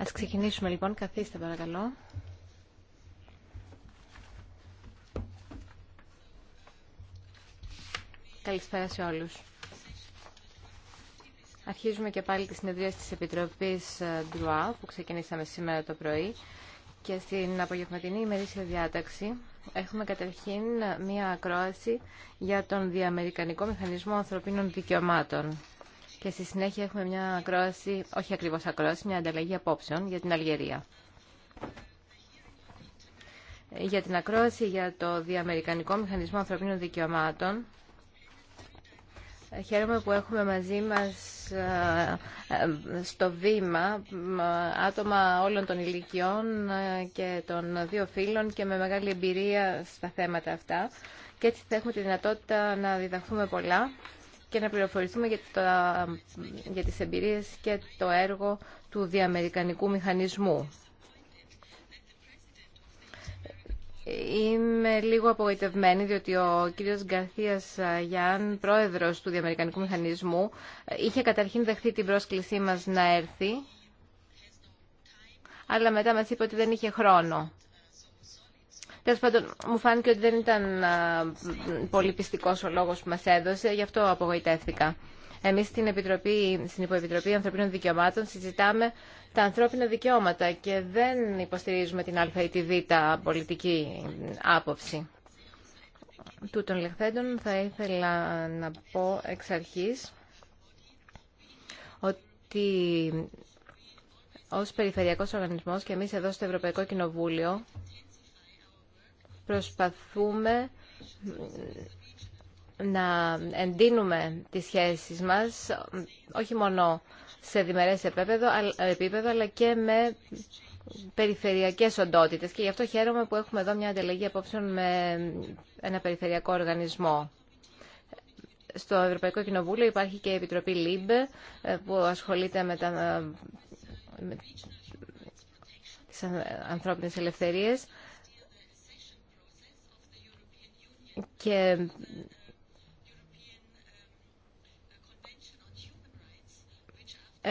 Ας ξεκινήσουμε λοιπόν. Καθίστε παρακαλώ. Καλησπέρα σε όλους. Αρχίζουμε και πάλι τη συνεδρία της Επιτροπής ε, Ντουά που ξεκινήσαμε σήμερα το πρωί και στην απογευματινή ημερήσια διάταξη έχουμε καταρχήν μία ακρόαση για τον Διαμερικανικό Μηχανισμό Ανθρωπίνων Δικαιωμάτων. Και στη συνέχεια έχουμε μια ακρόαση, όχι ακριβώς ακρόαση, μια ανταλλαγή απόψεων για την Αλγερία. Για την ακρόαση για το Διαμερικανικό Μηχανισμό Ανθρωπίνων Δικαιωμάτων Χαίρομαι που έχουμε μαζί μας ε, ε, στο βήμα ε, άτομα όλων των ηλικιών και των δύο φίλων και με μεγάλη εμπειρία στα θέματα αυτά. Και έτσι θα έχουμε τη δυνατότητα να διδαχθούμε πολλά και να πληροφορηθούμε για, τα, για τις εμπειρίες και το έργο του διαμερικανικού μηχανισμού. Είμαι λίγο απογοητευμένη διότι ο κύριος Γκαρθίας Γιάν, πρόεδρος του Διαμερικανικού Μηχανισμού, είχε καταρχήν δεχθεί την πρόσκλησή μας να έρθει, αλλά μετά μας είπε ότι δεν είχε χρόνο. Τέλο πάντων, μου φάνηκε ότι δεν ήταν πολύ πιστικός ο λόγος που μας έδωσε, γι' αυτό απογοητεύτηκα. Εμεί στην, Επιτροπή, στην Υποεπιτροπή Ανθρωπίνων Δικαιωμάτων συζητάμε τα ανθρώπινα δικαιώματα και δεν υποστηρίζουμε την α ή τη β πολιτική άποψη. των λεχθέντων θα ήθελα να πω εξ αρχής ότι ως περιφερειακός οργανισμός και εμείς εδώ στο Ευρωπαϊκό Κοινοβούλιο προσπαθούμε να εντείνουμε τις σχέσεις μας όχι μόνο σε διμερές επίπεδο αλλά και με περιφερειακές οντότητες και γι' αυτό χαίρομαι που έχουμε εδώ μια ανταλλαγή απόψεων με ένα περιφερειακό οργανισμό. Στο Ευρωπαϊκό Κοινοβούλιο υπάρχει και η Επιτροπή ΛΥΜΠ ε, που ασχολείται με, τα, με τις ανθρώπινες ελευθερίες και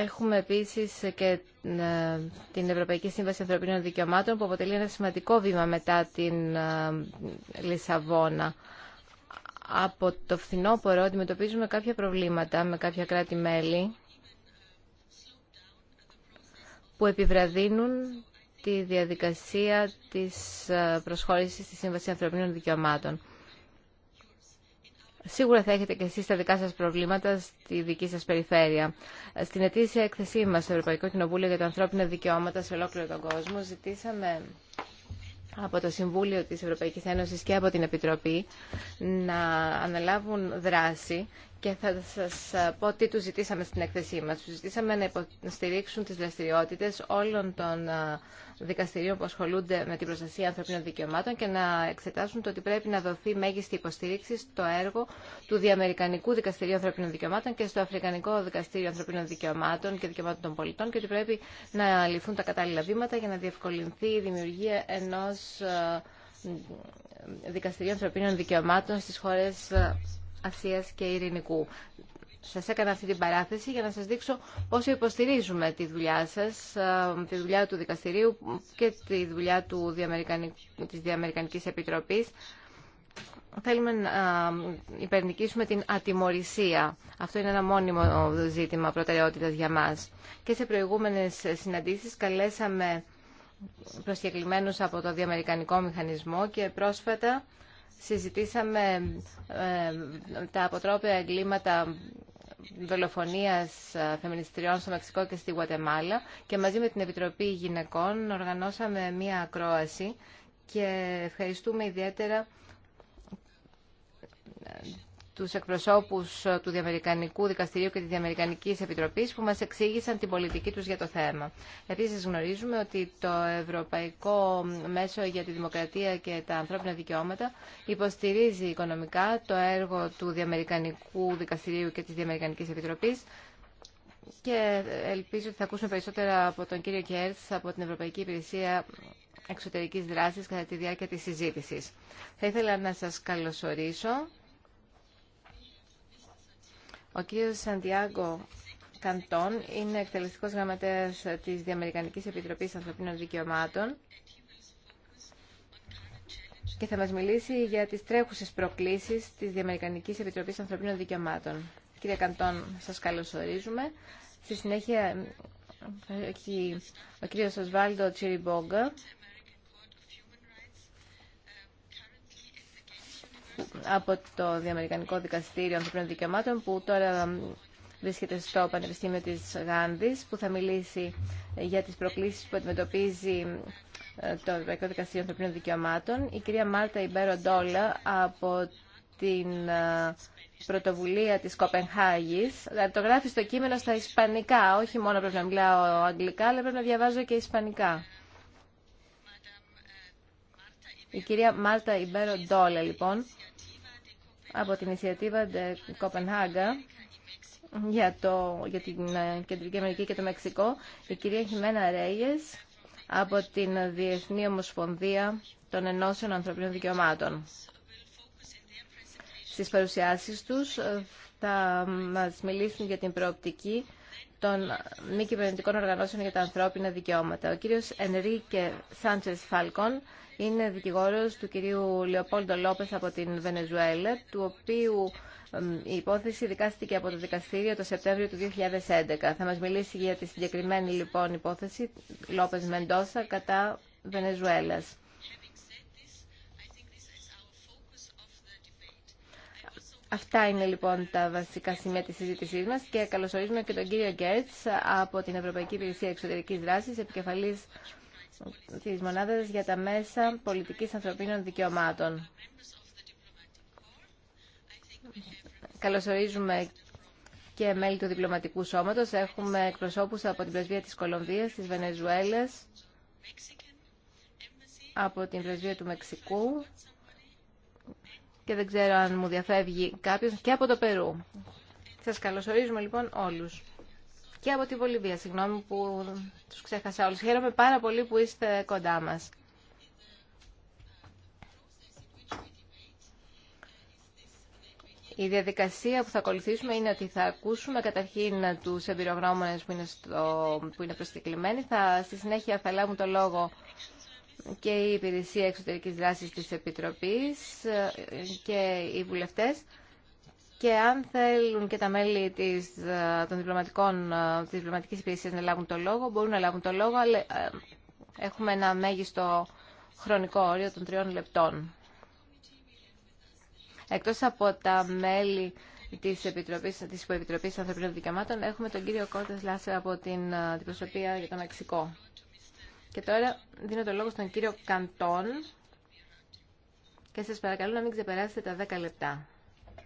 Έχουμε επίσης και ε, την Ευρωπαϊκή Σύμβαση Ανθρωπίνων Δικαιωμάτων που αποτελεί ένα σημαντικό βήμα μετά την ε, Λισαβόνα. Από το φθινόπωρο αντιμετωπίζουμε κάποια προβλήματα με κάποια κράτη-μέλη που επιβραδύνουν τη διαδικασία της ε, προσχώρησης της Σύμβαση Ανθρωπίνων Δικαιωμάτων. Σίγουρα θα έχετε και εσείς τα δικά σας προβλήματα στη δική σας περιφέρεια. Στην ετήσια έκθεσή μας στο Ευρωπαϊκό Κοινοβούλιο για τα Ανθρώπινα Δικαιώματα σε ολόκληρο τον κόσμο ζητήσαμε από το Συμβούλιο της Ευρωπαϊκής Ένωσης και από την Επιτροπή να αναλάβουν δράση και θα σας πω τι τους ζητήσαμε στην έκθεσή μας. Τους ζητήσαμε να υποστηρίξουν τις δραστηριότητες όλων των δικαστηρίων που ασχολούνται με την προστασία ανθρωπίνων δικαιωμάτων και να εξετάσουν το ότι πρέπει να δοθεί μέγιστη υποστήριξη στο έργο του Διαμερικανικού Δικαστηρίου Ανθρωπίνων Δικαιωμάτων και στο Αφρικανικό Δικαστήριο Ανθρωπίνων Δικαιωμάτων και Δικαιωμάτων των Πολιτών και ότι πρέπει να ληφθούν τα κατάλληλα βήματα για να διευκολυνθεί η δημιουργία ενό ε, δικαστηρίου ανθρωπίνων δικαιωμάτων στι χώρε Ασία και Ειρηνικού. Σας έκανα αυτή την παράθεση για να σας δείξω πόσο υποστηρίζουμε τη δουλειά σας, ε, τη δουλειά του Δικαστηρίου και τη δουλειά του της Διαμερικανικής Επιτροπής. Θέλουμε να ε, υπερνικήσουμε την ατιμορρησία. Αυτό είναι ένα μόνιμο ζήτημα προτεραιότητα για μα. Και σε προηγούμενες συναντήσεις καλέσαμε προσκεκλημένους από το Διαμερικανικό Μηχανισμό και πρόσφατα Συζητήσαμε ε, τα αποτρόπια εγκλήματα δολοφονίας ε, φεμινιστριών στο Μεξικό και στη Γουατεμάλα και μαζί με την Επιτροπή Γυναικών οργανώσαμε μία ακρόαση και ευχαριστούμε ιδιαίτερα τους εκπροσώπους ε, του Διαμερικανικού Δικαστηρίου και της Διαμερικανικής Επιτροπής που μας εξήγησαν την πολιτική τους για το θέμα. Επίσης γνωρίζουμε ότι το Ευρωπαϊκό Μέσο για τη Δημοκρατία και τα Ανθρώπινα Δικαιώματα υποστηρίζει οικονομικά το έργο του Διαμερικανικού Δικαστηρίου και της Διαμερικανικής Επιτροπής και ελπίζω ότι θα ακούσουμε περισσότερα από τον κύριο Κέρτ από την Ευρωπαϊκή Υπηρεσία Εξωτερικής Δράσης κατά τη διάρκεια τη συζήτηση. Θα ήθελα να σας καλωσορίσω ο κύριος Σαντιάγκο Καντών είναι εκτελεστικός γραμματέας της Διαμερικανικής Επιτροπής Ανθρωπίνων Δικαιωμάτων και θα μας μιλήσει για τις τρέχουσες προκλήσεις της Διαμερικανικής Επιτροπής Ανθρωπίνων Δικαιωμάτων. Κύριε Καντών, σας καλωσορίζουμε. Στη συνέχεια, ε, ο κύριος Οσβάλντο Τσιριμπόγκα, από το Διαμερικανικό Δικαστήριο Ανθρωπίνων Δικαιωμάτων που τώρα βρίσκεται στο Πανεπιστήμιο της Γάνδης που θα μιλήσει για τις προκλήσεις που αντιμετωπίζει το Ευρωπαϊκό Δικαστήριο Ανθρωπίνων Δικαιωμάτων. Η κυρία Μάρτα Ιμπέρο Ντόλα από την ε, πρωτοβουλία της Κοπενχάγης. Ε, το γράφει στο κείμενο στα ισπανικά, όχι μόνο πρέπει να μιλάω αγγλικά, αλλά πρέπει να διαβάζω και ισπανικά. Η κυρία Μάλτα Ιμπέρο Ντόλε, λοιπόν, από την de Κοπενχάγκα για, το, για την ε, Κεντρική Αμερική και το Μεξικό, η κυρία Χιμένα Ρέιες από την Διεθνή Ομοσπονδία των Ενώσεων Ανθρωπίνων Δικαιωμάτων. Στις παρουσιάσεις τους θα μας μιλήσουν για την προοπτική των μη κυβερνητικών οργανώσεων για τα ανθρώπινα δικαιώματα. Ο κύριος Ενρίκε Σάντσες Φάλκον είναι δικηγόρος του κυρίου Λεοπόλτο Λόπες από την Βενεζουέλα, του οποίου η υπόθεση δικάστηκε από το δικαστήριο το Σεπτέμβριο του 2011. Θα μας μιλήσει για τη συγκεκριμένη λοιπόν υπόθεση Λόπες Μεντόσα κατά Βενεζουέλας. Αυτά είναι λοιπόν τα βασικά σημεία της συζήτησής μας και καλωσορίζουμε και τον κύριο Γκέρτς από την Ευρωπαϊκή Υπηρεσία Εξωτερικής Δράσης, επικεφαλής της Μονάδας για τα Μέσα Πολιτικής Ανθρωπίνων Δικαιωμάτων. Καλωσορίζουμε και μέλη του Διπλωματικού Σώματος. Έχουμε εκπροσώπους από την Πρεσβεία της Κολομβίας, της Βενεζουέλας, από την Πρεσβεία του Μεξικού και δεν ξέρω αν μου διαφεύγει κάποιος, και από το Περού. Σας καλωσορίζουμε λοιπόν όλους και από την Βολιβία. Συγγνώμη που τους ξέχασα όλους. Χαίρομαι πάρα πολύ που είστε κοντά μας. Η διαδικασία που θα ακολουθήσουμε είναι ότι θα ακούσουμε καταρχήν τους εμπειρογνώμονες που είναι, στο, που είναι προσκεκλημένοι. Θα, στη συνέχεια θα λάβουν το λόγο και η Υπηρεσία Εξωτερικής Δράσης της Επιτροπής ε, και οι βουλευτές και αν θέλουν και τα μέλη της, ε, των διπλωματικών, ε, της διπλωματικής υπηρεσίας να λάβουν το λόγο, μπορούν να λάβουν το λόγο, αλλά ε, έχουμε ένα μέγιστο χρονικό όριο των τριών λεπτών. Εκτός από τα μέλη της, Επιτροπής, της Υποεπιτροπής Ανθρωπίνων Δικαιωμάτων, έχουμε τον κύριο Κόρτες Λάσερ από την Αντιπροσωπεία για το Μεξικό. Και τώρα δίνω το λόγο στον κύριο Καντών και σας παρακαλώ να μην ξεπεράσετε τα 10 λεπτά.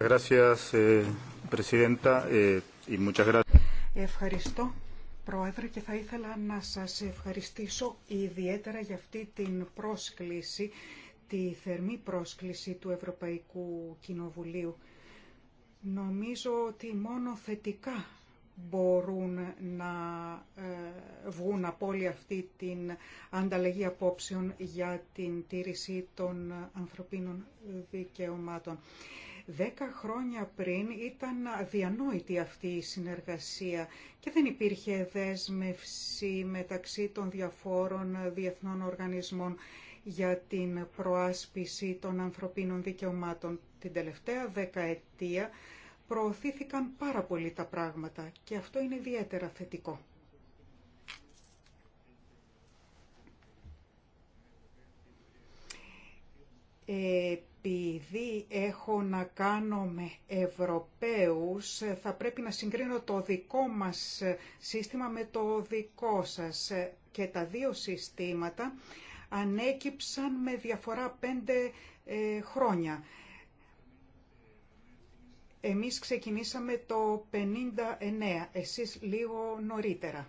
Eh, eh, Ευχαριστώ, Πρόεδρε, και θα ήθελα να σας ευχαριστήσω ιδιαίτερα για αυτή την πρόσκληση, τη θερμή πρόσκληση του Ευρωπαϊκού Κοινοβουλίου. Νομίζω ότι μόνο θετικά μπορούν να ε, βγουν από όλη αυτή την ανταλλαγή απόψεων για την τήρηση των ανθρωπίνων δικαιωμάτων. Δέκα χρόνια πριν ήταν διανόητη αυτή η συνεργασία και δεν υπήρχε δέσμευση μεταξύ των διαφόρων διεθνών οργανισμών για την προάσπιση των ανθρωπίνων δικαιωμάτων. Την τελευταία δεκαετία προωθήθηκαν πάρα πολύ τα πράγματα και αυτό είναι ιδιαίτερα θετικό. Επειδή έχω να κάνω με Ευρωπαίους, θα πρέπει να συγκρίνω το δικό μας σύστημα με το δικό σας. Και τα δύο συστήματα ανέκυψαν με διαφορά πέντε ε, χρόνια. Εμείς ξεκινήσαμε το 59, εσείς λίγο νωρίτερα.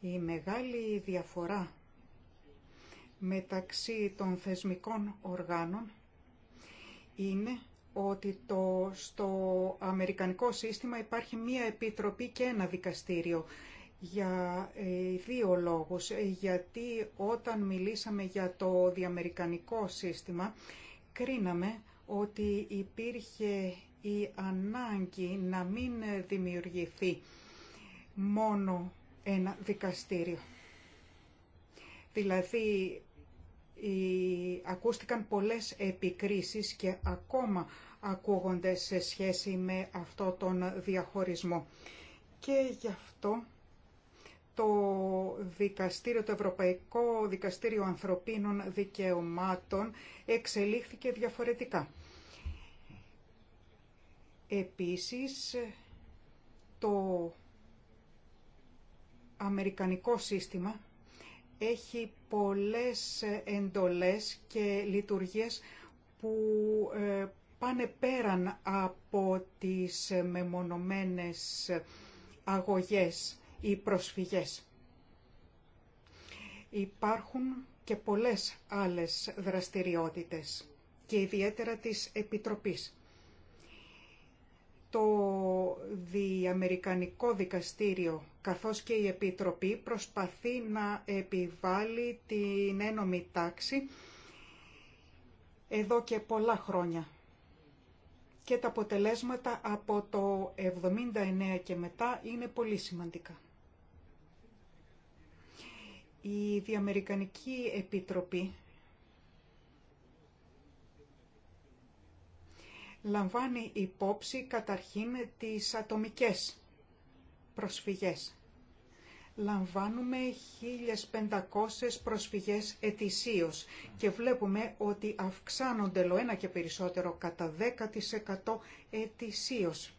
Η μεγάλη διαφορά μεταξύ των θεσμικών οργάνων είναι ότι το, στο αμερικανικό σύστημα υπάρχει μία επιτροπή και ένα δικαστήριο για ε, δύο λόγους. Ε, γιατί όταν μιλήσαμε για το διαμερικανικό σύστημα, κρίναμε ότι υπήρχε η ανάγκη να μην δημιουργηθεί μόνο ένα δικαστήριο. Δηλαδή ακούστηκαν πολλές επικρίσεις και ακόμα ακούγονται σε σχέση με αυτό τον διαχωρισμό. Και γι' αυτό το δικαστήριο, το Ευρωπαϊκό Δικαστήριο Ανθρωπίνων Δικαιωμάτων εξελίχθηκε διαφορετικά. Επίσης, το Αμερικανικό σύστημα έχει πολλές εντολές και λειτουργίες που ε, πάνε πέραν από τις μεμονωμένες αγωγές ή προσφυγές. Υπάρχουν και πολλές άλλες δραστηριότητες και ιδιαίτερα της Επιτροπής το Διαμερικανικό Δικαστήριο καθώς και η Επιτροπή προσπαθεί να επιβάλλει την ένομη τάξη εδώ και πολλά χρόνια. Και τα αποτελέσματα από το 79 και μετά είναι πολύ σημαντικά. Η Διαμερικανική Επιτροπή λαμβάνει υπόψη καταρχήν τις ατομικές προσφυγές. Λαμβάνουμε 1.500 προσφυγές ετησίως και βλέπουμε ότι αυξάνονται ένα και περισσότερο κατά 10% ετησίως.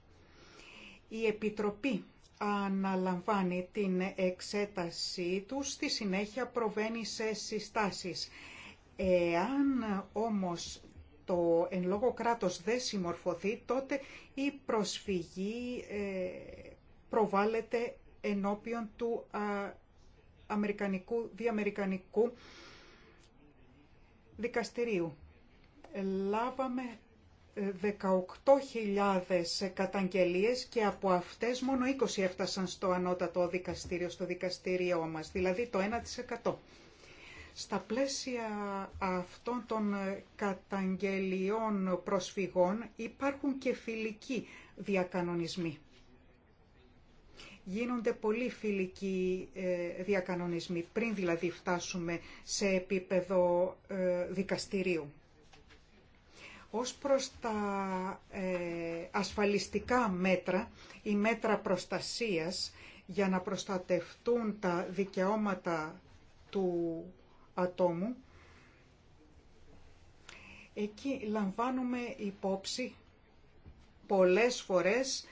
Η Επιτροπή αναλαμβάνει την εξέτασή του, στη συνέχεια προβαίνει σε συστάσεις. Εάν όμως το εν λόγω κράτος δεν συμμορφωθεί, τότε η προσφυγή ε, προβάλλεται ενώπιον του αμερικανικού, διαμερικανικού δικαστηρίου. Λάβαμε 18.000 ε, καταγγελίες και από αυτές μόνο 20 έφτασαν στο ανώτατο δικαστήριο, στο δικαστήριό μας, δηλαδή το 1%. Στα πλαίσια αυτών των καταγγελιών προσφυγών υπάρχουν και φιλικοί διακανονισμοί. Γίνονται πολύ φιλικοί ε, διακανονισμοί πριν δηλαδή φτάσουμε σε επίπεδο ε, δικαστηρίου. Ως προς τα ε, ασφαλιστικά μέτρα ή μέτρα προστασίας για να προστατευτούν τα δικαιώματα του ατόμου, εκεί λαμβάνουμε υπόψη πολλές φορές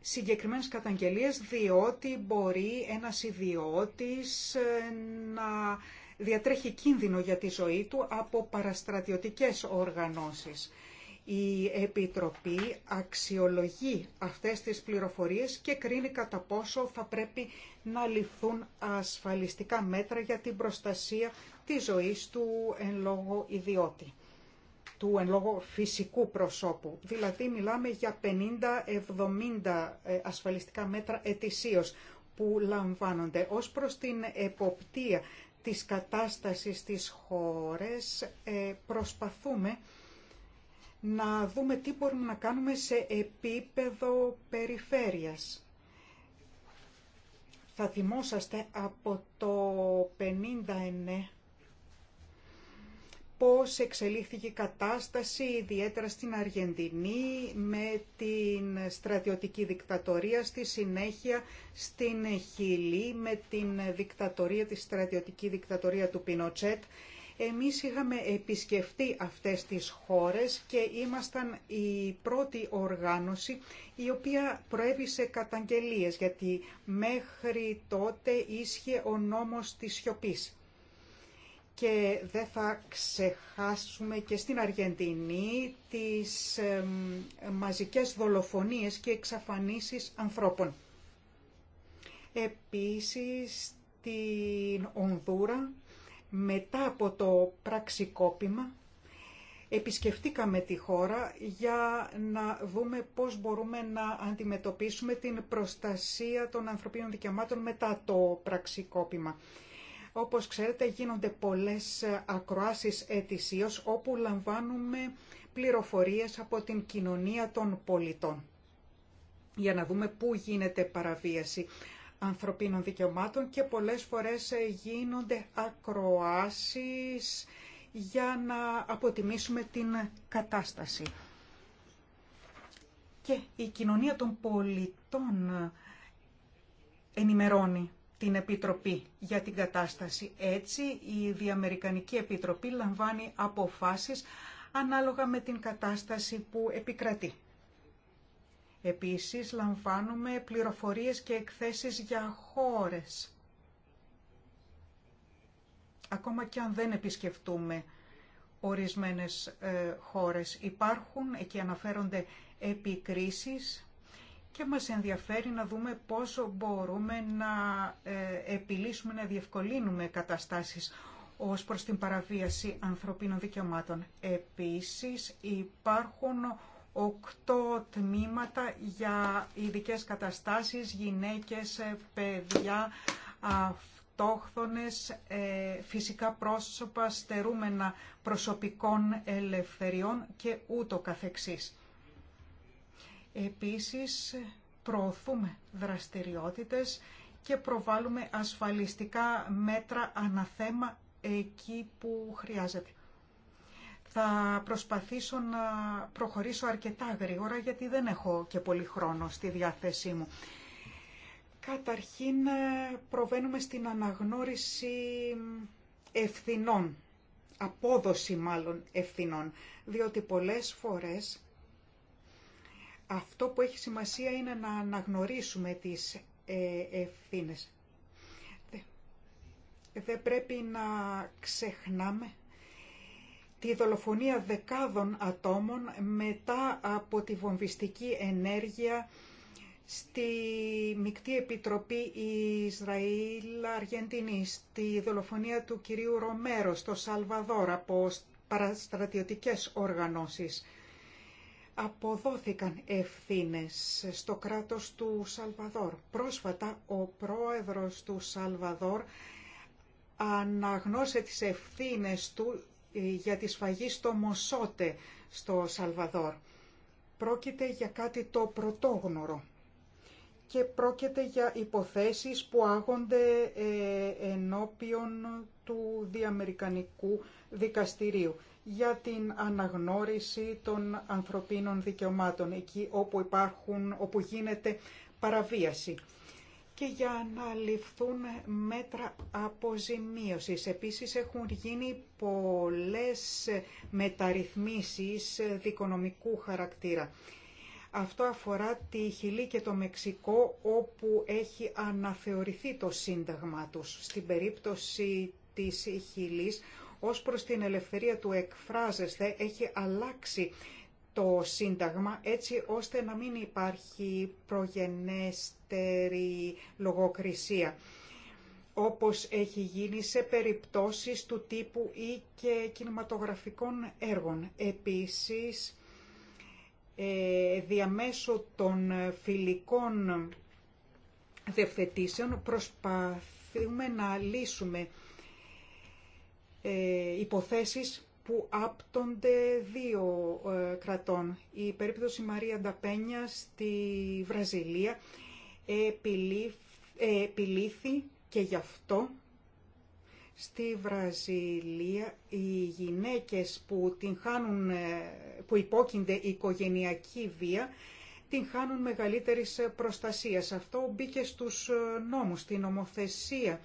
συγκεκριμένες καταγγελίες διότι μπορεί ένας ιδιώτης ε, να διατρέχει κίνδυνο για τη ζωή του από παραστρατιωτικές οργανώσεις. Η Επιτροπή αξιολογεί αυτές τις πληροφορίες και κρίνει κατά πόσο θα πρέπει να ληφθούν ασφαλιστικά μέτρα για την προστασία της ζωής του εν λόγω ιδιώτη, του εν λόγω φυσικού προσώπου. Δηλαδή μιλάμε για 50-70 ε, ασφαλιστικά μέτρα ετησίως που λαμβάνονται ως προς την εποπτεία της κατάστασης της χώρες ε, προσπαθούμε να δούμε τι μπορούμε να κάνουμε σε επίπεδο περιφέρειας. Θα θυμόσαστε από το 59 πώς εξελίχθηκε η κατάσταση ιδιαίτερα στην Αργεντινή με την στρατιωτική δικτατορία, στη συνέχεια στην Χιλή με την δικτατορία, τη στρατιωτική δικτατορία του Πινοτσέτ εμείς είχαμε επισκεφτεί αυτές τις χώρες και ήμασταν η πρώτη οργάνωση η οποία προέβησε καταγγελίες γιατί μέχρι τότε ίσχυε ο νόμος της σιωπής. Και δεν θα ξεχάσουμε και στην Αργεντινή τις μαζικές δολοφονίες και εξαφανίσεις ανθρώπων. Επίσης, την Ονδούρα μετά από το πραξικόπημα επισκεφτήκαμε τη χώρα για να δούμε πώς μπορούμε να αντιμετωπίσουμε την προστασία των ανθρωπίνων δικαιωμάτων μετά το πραξικόπημα. Όπως ξέρετε γίνονται πολλές ακροάσεις ετησίως όπου λαμβάνουμε πληροφορίες από την κοινωνία των πολιτών για να δούμε πού γίνεται παραβίαση ανθρωπίνων δικαιωμάτων και πολλές φορές ε, γίνονται ακροάσεις για να αποτιμήσουμε την κατάσταση. Και η κοινωνία των πολιτών ε, ενημερώνει την Επιτροπή για την κατάσταση. Έτσι, η Διαμερικανική Επιτροπή λαμβάνει αποφάσεις ανάλογα με την κατάσταση που επικρατεί. Επίσης λαμβάνουμε πληροφορίες και εκθέσεις για χώρες. Ακόμα και αν δεν επισκεφτούμε ορισμένες ε, χώρες. Υπάρχουν, εκεί αναφέρονται επικρίσεις και μας ενδιαφέρει να δούμε πόσο μπορούμε να ε, επιλύσουμε, να διευκολύνουμε καταστάσεις ως προς την παραβίαση ανθρωπίνων δικαιωμάτων. Επίσης υπάρχουν οκτώ τμήματα για ειδικέ καταστάσεις, γυναίκες, παιδιά, αυτόχθονες, ε, φυσικά πρόσωπα, στερούμενα προσωπικών ελευθεριών και ούτω καθεξής. Επίσης, προωθούμε δραστηριότητες και προβάλλουμε ασφαλιστικά μέτρα αναθέμα εκεί που χρειάζεται. Θα προσπαθήσω να προχωρήσω αρκετά γρήγορα γιατί δεν έχω και πολύ χρόνο στη διάθεσή μου. Καταρχήν ε, προβαίνουμε στην αναγνώριση ευθυνών, απόδοση μάλλον ευθυνών, διότι πολλές φορές αυτό που έχει σημασία είναι να αναγνωρίσουμε τις ε, ευθύνες. Δεν πρέπει να ξεχνάμε τη δολοφονία δεκάδων ατόμων μετά από τη βομβιστική ενέργεια στη Μικτή Επιτροπή Ισραήλ-Αργεντινής, τη δολοφονία του κυρίου Ρομέρο στο Σαλβαδόρ από παραστρατιωτικές οργανώσεις. Αποδόθηκαν ευθύνες στο κράτος του Σαλβαδόρ. Πρόσφατα ο πρόεδρος του Σαλβαδόρ αναγνώσε τις ευθύνες του ε, για τη σφαγή στο Μοσότε, στο Σαλβαδόρ. Πρόκειται για κάτι το πρωτόγνωρο και πρόκειται για υποθέσεις που άγονται ε, ενώπιον του διαμερικανικού δικαστηρίου για την αναγνώριση των ανθρωπίνων δικαιωμάτων εκεί όπου, υπάρχουν, όπου γίνεται παραβίαση και για να ληφθούν μέτρα αποζημίωσης. Επίσης έχουν γίνει πολλές μεταρρυθμίσεις δικονομικού χαρακτήρα. Αυτό αφορά τη Χιλή και το Μεξικό όπου έχει αναθεωρηθεί το σύνταγμα τους. Στην περίπτωση της Χιλής ως προς την ελευθερία του εκφράζεσθε, έχει αλλάξει το Σύνταγμα έτσι ώστε να μην υπάρχει προγενέστερη λογοκρισία όπως έχει γίνει σε περιπτώσεις του τύπου ή και κινηματογραφικών έργων. Επίσης, ε, διαμέσω των φιλικών διευθετήσεων προσπαθούμε να λύσουμε ε, υποθέσεις που άπτονται δύο ε, κρατών. Η περίπτωση Μαρία Νταπένια στη Βραζιλία ε, επιλήθη και γι' αυτό στη Βραζιλία οι γυναίκες που, την χάνουν, ε, που υπόκεινται οικογενειακή βία την χάνουν μεγαλύτερης προστασίας. Αυτό μπήκε στους νόμους, στην νομοθεσία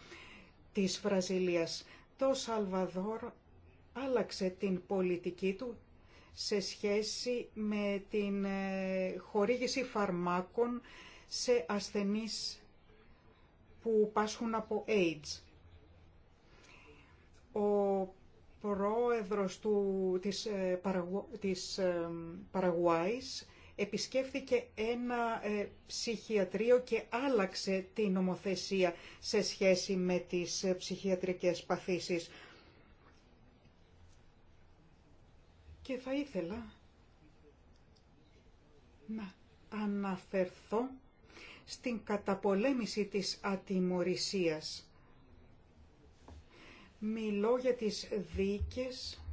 της Βραζιλίας. Το Σαλβαδόρ άλλαξε την πολιτική του σε σχέση με την ε, χορήγηση φαρμάκων σε ασθενείς που πάσχουν από AIDS. Ο πρόεδρος του, της, ε, της ε, Παραγουάης επισκέφθηκε ένα ψυχιατρίο και άλλαξε την νομοθεσία σε σχέση με τις ψυχιατρικές παθήσεις. Και θα ήθελα να αναφερθώ στην καταπολέμηση της ατιμορρησίας. Μιλώ για τις δίκες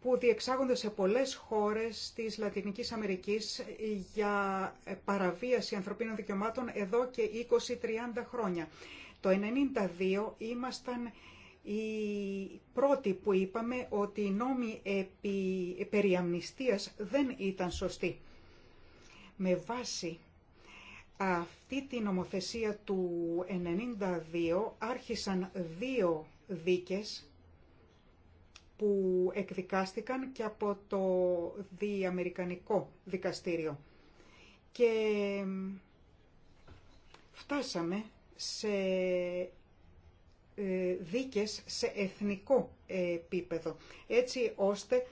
που διεξάγονται σε πολλές χώρες της Λατινικής Αμερικής για παραβίαση ανθρωπίνων δικαιωμάτων εδώ και 20-30 χρόνια. Το 1992 ήμασταν η πρώτη που είπαμε ότι οι νόμοι επί, περί αμνηστίας δεν ήταν σωστοί. Με βάση αυτή τη νομοθεσία του 92 άρχισαν δύο δίκες που εκδικάστηκαν και από το διαμερικανικό δικαστήριο. Και φτάσαμε σε ε, δίκες σε εθνικό επίπεδο, έτσι ώστε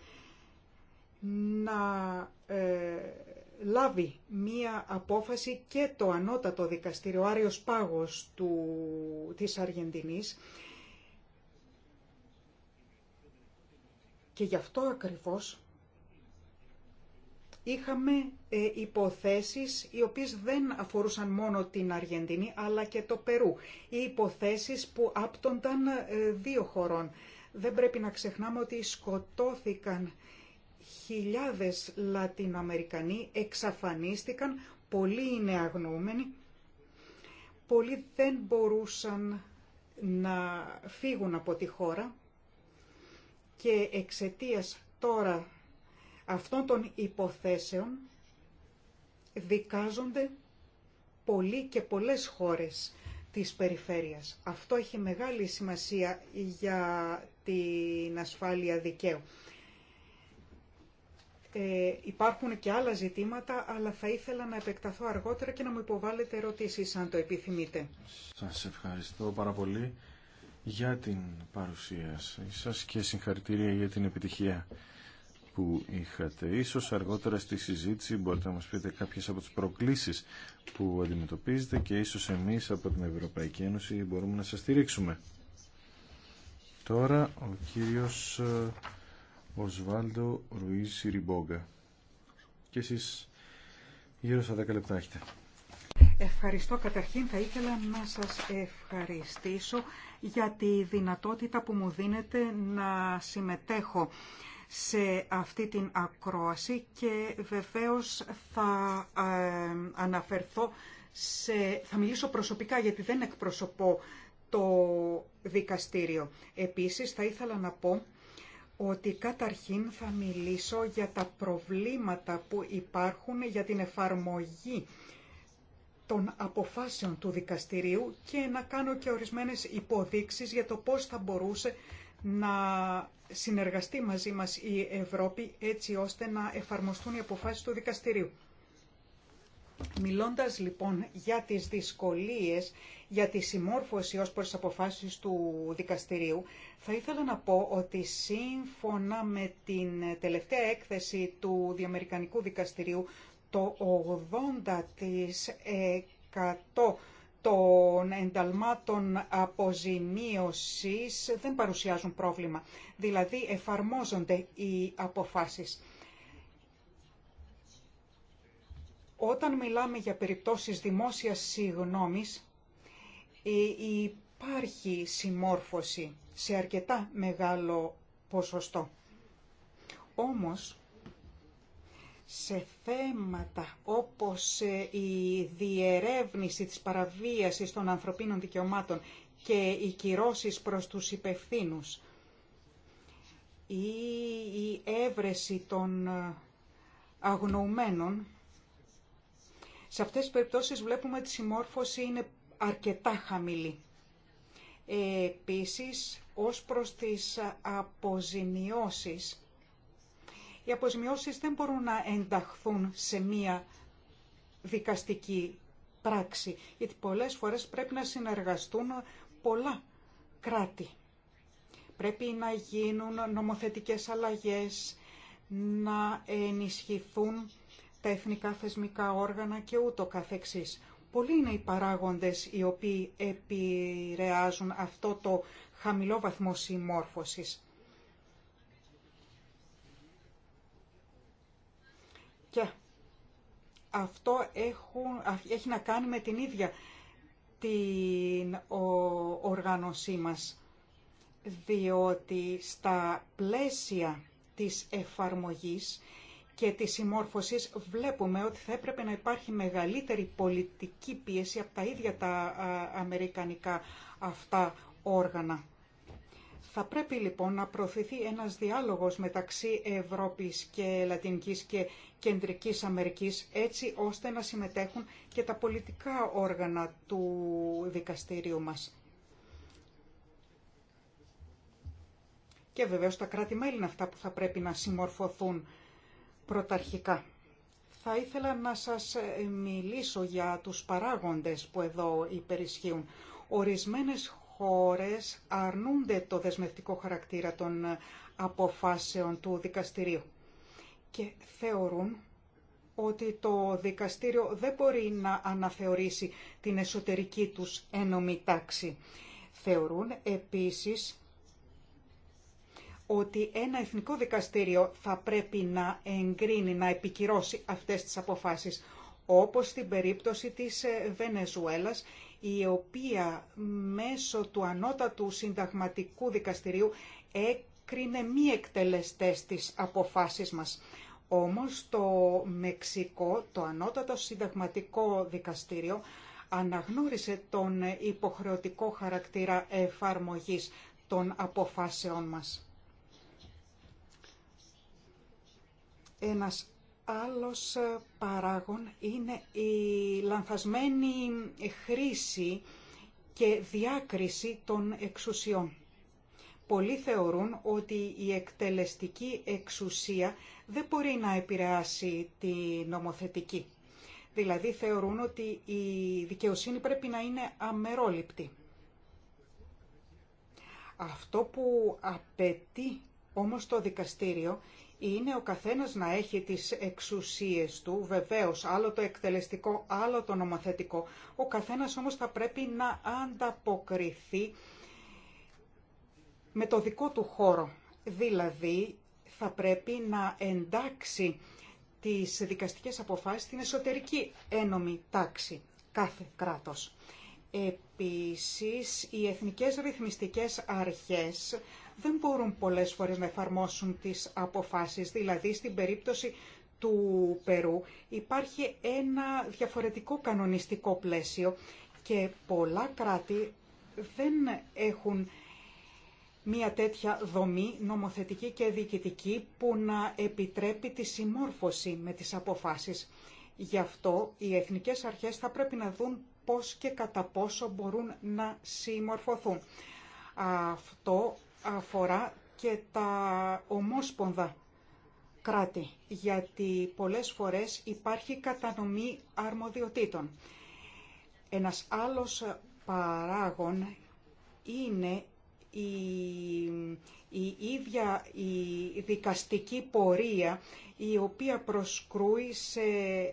να ε, λάβει μία απόφαση και το ανώτατο δικαστήριο, Άριος Πάγος του, της Αργεντινής. Και γι' αυτό ακριβώς είχαμε ε, υποθέσεις οι οποίες δεν αφορούσαν μόνο την Αργεντινή αλλά και το Περού. Οι υποθέσεις που άπτονταν ε, δύο χωρών. Δεν πρέπει να ξεχνάμε ότι σκοτώθηκαν χιλιάδες Λατινοαμερικανοί, εξαφανίστηκαν, πολλοί είναι αγνοούμενοι, πολλοί δεν μπορούσαν να φύγουν από τη χώρα και εξαιτίας τώρα αυτών των υποθέσεων δικάζονται πολλοί και πολλές χώρες της περιφέρειας. Αυτό έχει μεγάλη σημασία για την ασφάλεια δικαίου. Ε, υπάρχουν και άλλα ζητήματα, αλλά θα ήθελα να επεκταθώ αργότερα και να μου υποβάλλετε ερωτήσεις, αν το επιθυμείτε. Σας ευχαριστώ πάρα πολύ για την παρουσία σας και συγχαρητήρια για την επιτυχία που είχατε. Ίσως αργότερα στη συζήτηση μπορείτε να μας πείτε κάποιες από τις προκλήσεις που αντιμετωπίζετε και ίσως εμείς από την Ευρωπαϊκή Ένωση μπορούμε να σας στηρίξουμε. Τώρα ο κύριος ε, Οσβάλντο Ρουίς Ριμπόγκα. Και εσείς γύρω στα 10 λεπτά έχετε. Ευχαριστώ. Καταρχήν θα ήθελα να σας ευχαριστήσω για τη δυνατότητα που μου δίνετε να συμμετέχω σε αυτή την ακρόαση και βεβαίως θα ε, αναφερθώ σε... θα μιλήσω προσωπικά γιατί δεν εκπροσωπώ το δικαστήριο. Επίσης θα ήθελα να πω ότι καταρχήν θα μιλήσω για τα προβλήματα που υπάρχουν για την εφαρμογή των αποφάσεων του δικαστηρίου και να κάνω και ορισμένες υποδείξεις για το πώς θα μπορούσε να συνεργαστεί μαζί μας η Ευρώπη έτσι ώστε να εφαρμοστούν οι αποφάσεις του δικαστηρίου. Μιλώντας λοιπόν για τις δυσκολίες, για τη συμμόρφωση ως προς τις αποφάσεις του δικαστηρίου, θα ήθελα να πω ότι σύμφωνα με την τελευταία έκθεση του Διαμερικανικού Δικαστηρίου, το 80% των ενταλμάτων αποζημίωσης δεν παρουσιάζουν πρόβλημα. Δηλαδή εφαρμόζονται οι αποφάσεις. Όταν μιλάμε για περιπτώσεις δημόσιας συγνώμης, ε, υπάρχει συμμόρφωση σε αρκετά μεγάλο ποσοστό. Όμως, σε θέματα όπως ε, η διερεύνηση της παραβίασης των ανθρωπίνων δικαιωμάτων και οι κυρώσεις προς τους υπευθύνους ή η έβρεση των ε, αγνοουμένων, σε αυτές τις περιπτώσεις βλέπουμε ότι η συμμόρφωση είναι αρκετά χαμηλή. Ε, επίσης, ως προς τις αποζημιώσεις, οι αποζημιώσεις δεν μπορούν να ενταχθούν σε μία δικαστική πράξη, γιατί πολλές φορές πρέπει να συνεργαστούν πολλά κράτη. Πρέπει να γίνουν νομοθετικές αλλαγές, να ενισχυθούν τα εθνικά θεσμικά όργανα και ούτω καθεξής. Πολλοί είναι οι παράγοντες οι οποίοι επηρεάζουν αυτό το χαμηλό βαθμό συμμόρφωσης. Και αυτό έχει να κάνει με την ίδια την οργάνωσή μας, διότι στα πλαίσια της εφαρμογής και της συμμόρφωσης βλέπουμε ότι θα έπρεπε να υπάρχει μεγαλύτερη πολιτική πίεση από τα ίδια τα αμερικανικά αυτά όργανα. Θα πρέπει λοιπόν να προωθηθεί ένας διάλογος μεταξύ Ευρώπης και Λατινικής και Κεντρικής Αμερικής έτσι ώστε να συμμετέχουν και τα πολιτικά όργανα του δικαστήριου μας. Και βεβαίως τα κράτη-μέλη είναι αυτά που θα πρέπει να συμμορφωθούν πρωταρχικά. Θα ήθελα να σας ε, μιλήσω για τους παράγοντες που εδώ υπερισχύουν. Ορισμένες χώρες αρνούνται το δεσμευτικό χαρακτήρα των αποφάσεων του δικαστηρίου και θεωρούν ότι το δικαστήριο δεν μπορεί να αναθεωρήσει την εσωτερική τους ένομη τάξη. Θεωρούν επίσης ότι ένα εθνικό δικαστήριο θα πρέπει να εγκρίνει, να επικυρώσει αυτές τις αποφάσεις, όπως στην περίπτωση της Βενεζουέλας η οποία μέσω του ανώτατου συνταγματικού δικαστηρίου έκρινε μη εκτελεστές τις αποφάσεις μας. Όμως το Μεξικό, το ανώτατο συνταγματικό δικαστήριο, αναγνώρισε τον υποχρεωτικό χαρακτήρα εφαρμογής των αποφάσεών μας. Ένας άλλος ε, παράγων είναι η λανθασμένη χρήση και διάκριση των εξουσιών. Πολλοί θεωρούν ότι η εκτελεστική εξουσία δεν μπορεί να επηρεάσει τη νομοθετική. Δηλαδή θεωρούν ότι η δικαιοσύνη πρέπει να είναι αμερόληπτη. Αυτό που απαιτεί όμως το δικαστήριο είναι ο καθένας να έχει τις εξουσίες του, βεβαίως, άλλο το εκτελεστικό, άλλο το νομοθετικό. Ο καθένας όμως θα πρέπει να ανταποκριθεί με το δικό του χώρο. Δηλαδή, θα πρέπει να εντάξει τις δικαστικές αποφάσεις στην εσωτερική ένομη τάξη κάθε κράτος. Επίσης, οι εθνικές ρυθμιστικές αρχές δεν μπορούν πολλές φορές να εφαρμόσουν τις αποφάσεις. Δηλαδή, στην περίπτωση του Περού υπάρχει ένα διαφορετικό κανονιστικό πλαίσιο και πολλά κράτη δεν έχουν μια τέτοια δομή νομοθετική και διοικητική που να επιτρέπει τη συμμόρφωση με τις αποφάσεις. Γι' αυτό οι εθνικές αρχές θα πρέπει να δουν πώς και κατά πόσο μπορούν να συμμορφωθούν. Αυτό αφορά και τα ομόσπονδα κράτη, γιατί πολλές φορές υπάρχει κατανομή αρμοδιοτήτων. Ένας άλλος παράγων είναι η, η ίδια η δικαστική πορεία η οποία προσκρούει σε ε,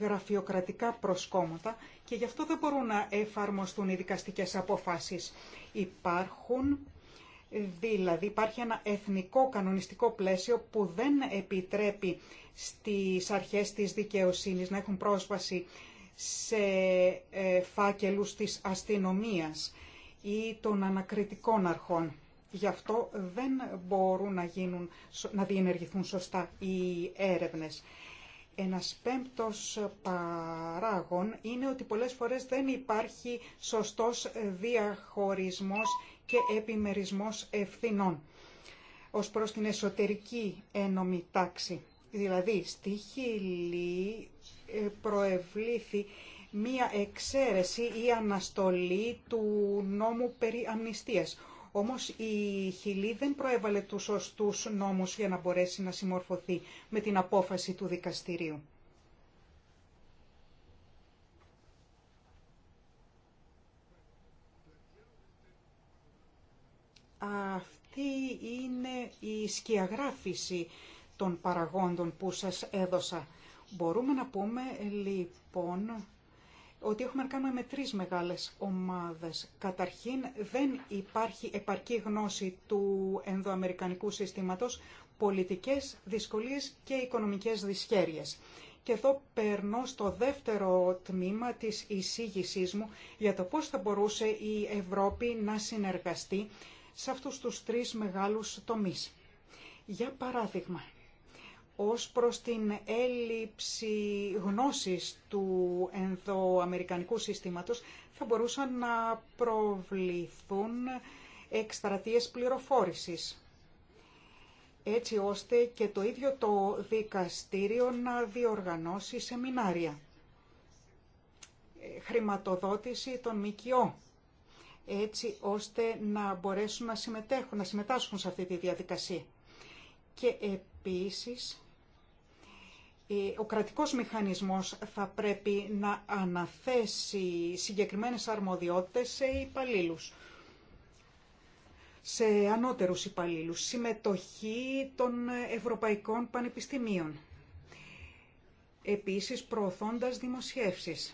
γραφειοκρατικά προσκόμματα και γι' αυτό δεν μπορούν να εφαρμοστούν οι δικαστικές αποφάσεις. Υπάρχουν Δηλαδή υπάρχει ένα εθνικό κανονιστικό πλαίσιο που δεν επιτρέπει στις αρχές της δικαιοσύνης να έχουν πρόσβαση σε ε, φάκελους της αστυνομίας ή των ανακριτικών αρχών. Γι' αυτό δεν μπορούν να, γίνουν, να διενεργηθούν σωστά οι έρευνες. Ένας πέμπτος παράγων είναι ότι πολλές φορές δεν υπάρχει σωστός διαχωρισμός και επιμερισμός ευθυνών ως προς την εσωτερική ένομη τάξη. Δηλαδή, στη Χιλή ε, προευλήθη μία εξαίρεση ή αναστολή του νόμου περί αμνηστίας. Όμως η Χιλή δεν προέβαλε τους σωστούς νόμους για να μπορέσει να συμμορφωθεί με την απόφαση του δικαστηρίου. Αυτή είναι η σκιαγράφηση των παραγόντων που σας έδωσα. Μπορούμε να πούμε λοιπόν ότι έχουμε να κάνουμε με τρεις μεγάλες ομάδες. Καταρχήν δεν υπάρχει επαρκή γνώση του ενδοαμερικανικού συστήματος, πολιτικές δυσκολίες και οικονομικές δυσχέρειες. Και εδώ περνώ στο δεύτερο τμήμα της εισήγησής μου για το πώς θα μπορούσε η Ευρώπη να συνεργαστεί σε αυτούς τους τρεις μεγάλους τομείς. Για παράδειγμα, ως προς την έλλειψη γνώσης του ενδοαμερικανικού συστήματος θα μπορούσαν να προβληθούν εκστρατείες πληροφόρησης έτσι ώστε και το ίδιο το δικαστήριο να διοργανώσει σεμινάρια. Ε, χρηματοδότηση των ΜΚΟ έτσι ώστε να μπορέσουν να συμμετέχουν, να συμμετάσχουν σε αυτή τη διαδικασία. Και επίσης, ε, ο κρατικός μηχανισμός θα πρέπει να αναθέσει συγκεκριμένες αρμοδιότητες σε υπαλλήλους, σε ανώτερους υπαλλήλους, συμμετοχή των ευρωπαϊκών πανεπιστημίων, επίσης προωθώντας δημοσιεύσεις.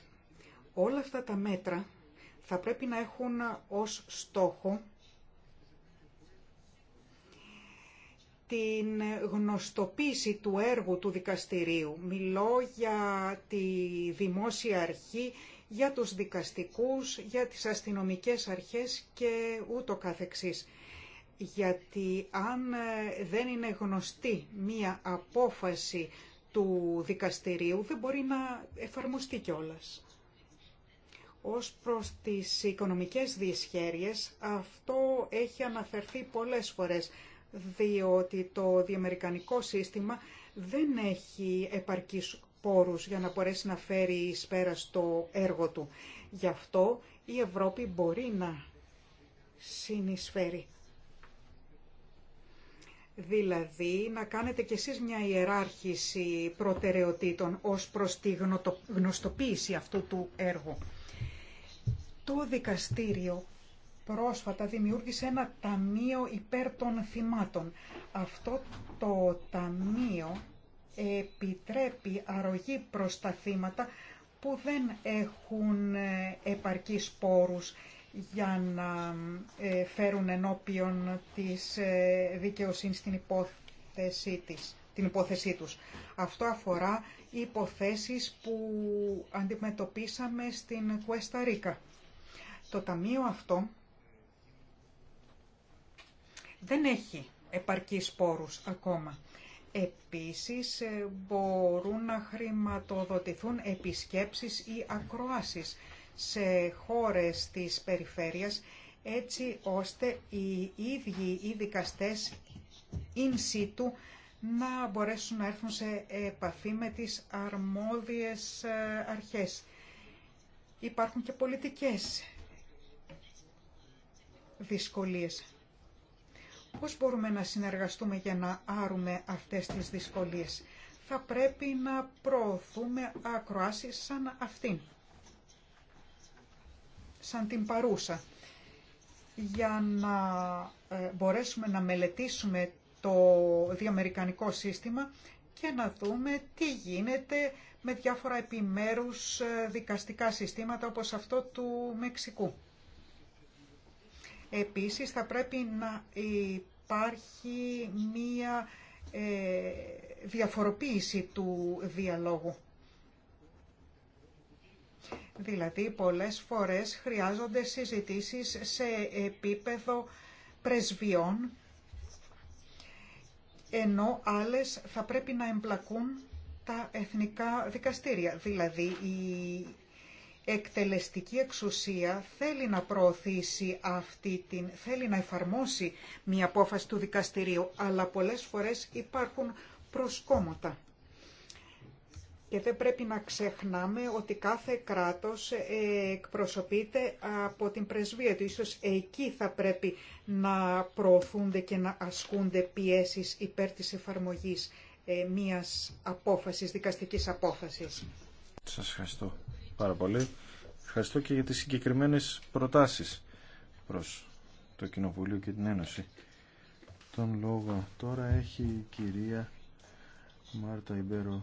Όλα αυτά τα μέτρα θα πρέπει να έχουν ως στόχο την γνωστοποίηση του έργου του δικαστηρίου. Μιλώ για τη δημόσια αρχή, για τους δικαστικούς, για τις αστυνομικές αρχές και ούτω καθεξής. Γιατί αν δεν είναι γνωστή μία απόφαση του δικαστηρίου, δεν μπορεί να εφαρμοστεί κιόλας. Ως προς τις οικονομικές δυσχέρειες, αυτό έχει αναφερθεί πολλές φορές, διότι το διαμερικανικό σύστημα δεν έχει επαρκείς πόρους για να μπορέσει να φέρει εις πέρα στο έργο του. Γι' αυτό η Ευρώπη μπορεί να συνεισφέρει. Δηλαδή, να κάνετε κι εσείς μια ιεράρχηση προτεραιοτήτων ως προς τη γνωστοποίηση αυτού του έργου το δικαστήριο πρόσφατα δημιούργησε ένα ταμείο υπέρ των θυμάτων. Αυτό το ταμείο επιτρέπει αρρωγή προς τα θύματα που δεν έχουν ε, επαρκή πόρους για να ε, φέρουν ενώπιον της ε, δικαιοσύνης την υπόθεσή, την υπόθεσή τους. Αυτό αφορά υποθέσεις που αντιμετωπίσαμε στην Κουέστα Ρίκα το Ταμείο αυτό δεν έχει επαρκή σπόρους ακόμα. Επίσης ε, μπορούν να χρηματοδοτηθούν επισκέψεις ή ακροάσεις σε χώρες της περιφέρειας έτσι ώστε οι ίδιοι οι δικαστές in situ να μπορέσουν να έρθουν σε επαφή με τις αρμόδιες ε, αρχές. Υπάρχουν και πολιτικές δυσκολίες. Πώς μπορούμε να συνεργαστούμε για να άρουμε αυτές τις δυσκολίες. Θα πρέπει να προωθούμε ακροάσεις σαν αυτήν, σαν την παρούσα, για να ε, μπορέσουμε να μελετήσουμε το διαμερικανικό σύστημα και να δούμε τι γίνεται με διάφορα επιμέρους ε, δικαστικά συστήματα όπως αυτό του Μεξικού. Επίσης θα πρέπει να υπάρχει μία ε, διαφοροποίηση του διαλόγου. Δηλαδή, πολλές φορές χρειάζονται συζητήσεις σε επίπεδο πρεσβειών, ενώ άλλες θα πρέπει να εμπλακούν τα εθνικά δικαστήρια. Δηλαδή, η εκτελεστική εξουσία θέλει να προωθήσει αυτή την, θέλει να εφαρμόσει μια απόφαση του δικαστηρίου, αλλά πολλές φορές υπάρχουν προσκόμματα. Και δεν πρέπει να ξεχνάμε ότι κάθε κράτος ε, εκπροσωπείται από την πρεσβεία του. Ίσως εκεί θα πρέπει να προωθούνται και να ασκούνται πιέσεις υπέρ της εφαρμογής ε, μιας απόφασης, δικαστικής απόφασης. Σας ευχαριστώ πάρα πολύ. Ευχαριστώ και για τις συγκεκριμένες προτάσεις προς το Κοινοβουλίο και την Ένωση. Τον λόγο τώρα έχει η κυρία Μάρτα Ιμπέρο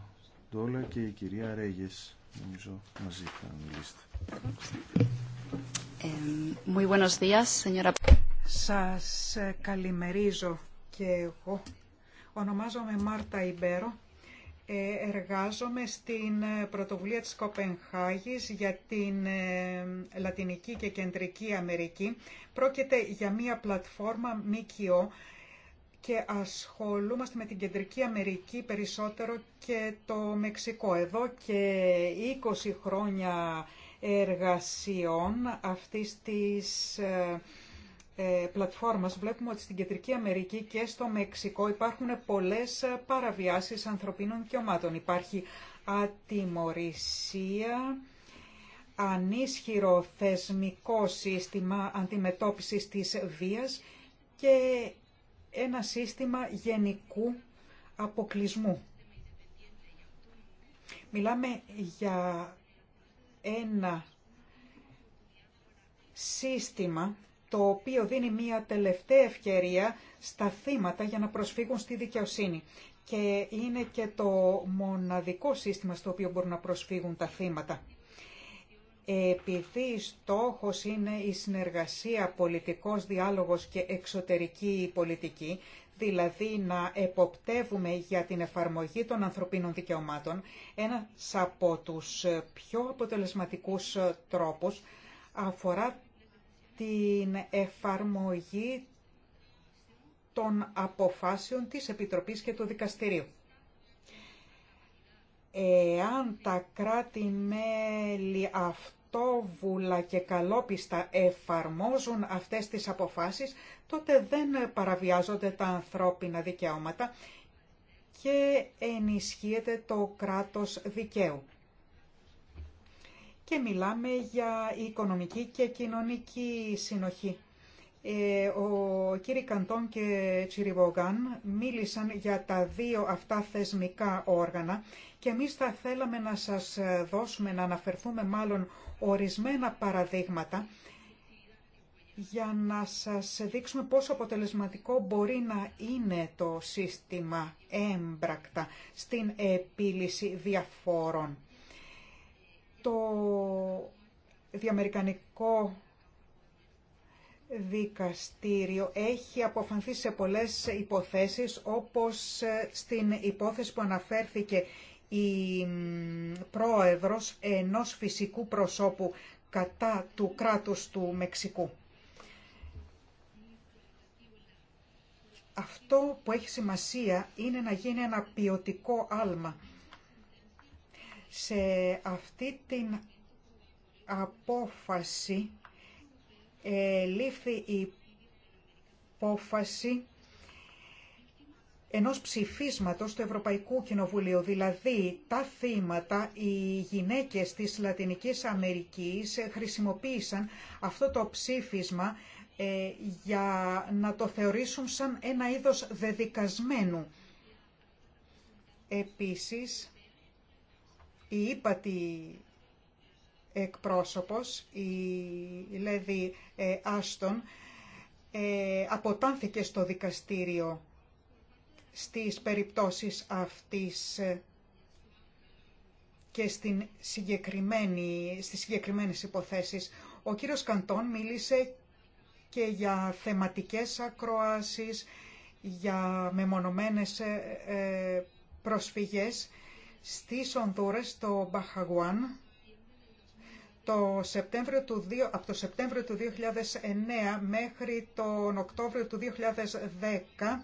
Ντόλα και η κυρία Ρέγες. Νομίζω μαζί θα μιλήσετε. Ε, Σας ε, καλημερίζω και εγώ. Ονομάζομαι Μάρτα Ιμπέρο ε, εργάζομαι στην ε, πρωτοβουλία της Κοπενχάγης για την ε, Λατινική και Κεντρική Αμερική. Πρόκειται για μία πλατφόρμα ΜΚΟ και ασχολούμαστε με την Κεντρική Αμερική περισσότερο και το Μεξικό. Εδώ και 20 χρόνια εργασιών αυτής της ε, πλατφόρμας βλέπουμε ότι στην Κεντρική Αμερική και στο Μεξικό υπάρχουν πολλές ε, παραβιάσεις ανθρωπίνων δικαιωμάτων. Υπάρχει ατιμορρησία, ανίσχυρο θεσμικό σύστημα αντιμετώπισης της βίας και ένα σύστημα γενικού αποκλεισμού. Μιλάμε για ένα σύστημα το οποίο δίνει μια τελευταία ευκαιρία στα θύματα για να προσφύγουν στη δικαιοσύνη. Και είναι και το μοναδικό σύστημα στο οποίο μπορούν να προσφύγουν τα θύματα. Επειδή στόχος είναι η συνεργασία, πολιτικός διάλογος και εξωτερική πολιτική, δηλαδή να εποπτεύουμε για την εφαρμογή των ανθρωπίνων δικαιωμάτων, ένα από τους πιο αποτελεσματικούς τρόπους αφορά την εφαρμογή των αποφάσεων της Επιτροπής και του Δικαστηρίου. Εάν τα κράτη-μέλη αυτόβουλα και καλόπιστα εφαρμόζουν αυτές τις αποφάσεις, τότε δεν παραβιάζονται τα ανθρώπινα δικαιώματα και ενισχύεται το κράτος δικαίου και μιλάμε για οικονομική και κοινωνική συνοχή. Ε, ο κύριος Καντών και Τσιριβογκάν μίλησαν για τα δύο αυτά θεσμικά όργανα και εμείς θα θέλαμε να σας δώσουμε, να αναφερθούμε μάλλον ορισμένα παραδείγματα για να σας δείξουμε πόσο αποτελεσματικό μπορεί να είναι το σύστημα έμπρακτα στην επίλυση διαφόρων το διαμερικανικό δικαστήριο έχει αποφανθεί σε πολλές υποθέσεις όπως στην υπόθεση που αναφέρθηκε η πρόεδρος ενός φυσικού προσώπου κατά του κράτους του Μεξικού. Αυτό που έχει σημασία είναι να γίνει ένα ποιοτικό άλμα σε αυτή την απόφαση ε, λήφθη η απόφαση ενός ψηφίσματος του Ευρωπαϊκού Κοινοβουλίου. Δηλαδή, τα θύματα, οι γυναίκες της Λατινικής Αμερικής ε, χρησιμοποίησαν αυτό το ψήφισμα ε, για να το θεωρήσουν σαν ένα είδος δεδικασμένου. Επίσης, η ύπατη εκπρόσωπος, η Λέδη δηλαδή, ε, Άστον, ε, αποτάνθηκε στο δικαστήριο στις περιπτώσεις αυτής ε, και στην συγκεκριμένη, στις συγκεκριμένες υποθέσεις. Ο κύριος Καντών μίλησε και για θεματικές ακροάσεις, για μεμονωμένες προσφυγές στις Ονδούρες, στο Μπαχαγουάν, το Σεπτέμβριο του, από το Σεπτέμβριο του 2009 μέχρι τον Οκτώβριο του 2010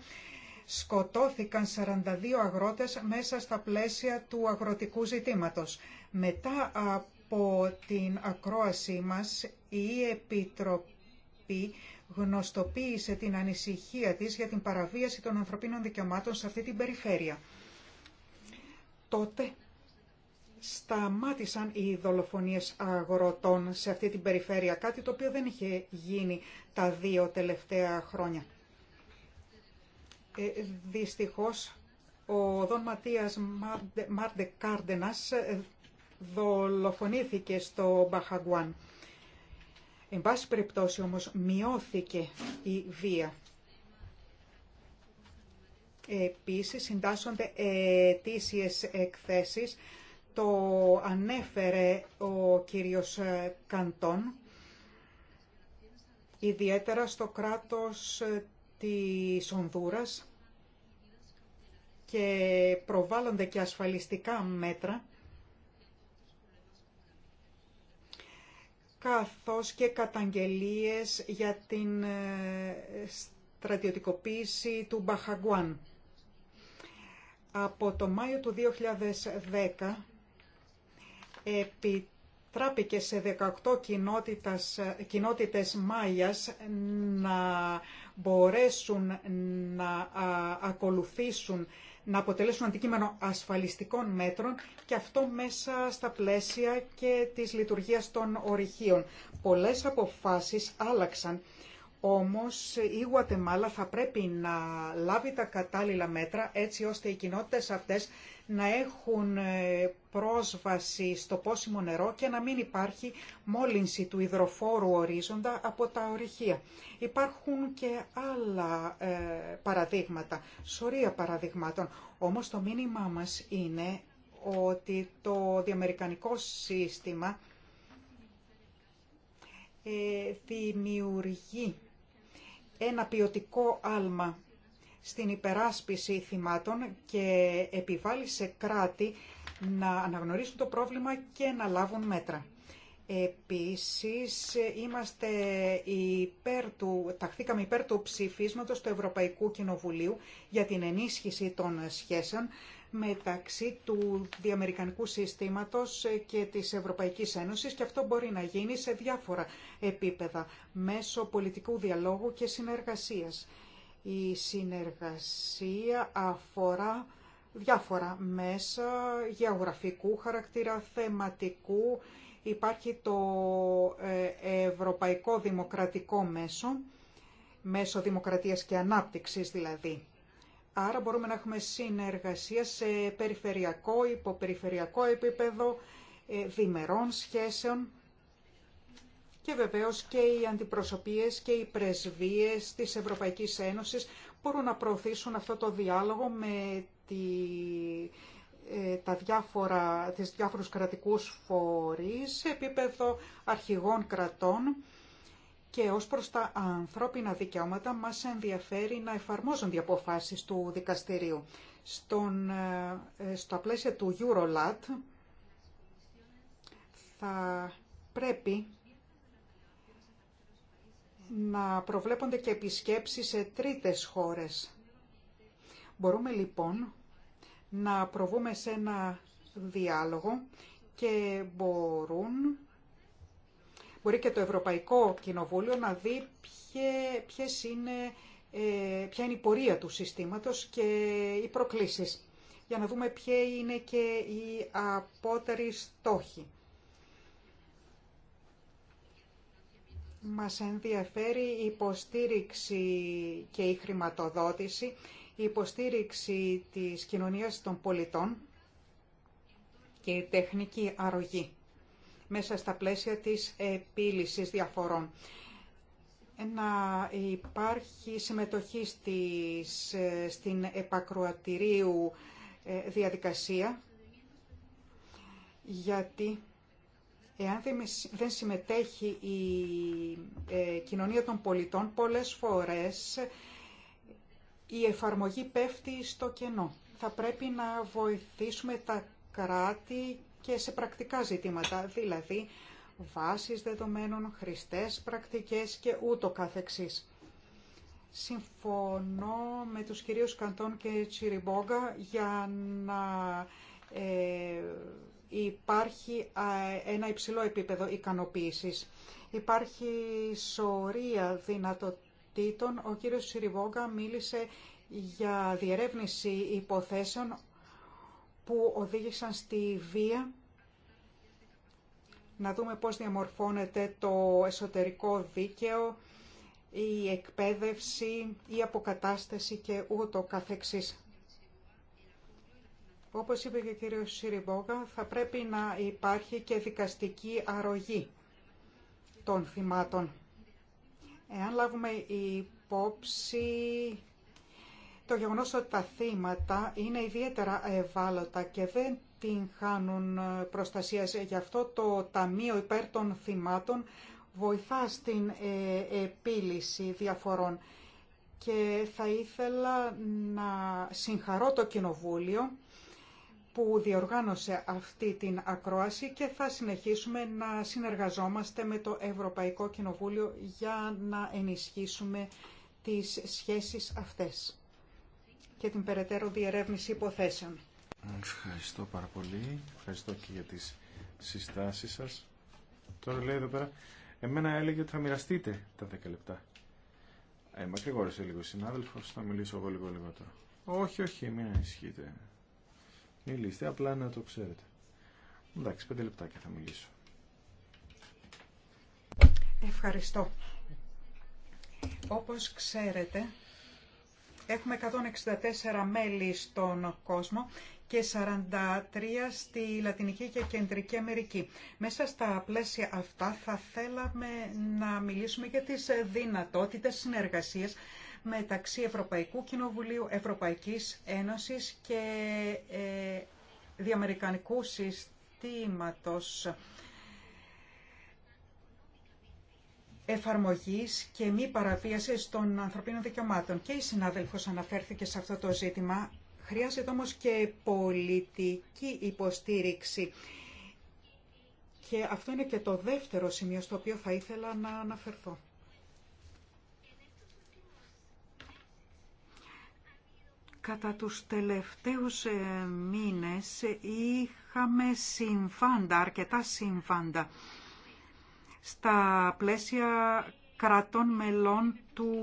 σκοτώθηκαν 42 αγρότες μέσα στα πλαίσια του αγροτικού ζητήματος. Μετά από την ακρόασή μας, η Επιτροπή γνωστοποίησε την ανησυχία της για την παραβίαση των ανθρωπίνων δικαιωμάτων σε αυτή την περιφέρεια τότε σταμάτησαν οι δολοφονίες αγροτών σε αυτή την περιφέρεια, κάτι το οποίο δεν είχε γίνει τα δύο τελευταία χρόνια. Ε, δυστυχώς, ο Δον Ματίας Μάρντε, ε, δολοφονήθηκε στο Μπαχαγκουάν. Εν πάση περιπτώσει όμως μειώθηκε η βία Επίσης, συντάσσονται ετήσιες εκθέσεις. Το ανέφερε ο κύριος Καντών, ιδιαίτερα στο κράτος της Ονδούρας και προβάλλονται και ασφαλιστικά μέτρα καθώς και καταγγελίες για την ε, στρατιωτικοποίηση του Μπαχαγκουάν. Από το Μάιο του 2010 επιτράπηκε σε 18 κοινότητες, Μάιας να μπορέσουν να ακολουθήσουν να αποτελέσουν αντικείμενο ασφαλιστικών μέτρων και αυτό μέσα στα πλαίσια και της λειτουργίας των ορυχείων. Πολλές αποφάσεις άλλαξαν όμως η Γουατεμάλα θα πρέπει να λάβει τα κατάλληλα μέτρα έτσι ώστε οι κοινότητες αυτές να έχουν ε, πρόσβαση στο πόσιμο νερό και να μην υπάρχει μόλυνση του υδροφόρου ορίζοντα από τα ορυχεία. Υπάρχουν και άλλα ε, παραδείγματα, σωρία παραδειγμάτων. Όμως το μήνυμά μας είναι ότι το διαμερικανικό σύστημα ε, δημιουργεί ένα ποιοτικό άλμα στην υπεράσπιση θυμάτων και επιβάλλει σε κράτη να αναγνωρίσουν το πρόβλημα και να λάβουν μέτρα. Επίσης, είμαστε υπέρ του, ταχθήκαμε υπέρ του ψηφίσματος του Ευρωπαϊκού Κοινοβουλίου για την ενίσχυση των σχέσεων μεταξύ του διαμερικανικού συστήματος και της Ευρωπαϊκής Ένωσης και αυτό μπορεί να γίνει σε διάφορα επίπεδα μέσω πολιτικού διαλόγου και συνεργασίας. Η συνεργασία αφορά διάφορα μέσα γεωγραφικού χαρακτήρα, θεματικού. Υπάρχει το ε, Ευρωπαϊκό Δημοκρατικό Μέσο, Μέσο Δημοκρατίας και Ανάπτυξης δηλαδή. Άρα μπορούμε να έχουμε συνεργασία σε περιφερειακό, υποπεριφερειακό επίπεδο, ε, διμερών σχέσεων και βεβαίως και οι αντιπροσωπείες και οι πρεσβείες της Ευρωπαϊκής Ένωσης μπορούν να προωθήσουν αυτό το διάλογο με τη, ε, τα διάφορα, τις διάφορους κρατικούς φορείς σε επίπεδο αρχηγών κρατών και ως προς τα ανθρώπινα δικαιώματα μας ενδιαφέρει να εφαρμόζουν οι αποφάσεις του δικαστηρίου. Στον, ε, ε, στο πλαίσια του Eurolat θα πρέπει να προβλέπονται και επισκέψεις σε τρίτες χώρες. Μπορούμε λοιπόν να προβούμε σε ένα διάλογο και μπορούν μπορεί και το Ευρωπαϊκό Κοινοβούλιο να δει ποιες είναι, ε, ποια είναι η πορεία του συστήματος και οι προκλήσεις για να δούμε ποια είναι και οι απότεροι στόχοι. Μας ενδιαφέρει η υποστήριξη και η χρηματοδότηση, η υποστήριξη της κοινωνίας των πολιτών και η τεχνική αρρωγή μέσα στα πλαίσια της επίλυσης διαφορών. Να υπάρχει συμμετοχή στις, στην επακροατηρίου ε, διαδικασία, γιατί εάν δεν συμμετέχει η ε, κοινωνία των πολιτών, πολλές φορές η εφαρμογή πέφτει στο κενό. Θα πρέπει να βοηθήσουμε τα κράτη και σε πρακτικά ζητήματα, δηλαδή βάσεις δεδομένων, χρηστές πρακτικές και ούτω καθεξής. Συμφωνώ με τους κυρίους Καντών και Τσιριμπόγκα για να ε, υπάρχει ένα υψηλό επίπεδο ικανοποίησης. Υπάρχει σωρία δυνατοτήτων. Ο κύριος Τσιριμπόγκα μίλησε για διερεύνηση υποθέσεων που οδήγησαν στη βία. Να δούμε πώς διαμορφώνεται το εσωτερικό δίκαιο, η εκπαίδευση, η αποκατάσταση και ούτω καθεξής. Όπως είπε και ο κύριος Σιριμπόγα, θα πρέπει να υπάρχει και δικαστική αρρωγή των θυμάτων. Εάν λάβουμε υπόψη το γεγονός ότι τα θύματα είναι ιδιαίτερα ευάλωτα και δεν την χάνουν ε, προστασίας. Γι' αυτό το Ταμείο Υπέρ των Θυμάτων βοηθά στην ε, επίλυση διαφορών. Και θα ήθελα να συγχαρώ το Κοινοβούλιο που διοργάνωσε αυτή την ακρόαση και θα συνεχίσουμε να συνεργαζόμαστε με το Ευρωπαϊκό Κοινοβούλιο για να ενισχύσουμε τις σχέσεις αυτές και την περαιτέρω διερεύνηση υποθέσεων. Ευχαριστώ πάρα πολύ. Ευχαριστώ και για τις συστάσεις σας. Τώρα λέει εδώ πέρα, εμένα έλεγε ότι θα μοιραστείτε τα 10 λεπτά. Ε, μακρηγόρησε λίγο συνάδελφος, θα μιλήσω εγώ λίγο λιγότερο. Όχι, όχι, μην ανησυχείτε. Μιλήστε, απλά να το ξέρετε. Εντάξει, λεπτά και θα μιλήσω. Ευχαριστώ. Όπως ξέρετε, Έχουμε 164 μέλη στον κόσμο και 43 στη Λατινική και Κεντρική Αμερική. Μέσα στα πλαίσια αυτά θα θέλαμε να μιλήσουμε για τις δυνατότητες συνεργασίας μεταξύ Ευρωπαϊκού Κοινοβουλίου, Ευρωπαϊκής Ένωσης και ε, Διαμερικανικού Συστήματος εφαρμογής και μη παραβίασης των ανθρωπίνων δικαιωμάτων. Και η συνάδελφος αναφέρθηκε σε αυτό το ζήτημα. Χρειάζεται όμως και πολιτική υποστήριξη. Και αυτό είναι και το δεύτερο σημείο στο οποίο θα ήθελα να αναφερθώ. Κατά τους τελευταίους ε, μήνες είχαμε συμφάντα, αρκετά συμφάντα στα πλαίσια κρατών μελών του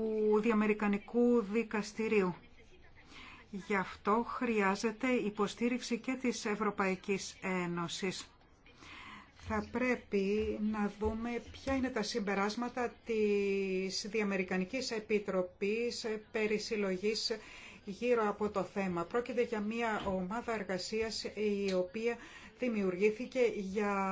Διαμερικανικού Δικαστηρίου. Γι' αυτό χρειάζεται υποστήριξη και της Ευρωπαϊκής Ένωσης. Θα πρέπει να δούμε ποια είναι τα συμπεράσματα της Διαμερικανικής Επιτροπής περί συλλογής γύρω από το θέμα. Πρόκειται για μια ομάδα εργασίας η οποία δημιουργήθηκε για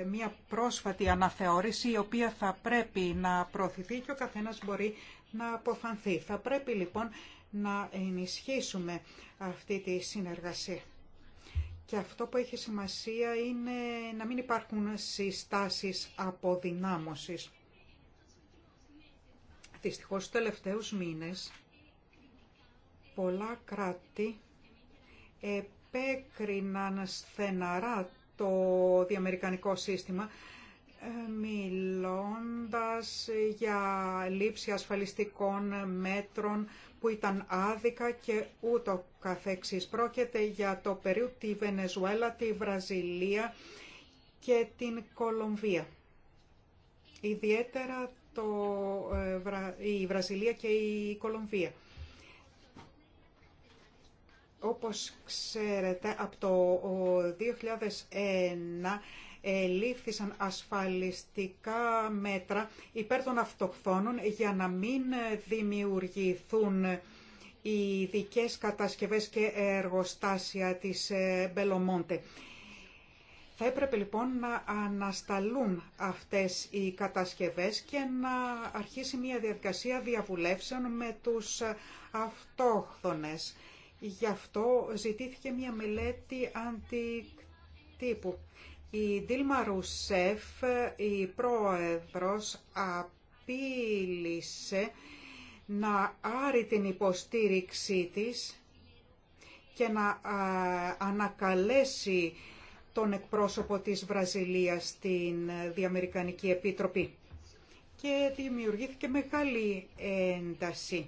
ε, μια πρόσφατη αναθεώρηση η οποία θα πρέπει να προωθηθεί και ο καθένας μπορεί να αποφανθεί. Θα πρέπει λοιπόν να ενισχύσουμε αυτή τη συνεργασία. Και αυτό που έχει σημασία είναι να μην υπάρχουν συστάσεις αποδυνάμωσης. Δυστυχώς, τους τελευταίους μήνες, πολλά κράτη επέκριναν στεναρά το διαμερικανικό σύστημα ε, μιλώντας για λήψη ασφαλιστικών μέτρων που ήταν άδικα και ούτω καθεξής. Πρόκειται για το Περίου, τη Βενεζουέλα, τη Βραζιλία και την Κολομβία. Ιδιαίτερα το, ε, η Βραζιλία και η Κολομβία. Όπως ξέρετε, από το 2001 λήφθησαν ασφαλιστικά μέτρα υπέρ των αυτοχθόνων για να μην δημιουργηθούν οι δικές κατασκευές και εργοστάσια της ε, Μπελομόντε. Θα έπρεπε λοιπόν να ανασταλούν αυτές οι κατασκευές και να αρχίσει μια διαδικασία διαβουλεύσεων με τους ε, αυτόχθονες. Γι' αυτό ζητήθηκε μια μελέτη αντικτύπου. Η Ντίλμα Ρουσέφ, η πρόεδρος, απείλησε να άρει την υποστήριξή της και να ανακαλέσει τον εκπρόσωπο της Βραζιλίας στην Διαμερικανική Επίτροπη. Και δημιουργήθηκε μεγάλη ένταση,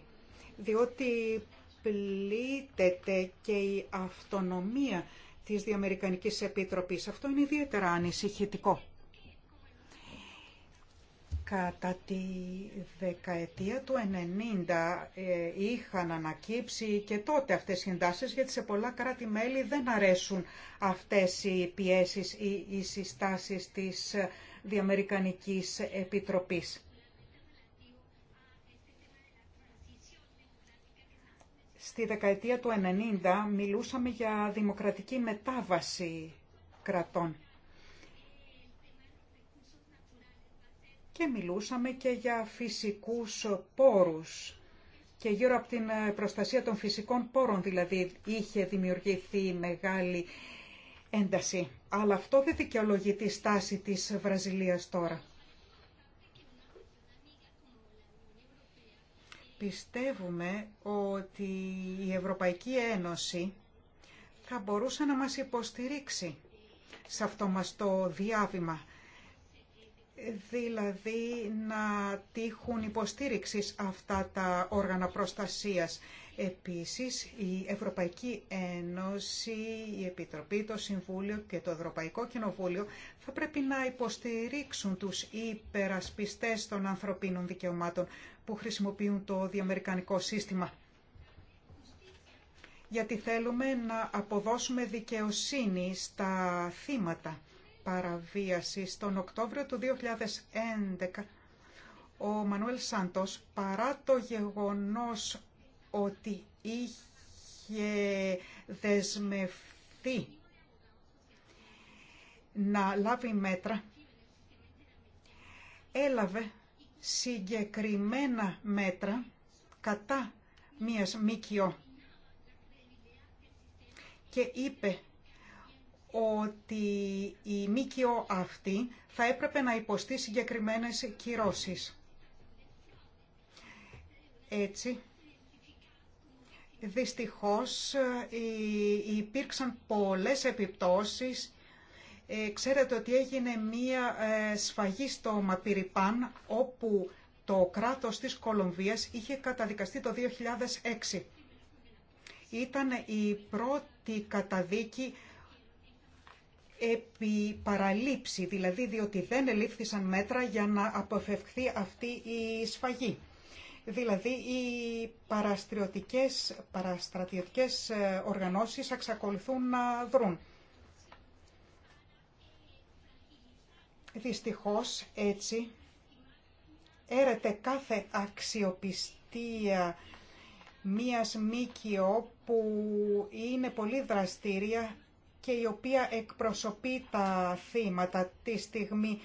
διότι πλήτεται και η αυτονομία της Διαμερικανικής Επιτροπής. Αυτό είναι ιδιαίτερα ανησυχητικό. Κατά τη δεκαετία του 90 ε, είχαν ανακύψει και τότε αυτές οι εντάσεις, γιατί σε πολλά κράτη-μέλη δεν αρέσουν αυτές οι πιέσεις ή οι συστάσεις της Διαμερικανικής Επιτροπής. Στη δεκαετία του 90 μιλούσαμε για δημοκρατική μετάβαση κρατών. Και μιλούσαμε και για φυσικούς πόρους και γύρω από την προστασία των φυσικών πόρων δηλαδή είχε δημιουργηθεί μεγάλη ένταση. Αλλά αυτό δεν δικαιολογεί τη στάση της Βραζιλίας τώρα. Πιστεύουμε ότι η Ευρωπαϊκή Ένωση θα μπορούσε να μας υποστηρίξει σε αυτό μας το διάβημα. Δηλαδή να τύχουν υποστήριξης αυτά τα όργανα προστασίας Επίσης, η Ευρωπαϊκή Ένωση, η Επιτροπή, το Συμβούλιο και το Ευρωπαϊκό Κοινοβούλιο θα πρέπει να υποστηρίξουν τους υπερασπιστές των ανθρωπίνων δικαιωμάτων που χρησιμοποιούν το διαμερικανικό σύστημα. Γιατί θέλουμε να αποδώσουμε δικαιοσύνη στα θύματα παραβίασης. Τον Οκτώβριο του 2011, ο Μανουέλ Σάντος, παρά το γεγονός ότι είχε δεσμευτεί να λάβει μέτρα, έλαβε συγκεκριμένα μέτρα κατά μίας μίκιο και είπε ότι η ΜΚΟ αυτή θα έπρεπε να υποστεί συγκεκριμένες κυρώσεις. Έτσι, Δυστυχώς ε, υπήρξαν πολλές επιπτώσεις. Ε, ξέρετε ότι έγινε μία ε, σφαγή στο Μαπιριπάν όπου το κράτος της Κολομβίας είχε καταδικαστεί το 2006. Ήταν η πρώτη καταδίκη επί παραλήψη, δηλαδή διότι δεν ελήφθησαν μέτρα για να αποφευχθεί αυτή η σφαγή. Δηλαδή οι παραστρατιωτικές, παραστρατιωτικές ε, οργανώσεις εξακολουθούν να δρουν. Δυστυχώς έτσι έρεται κάθε αξιοπιστία μίας μήκυο που είναι πολύ δραστήρια και η οποία εκπροσωπεί τα θύματα τη στιγμή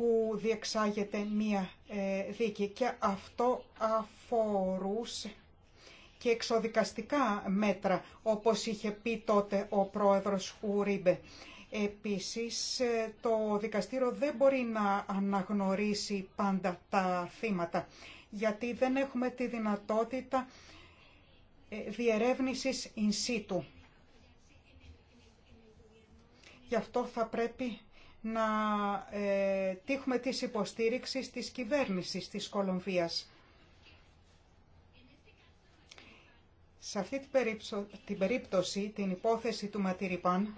που διεξάγεται μία ε, δίκη και αυτό αφορούσε και εξοδικαστικά μέτρα, όπως είχε πει τότε ο πρόεδρος Ουρίμπε. Επίσης, ε, το δικαστήριο δεν μπορεί να αναγνωρίσει πάντα τα θύματα, γιατί δεν έχουμε τη δυνατότητα ε, διερεύνησης in situ. Γι' αυτό θα πρέπει να ε, τύχουμε της υποστήριξης της κυβέρνησης της Κολομβίας. Σε αυτή την, περίπτωση, την υπόθεση του Ματιριπάν,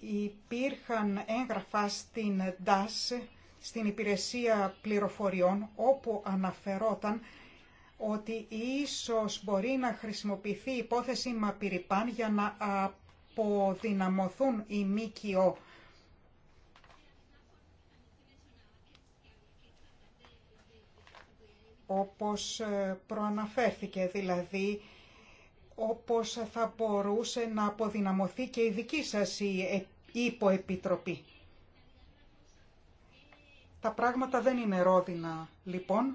υπήρχαν έγγραφα στην DAS, στην Υπηρεσία Πληροφοριών, όπου αναφερόταν ότι ίσως μπορεί να χρησιμοποιηθεί η υπόθεση Μαπυρυπάν για να αποδυναμωθούν οι ΜΚΟ. όπως ε, προαναφέρθηκε, δηλαδή όπως θα μπορούσε να αποδυναμωθεί και η δική σας η ε, υποεπιτροπή. Τα πράγματα δεν είναι ρόδινα, λοιπόν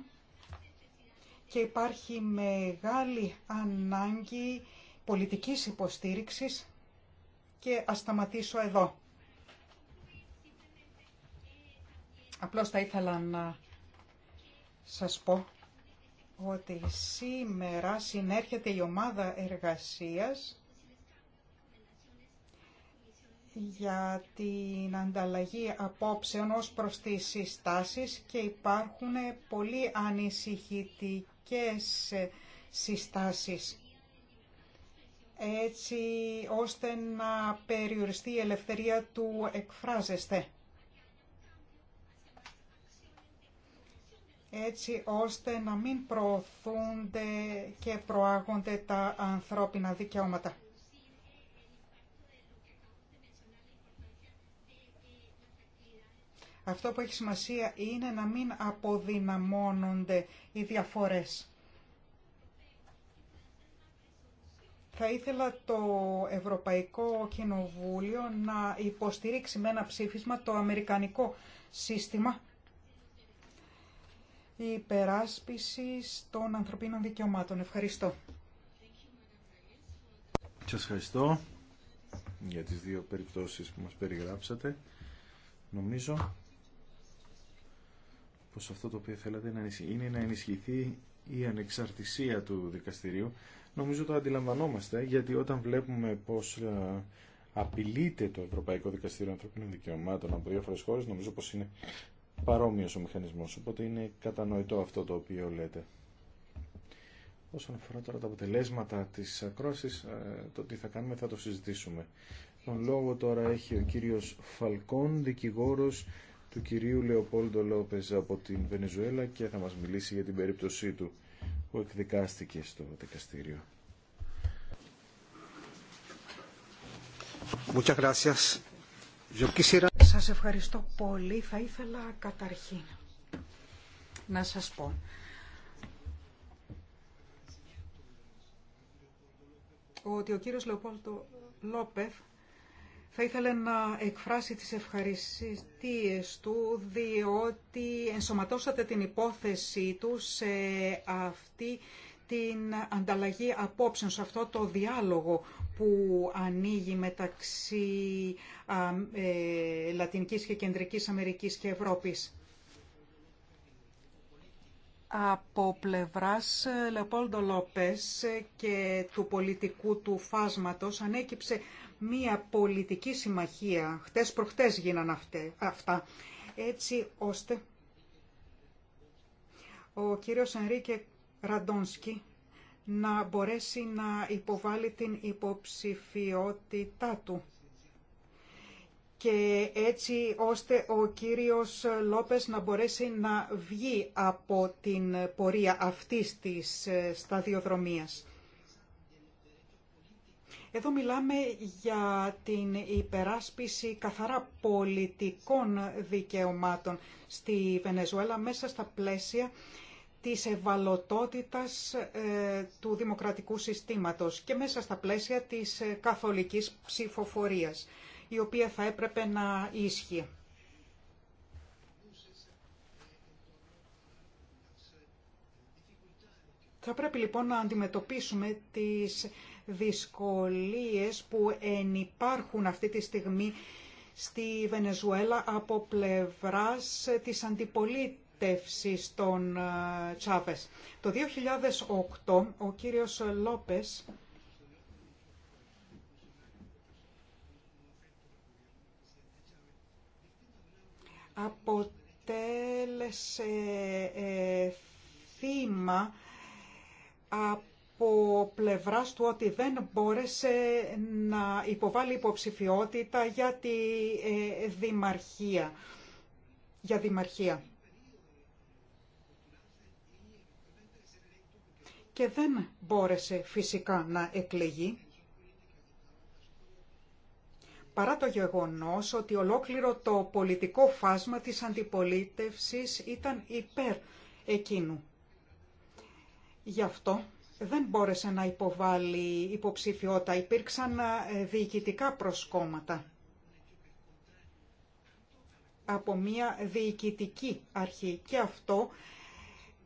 και υπάρχει μεγάλη ανάγκη πολιτικής υποστήριξης και ας σταματήσω εδώ. Απλώς θα ήθελα να σας πω ότι σήμερα συνέρχεται η ομάδα εργασίας για την ανταλλαγή απόψεων ως προς τις συστάσεις και υπάρχουν πολύ ανησυχητικοί ε, συστάσεις έτσι ώστε να περιοριστεί η ελευθερία του εκφράζεστε. έτσι ώστε να μην προωθούνται και προάγονται τα ανθρώπινα δικαιώματα. Αυτό που έχει σημασία είναι να μην αποδυναμώνονται οι διαφορές. Θα ήθελα το Ευρωπαϊκό Κοινοβούλιο να υποστηρίξει με ένα ψήφισμα το Αμερικανικό σύστημα υπεράσπισης των ανθρωπίνων δικαιωμάτων. Ευχαριστώ. Σας ευχαριστώ για τις δύο περιπτώσεις που μας περιγράψατε. Νομίζω πως αυτό το οποίο θέλατε να είναι να ενισχυθεί η ανεξαρτησία του δικαστηρίου. Νομίζω το αντιλαμβανόμαστε, γιατί όταν βλέπουμε πως ε, απειλείται το Ευρωπαϊκό Δικαστήριο Ανθρωπίνων Δικαιωμάτων από διάφορες χώρες, νομίζω πως είναι παρόμοιος ο μηχανισμός, οπότε είναι κατανοητό αυτό το οποίο λέτε. Όσον αφορά τώρα τα αποτελέσματα της ακρόσης, ε, το τι θα κάνουμε θα το συζητήσουμε. Τον λόγο τώρα έχει ο κύριος Φαλκόν, δικηγόρος του κυρίου Λεοπόλντο Λόπεζ από την Βενεζουέλα και θα μας μιλήσει για την περίπτωσή του που εκδικάστηκε στο δικαστήριο. Σας ευχαριστώ πολύ. Θα ήθελα καταρχήν να σας πω ότι ο κύριος Λεοπόλτο Λόπεφ θα ήθελα να εκφράσει τις ευχαριστίες του διότι ενσωματώσατε την υπόθεση του σε αυτή την ανταλλαγή απόψεων, σε αυτό το διάλογο που ανοίγει μεταξύ α, ε, Λατινικής και Κεντρικής Αμερικής και Ευρώπης. Από πλευράς ε, Λεπόλντο Λόπες ε, και του πολιτικού του φάσματος ανέκυψε μία πολιτική συμμαχία. Χτες προχτές γίναν αυτά. Έτσι ώστε ο κύριος Ενρίκε Ραντόνσκι να μπορέσει να υποβάλει την υποψηφιότητά του και έτσι ώστε ο κύριος Λόπες να μπορέσει να βγει από την πορεία αυτής της ε, σταδιοδρομίας. Εδώ μιλάμε για την υπεράσπιση καθαρά πολιτικών δικαιωμάτων στη Βενεζουέλα μέσα στα πλαίσια της ευαλωτότητας ε, του δημοκρατικού συστήματος και μέσα στα πλαίσια της ε, καθολικής ψηφοφορίας, η οποία θα έπρεπε να ίσχυε. Θα πρέπει λοιπόν να αντιμετωπίσουμε τις δυσκολίες που ενυπάρχουν αυτή τη στιγμή στη Βενεζουέλα από πλευράς της αντιπολίτευσης των ε, Τσάβες. Το 2008 ο κύριος Λόπες αποτέλεσε ε, θύμα από από πλευράς του ότι δεν μπόρεσε να υποβάλει υποψηφιότητα για τη ε, δημαρχία. Για δημαρχία. Και δεν μπόρεσε φυσικά να εκλεγεί παρά το γεγονός ότι ολόκληρο το πολιτικό φάσμα της αντιπολίτευσης ήταν υπέρ εκείνου. Γι' αυτό δεν μπόρεσε να υποβάλει υποψηφιότητα. Υπήρξαν ε, διοικητικά προσκόμματα από μια διοικητική αρχή και αυτό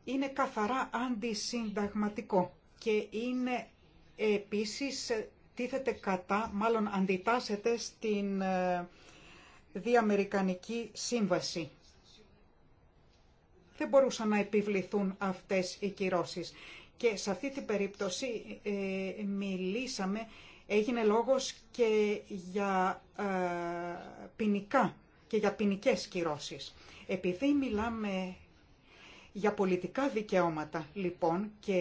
είναι καθαρά αντισυνταγματικό και είναι επίσης τίθεται κατά, μάλλον αντιτάσσεται στην ε, Διαμερικανική Σύμβαση. Δεν μπορούσαν να επιβληθούν αυτές οι κυρώσεις. Και σε αυτή την περίπτωση ε, μιλήσαμε, έγινε λόγος και για ε, ποινικά και για ποινικέ κυρώσεις. Επειδή μιλάμε για πολιτικά δικαιώματα, λοιπόν, και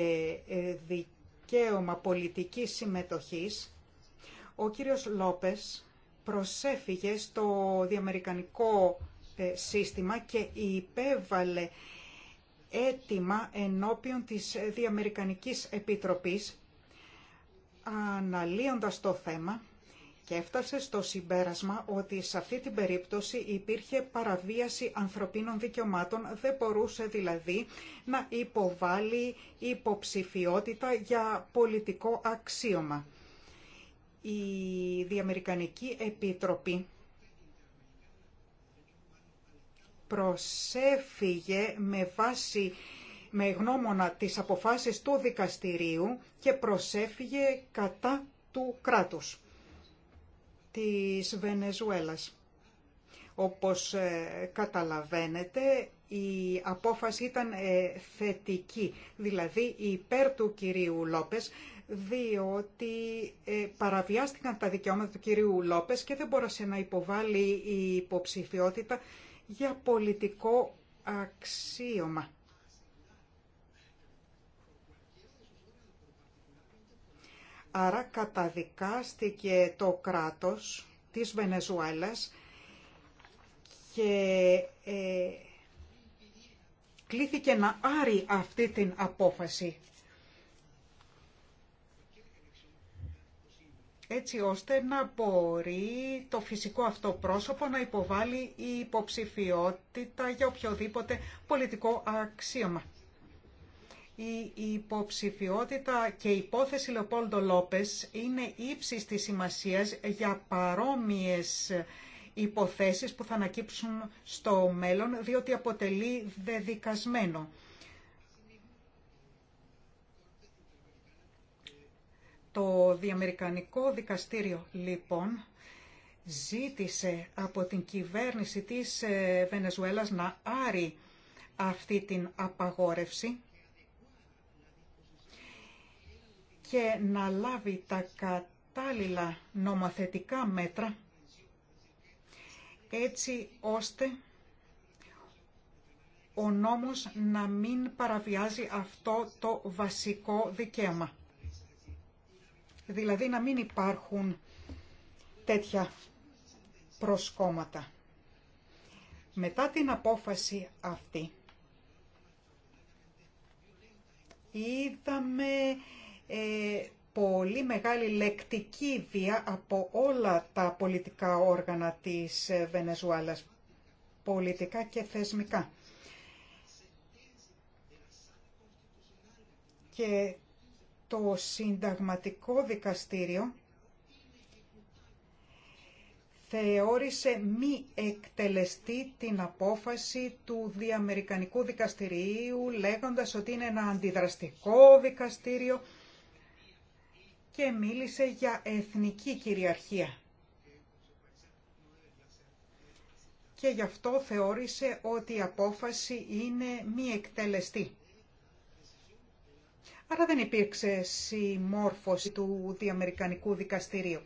ε, δικαίωμα πολιτικής συμμετοχής, ο κύριος Λόπες προσέφυγε στο διαμερικανικό ε, σύστημα και υπέβαλε αίτημα ενώπιον της Διαμερικανικής Επιτροπής αναλύοντας το θέμα και έφτασε στο συμπέρασμα ότι σε αυτή την περίπτωση υπήρχε παραβίαση ανθρωπίνων δικαιωμάτων, δεν μπορούσε δηλαδή να υποβάλει υποψηφιότητα για πολιτικό αξίωμα. Η Διαμερικανική Επίτροπη προσέφυγε με βάση με γνώμονα τις αποφάσεις του δικαστηρίου και προσέφυγε κατά του κράτους της Βενεζουέλας. Όπως ε, καταλαβαίνετε, η απόφαση ήταν ε, θετική, δηλαδή υπέρ του κυρίου Λόπες, διότι ε, παραβιάστηκαν τα δικαιώματα του κυρίου Λόπες και δεν μπόρεσε να υποβάλει η υποψηφιότητα για πολιτικό αξίωμα. Άρα καταδικάστηκε το κράτος της Βενεζουέλας και ε, κλήθηκε να άρει αυτή την απόφαση. έτσι ώστε να μπορεί το φυσικό αυτό πρόσωπο να υποβάλει η υποψηφιότητα για οποιοδήποτε πολιτικό αξίωμα. Η υποψηφιότητα και η υπόθεση Λεοπόλντο Λόπες είναι ύψης της σημασίας για παρόμοιες υποθέσεις που θα ανακύψουν στο μέλλον, διότι αποτελεί δεδικασμένο Το Διαμερικανικό Δικαστήριο λοιπόν ζήτησε από την κυβέρνηση της ε, Βενεζουέλας να άρει αυτή την απαγόρευση και να λάβει τα κατάλληλα νομοθετικά μέτρα έτσι ώστε ο νόμος να μην παραβιάζει αυτό το βασικό δικαίωμα δηλαδή να μην υπάρχουν τέτοια προσκόμματα. Μετά την απόφαση αυτή, είδαμε ε, πολύ μεγάλη λεκτική βία από όλα τα πολιτικά όργανα της Βενεζουέλας, πολιτικά και θεσμικά. Και το συνταγματικό δικαστήριο θεώρησε μη εκτελεστή την απόφαση του Διαμερικανικού Δικαστηρίου λέγοντας ότι είναι ένα αντιδραστικό δικαστήριο και μίλησε για εθνική κυριαρχία. Και γι' αυτό θεώρησε ότι η απόφαση είναι μη εκτελεστή. Άρα δεν υπήρξε συμμόρφωση του Διαμερικανικού Δικαστηρίου.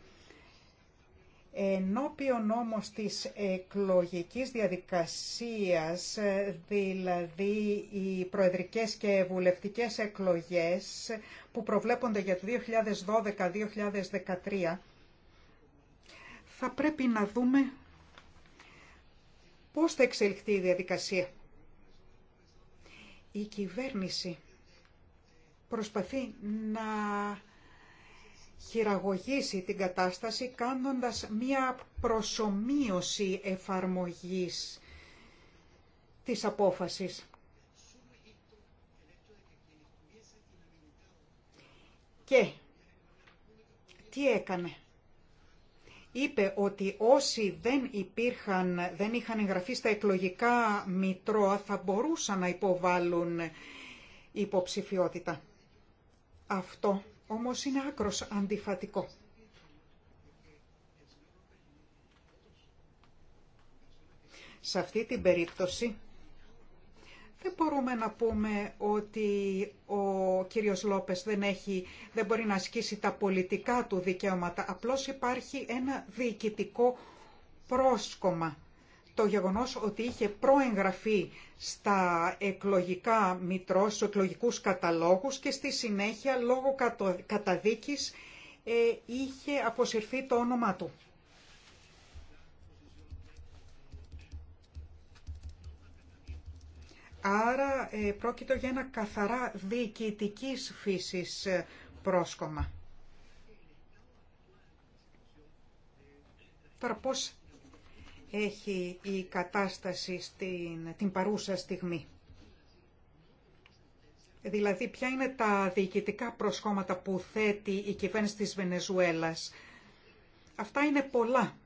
Ενώπιον όμως της εκλογικής διαδικασίας, δηλαδή οι προεδρικές και βουλευτικές εκλογές που προβλέπονται για το 2012-2013, θα πρέπει να δούμε πώς θα εξελιχθεί η διαδικασία. Η κυβέρνηση προσπαθεί να χειραγωγήσει την κατάσταση κάνοντας μία προσομοίωση εφαρμογής της απόφασης. Και τι έκανε. Είπε ότι όσοι δεν, υπήρχαν, δεν είχαν εγγραφεί στα εκλογικά μητρώα θα μπορούσαν να υποβάλουν υποψηφιότητα. Αυτό όμως είναι άκρος αντιφατικό. Σε αυτή την περίπτωση δεν μπορούμε να πούμε ότι ο κύριος Λόπες δεν, έχει, δεν μπορεί να ασκήσει τα πολιτικά του δικαιώματα. Απλώς υπάρχει ένα διοικητικό πρόσκομα το γεγονός ότι είχε προεγγραφεί στα εκλογικά μητρό, στους εκλογικούς καταλόγους και στη συνέχεια λόγω καταδίκης ε, είχε αποσυρθεί το όνομά του. Άρα ε, πρόκειται για ένα καθαρά διοικητικής φύσης ε, πρόσκομα. Τώρα έχει η κατάσταση στην, την παρούσα στιγμή. Δηλαδή, ποια είναι τα διοικητικά προσκόμματα που θέτει η κυβέρνηση της Βενεζουέλας. Αυτά είναι πολλά.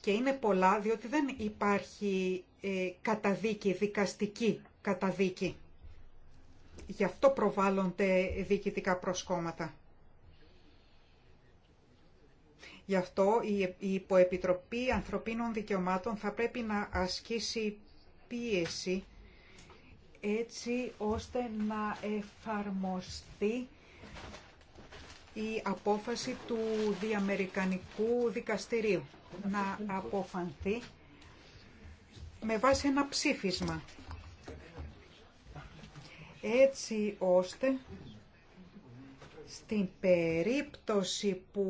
Και είναι πολλά διότι δεν υπάρχει ε, καταδίκη, δικαστική καταδίκη. Γι' αυτό προβάλλονται διοικητικά προσκόμματα. Γι' αυτό η Υποεπιτροπή Ανθρωπίνων Δικαιωμάτων θα πρέπει να ασκήσει πίεση έτσι ώστε να εφαρμοστεί η απόφαση του Διαμερικανικού Δικαστηρίου να αποφανθεί με βάση ένα ψήφισμα έτσι ώστε στην περίπτωση που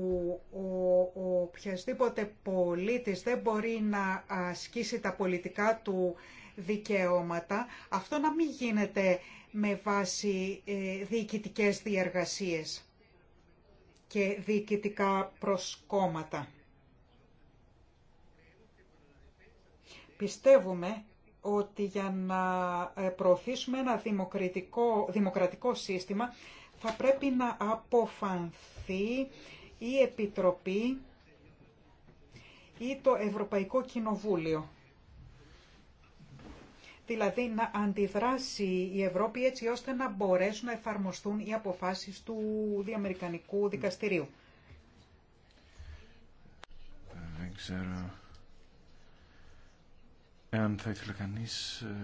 ο, ο οποιασδήποτε πολίτης δεν μπορεί να ασκήσει τα πολιτικά του δικαιώματα, αυτό να μην γίνεται με βάση ε, διοικητικές και διοικητικά προσκόμματα. Πιστεύουμε ότι για να ε, προωθήσουμε ένα δημοκρατικό σύστημα θα πρέπει να αποφανθεί η Επιτροπή ή το Ευρωπαϊκό Κοινοβούλιο. Δηλαδή να αντιδράσει η Ευρώπη έτσι ώστε να μπορέσουν να εφαρμοστούν οι αποφάσεις του Διαμερικανικού Δικαστηρίου. Δεν ξέρω εάν θα ήθελε κανείς ε,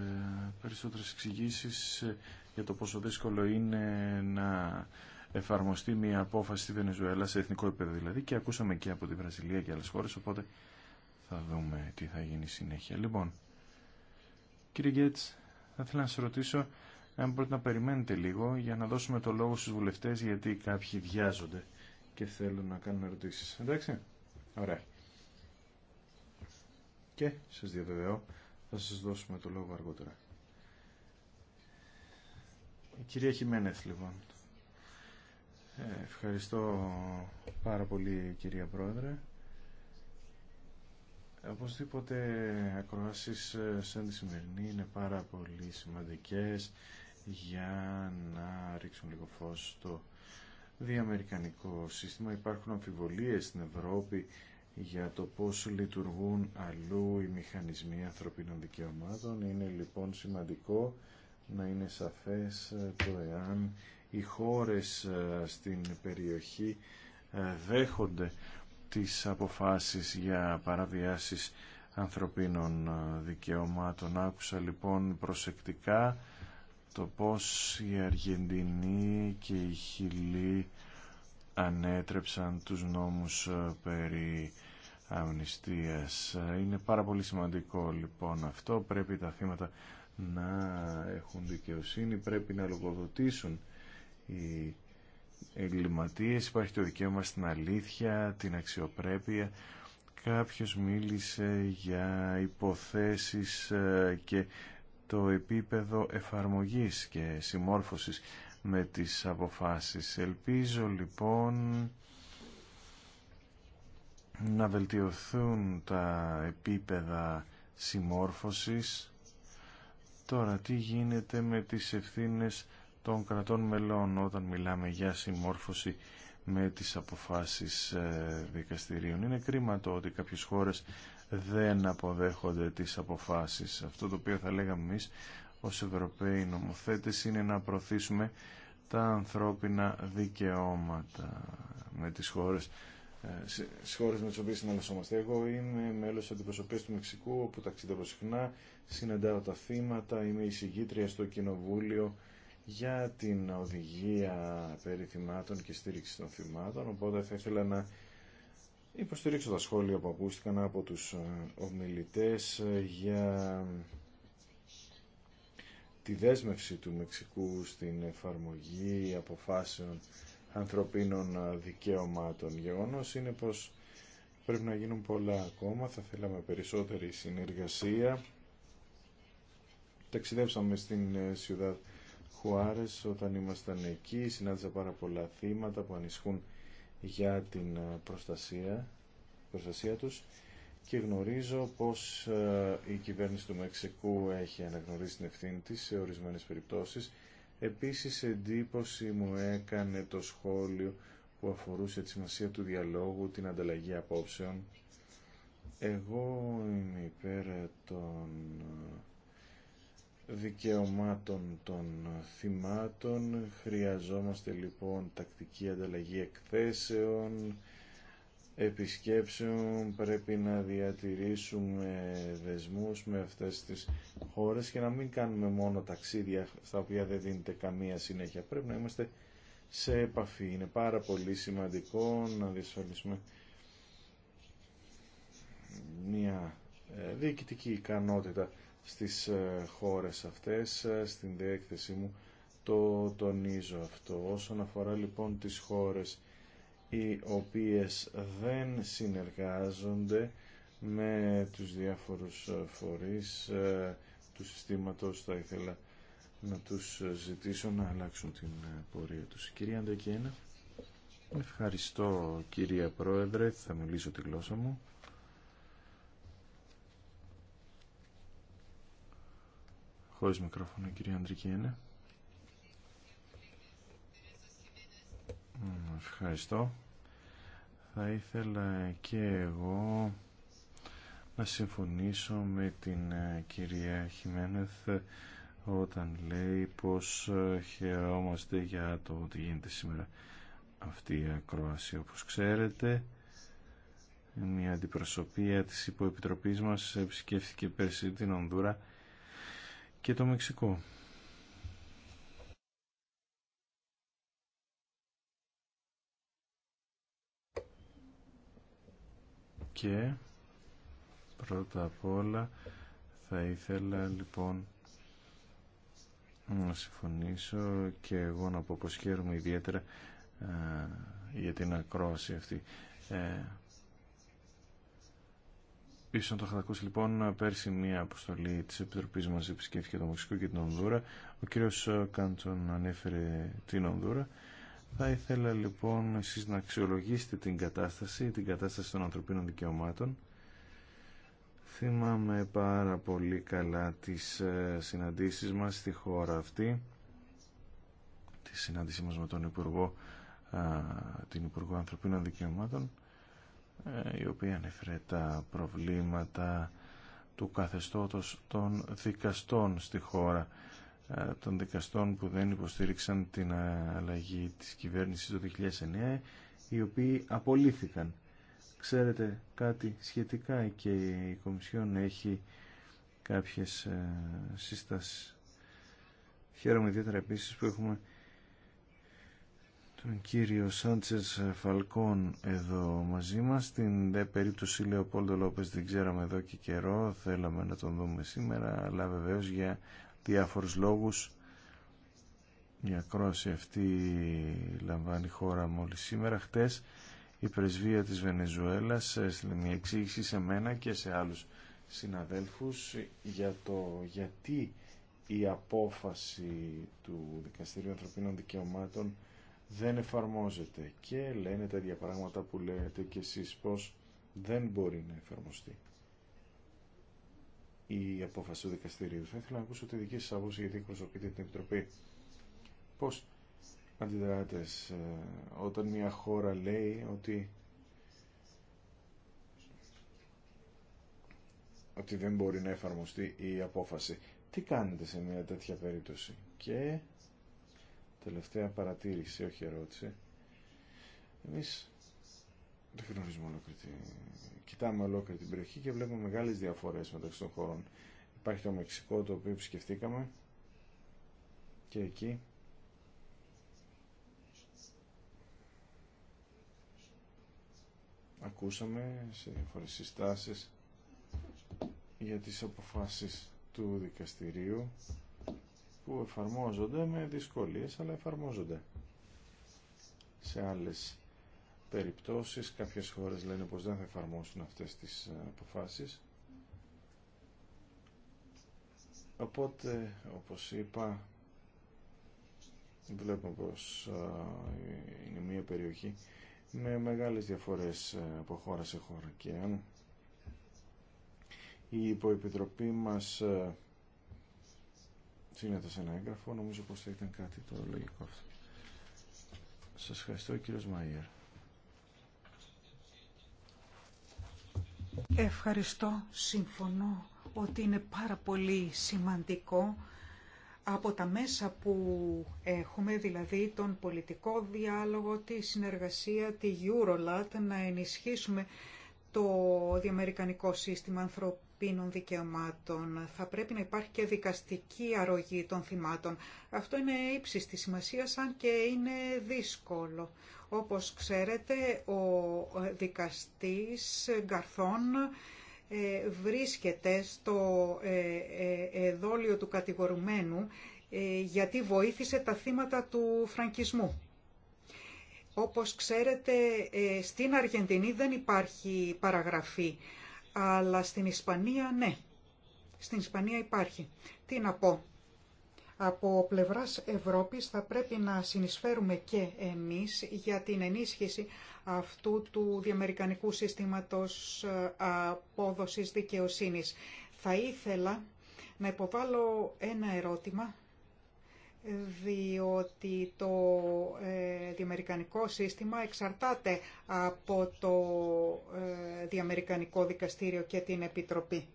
περισσότερες εξηγήσεις ε, για το πόσο δύσκολο είναι να εφαρμοστεί μια απόφαση στη Βενεζουέλα σε εθνικό επίπεδο δηλαδή και ακούσαμε και από τη Βραζιλία και άλλες χώρες οπότε θα δούμε τι θα γίνει συνέχεια. Λοιπόν, κύριε Γκέτς, θα ήθελα να σας ρωτήσω αν μπορείτε να περιμένετε λίγο για να δώσουμε το λόγο στους βουλευτές γιατί κάποιοι βιάζονται και θέλουν να κάνουν ερωτήσεις. Εντάξει, ωραία. Και σας διαβεβαιώ θα σας δώσουμε το λόγο αργότερα. Η κυρία Χιμένεθ, λοιπόν. Ε, ευχαριστώ πάρα πολύ, κυρία Πρόεδρε. Οπωσδήποτε ακροάσεις ε, σαν τη σημερινή είναι πάρα πολύ σημαντικές για να ρίξουν λίγο φως στο διαμερικανικό σύστημα. Υπάρχουν αμφιβολίες στην Ευρώπη για το πώς λειτουργούν αλλού οι μηχανισμοί ανθρωπίνων δικαιωμάτων. Είναι λοιπόν σημαντικό να είναι σαφές ε, το εάν οι χώρες ε, στην περιοχή ε, δέχονται τις αποφάσεις για παραβιάσεις ανθρωπίνων δικαιωμάτων. Άκουσα λοιπόν προσεκτικά το πώς η Αργεντινή και η Χιλή ανέτρεψαν τους νόμους περί αμνηστίας. Είναι πάρα πολύ σημαντικό λοιπόν αυτό. Πρέπει τα θύματα να έχουν δικαιοσύνη, πρέπει να λογοδοτήσουν οι εγκληματίες, υπάρχει το δικαίωμα στην αλήθεια, την αξιοπρέπεια. Κάποιος μίλησε για υποθέσεις ε, και το επίπεδο εφαρμογής και συμμόρφωσης με τις αποφάσεις. Ελπίζω λοιπόν να βελτιωθούν τα επίπεδα συμμόρφωσης Τώρα, τι γίνεται με τις ευθύνες των κρατών μελών όταν μιλάμε για συμμόρφωση με τις αποφάσεις ε, δικαστηρίων. Είναι κρίμα το ότι κάποιες χώρες δεν αποδέχονται τις αποφάσεις. Αυτό το οποίο θα λέγαμε εμείς ως Ευρωπαίοι νομοθέτες είναι να προωθήσουμε τα ανθρώπινα δικαιώματα με τις χώρες ε, στι χώρε με τι οποίε συναλλασσόμαστε. Εγώ είμαι μέλο αντιπροσωπεία του Μεξικού, όπου ταξιδεύω συχνά, συναντάω τα θύματα, είμαι εισηγήτρια στο Κοινοβούλιο για την οδηγία περί θυμάτων και στήριξη των θυμάτων. Οπότε θα ήθελα να υποστηρίξω τα σχόλια που ακούστηκαν από του ε, ομιλητέ ε, για τη δέσμευση του Μεξικού στην εφαρμογή αποφάσεων ανθρωπίνων ε, δικαιωμάτων. Γεγονός είναι πως πρέπει να γίνουν πολλά ακόμα, θα θέλαμε περισσότερη συνεργασία. Ταξιδέψαμε στην ε, Σιουδά Χουάρες όταν ήμασταν εκεί, συνάντησα πάρα πολλά θύματα που ανισχούν για την ε, προστασία, προστασία τους και γνωρίζω πως η κυβέρνηση του Μεξικού έχει αναγνωρίσει την ευθύνη της σε ορισμένες περιπτώσεις Επίσης εντύπωση μου έκανε το σχόλιο που αφορούσε τη σημασία του διαλόγου, την ανταλλαγή απόψεων. Εγώ είμαι υπέρ των δικαιωμάτων των θυμάτων. Χρειαζόμαστε λοιπόν τακτική ανταλλαγή εκθέσεων, επισκέψεων πρέπει να διατηρήσουμε δεσμούς με αυτές τις χώρες και να μην κάνουμε μόνο ταξίδια στα οποία δεν δίνεται καμία συνέχεια. Πρέπει να είμαστε σε επαφή. Είναι πάρα πολύ σημαντικό να διασφαλίσουμε μια ε, διοικητική ικανότητα στις ε, χώρες αυτές. Ε, στην διέκθεσή μου το τονίζω αυτό. Όσον αφορά λοιπόν τις χώρες οι οποίες δεν συνεργάζονται με τους διάφορους ε, φορείς ε, του συστήματος. Θα ήθελα να τους ζητήσω να αλλάξουν την ε, πορεία τους. Κυρία Αντεκένα. Ευχαριστώ κυρία Πρόεδρε, θα μιλήσω τη γλώσσα μου. Χωρίς μικρόφωνο κυρία Αντρικένα Ευχαριστώ. Θα ήθελα και εγώ να συμφωνήσω με την ε, κυρία Χιμένεθ όταν λέει πως ε, χαιρόμαστε για το ότι γίνεται σήμερα αυτή η ακρόαση όπως ξέρετε μια αντιπροσωπεία της υποεπιτροπής μας επισκέφθηκε πέρσι την Ονδούρα και το Μεξικό και πρώτα απ' όλα θα ήθελα λοιπόν να συμφωνήσω και εγώ να πω πως χαίρομαι ιδιαίτερα για την ακρόαση αυτή. Ε, να το ακούσει λοιπόν πέρσι μία αποστολή της Επιτροπής μας επισκέφθηκε το Μεξικό και την Ονδούρα. Ο κύριος Κάντσον ανέφερε την Ονδούρα θα ήθελα λοιπόν εσείς να αξιολογήσετε την κατάσταση, την κατάσταση των ανθρωπίνων δικαιωμάτων. Θυμάμαι πάρα πολύ καλά τις ε, συναντήσεις μας στη χώρα αυτή, τη συνάντησή μας με τον Υπουργό, την Υπουργό Ανθρωπίνων Δικαιωμάτων, ε, η οποία ανέφερε τα προβλήματα του καθεστώτος των δικαστών στη χώρα ε, των δικαστών που δεν υποστήριξαν την αλλαγή της κυβέρνησης το 2009 οι οποίοι απολύθηκαν. Ξέρετε κάτι σχετικά και η Κομισιόν έχει κάποιες ε, σύστασεις. Χαίρομαι ιδιαίτερα επίση που έχουμε τον κύριο Σάντσες Φαλκόν εδώ μαζί μας. Στην δε περίπτωση Λεοπόλτο Λόπες δεν ξέραμε εδώ και καιρό, θέλαμε να τον δούμε σήμερα, αλλά βεβαίως για διάφορους λόγους. Η ακρόαση αυτή λαμβάνει χώρα μόλις σήμερα. Χτες η πρεσβεία της Βενεζουέλας έστειλε μια εξήγηση σε μένα και σε άλλους συναδέλφους για το γιατί η απόφαση του Δικαστηρίου Ανθρωπίνων Δικαιωμάτων δεν εφαρμόζεται και λένε τα ίδια πράγματα που λέτε και εσείς πως δεν μπορεί να εφαρμοστεί η απόφαση του δικαστηρίου. Θα ήθελα να ακούσω τη δική σα άποψη γιατί εκπροσωπείτε την Επιτροπή. Πώ αντιδράτε ε, όταν μια χώρα λέει ότι ότι δεν μπορεί να εφαρμοστεί η απόφαση. Τι κάνετε σε μια τέτοια περίπτωση. Και τελευταία παρατήρηση, όχι ερώτηση. Εμείς δεν γνωρίζουμε ολόκληρη την... Κοιτάμε ολόκληρη την περιοχή και βλέπουμε μεγάλες διαφορές μεταξύ των χωρών. Υπάρχει το Μεξικό το οποίο επισκεφτήκαμε και εκεί ακούσαμε σε διάφορες συστάσεις για τις αποφάσεις του δικαστηρίου που εφαρμόζονται με δυσκολίες αλλά εφαρμόζονται σε άλλες περιπτώσεις κάποιες χώρες λένε πως δεν θα εφαρμόσουν αυτές τις ε, αποφάσεις οπότε όπως είπα βλέπουμε πως ε, είναι μια περιοχή με μεγάλες διαφορές ε, από χώρα σε χώρα και αν η υποεπιτροπή μας σύνεται σε ένα έγγραφο νομίζω πως θα ήταν κάτι το λογικό αυτό Σας ευχαριστώ κύριος Μάιερ Ευχαριστώ. Συμφωνώ ότι είναι πάρα πολύ σημαντικό από τα μέσα που έχουμε, δηλαδή τον πολιτικό διάλογο, τη συνεργασία, τη Eurolat, να ενισχύσουμε το διαμερικανικό σύστημα ανθρωπίνων δικαιωμάτων. Θα πρέπει να υπάρχει και δικαστική αρρωγή των θυμάτων. Αυτό είναι ύψιστη τη σημασίας, αν και είναι δύσκολο. Όπως ξέρετε, ο δικαστής Γκαρθών ε, βρίσκεται στο ε, ε, εδόλιο του κατηγορουμένου γιατί βοήθησε τα θύματα του φραγκισμού. Όπως ξέρετε, στην Αργεντινή δεν υπάρχει παραγραφή, αλλά στην Ισπανία ναι. Στην Ισπανία υπάρχει. Τι να πω, από πλευράς Ευρώπης θα πρέπει να συνεισφέρουμε και εμείς για την ενίσχυση αυτού του διαμερικανικού σύστηματος ε, απόδοσης δικαιοσύνης. Θα ήθελα να υποβάλω ένα ερώτημα διότι το ε, διαμερικανικό σύστημα εξαρτάται από το ε, διαμερικανικό δικαστήριο και την Επιτροπή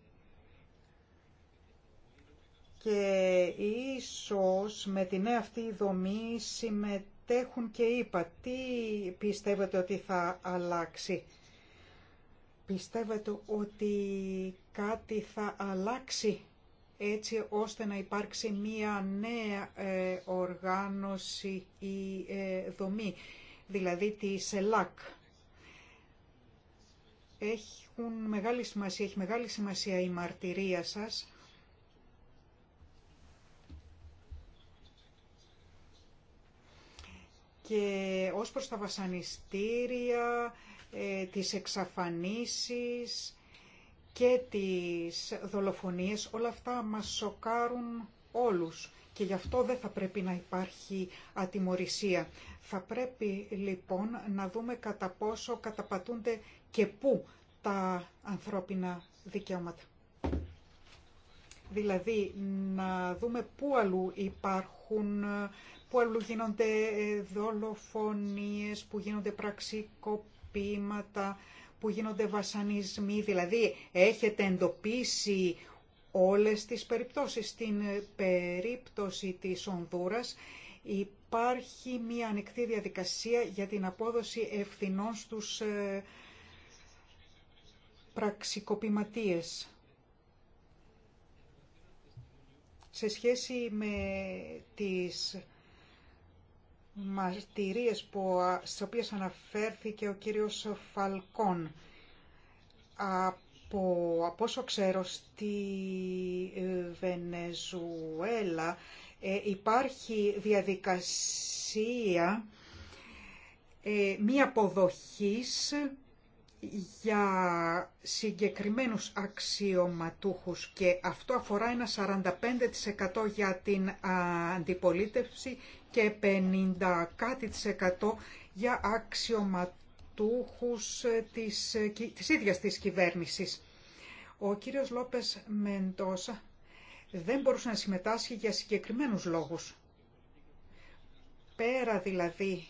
και ίσως με την νέα αυτή δομή συμμετέχουν και είπα. Τι πιστεύετε ότι θα αλλάξει. Πιστεύετε ότι κάτι θα αλλάξει έτσι ώστε να υπάρξει μία νέα ε, οργάνωση ή ε, δομή, δηλαδή τη ΣΕΛΑΚ. Έχουν μεγάλη σημασία, έχει μεγάλη σημασία η μαρτυρία σας και ως προς τα βασανιστήρια, ε, τις εξαφανίσεις και τις δολοφονίες, όλα αυτά μας σοκάρουν όλους και γι' αυτό δεν θα πρέπει να υπάρχει ατιμορρησία. Θα πρέπει λοιπόν να δούμε κατά πόσο καταπατούνται και πού τα ανθρώπινα δικαιώματα. Δηλαδή να δούμε πού αλλού υπάρχουν που αλλού γίνονται ε, δολοφονίες, που γίνονται πραξικοπήματα, που γίνονται βασανισμοί. Δηλαδή, έχετε εντοπίσει όλες τις περιπτώσεις. Στην ε, περίπτωση της Ονδούρας υπάρχει μια ανοιχτή διαδικασία για την απόδοση ευθυνών στους ε, πραξικοπηματίες. Σε σχέση με τις μαρτυρίες που, στις οποίες αναφέρθηκε ο κύριος Φαλκόν. Από, από όσο ξέρω, στη ε, Βενεζουέλα ε, υπάρχει διαδικασία ε, μη αποδοχής για συγκεκριμένους αξιωματούχους και αυτό αφορά ένα 45% για την αντιπολίτευση και 50 κάτι για αξιωματούχους της, της ίδιας της κυβέρνησης. Ο κύριος Λόπες Μεντόσα δεν μπορούσε να συμμετάσχει για συγκεκριμένους λόγους. Πέρα δηλαδή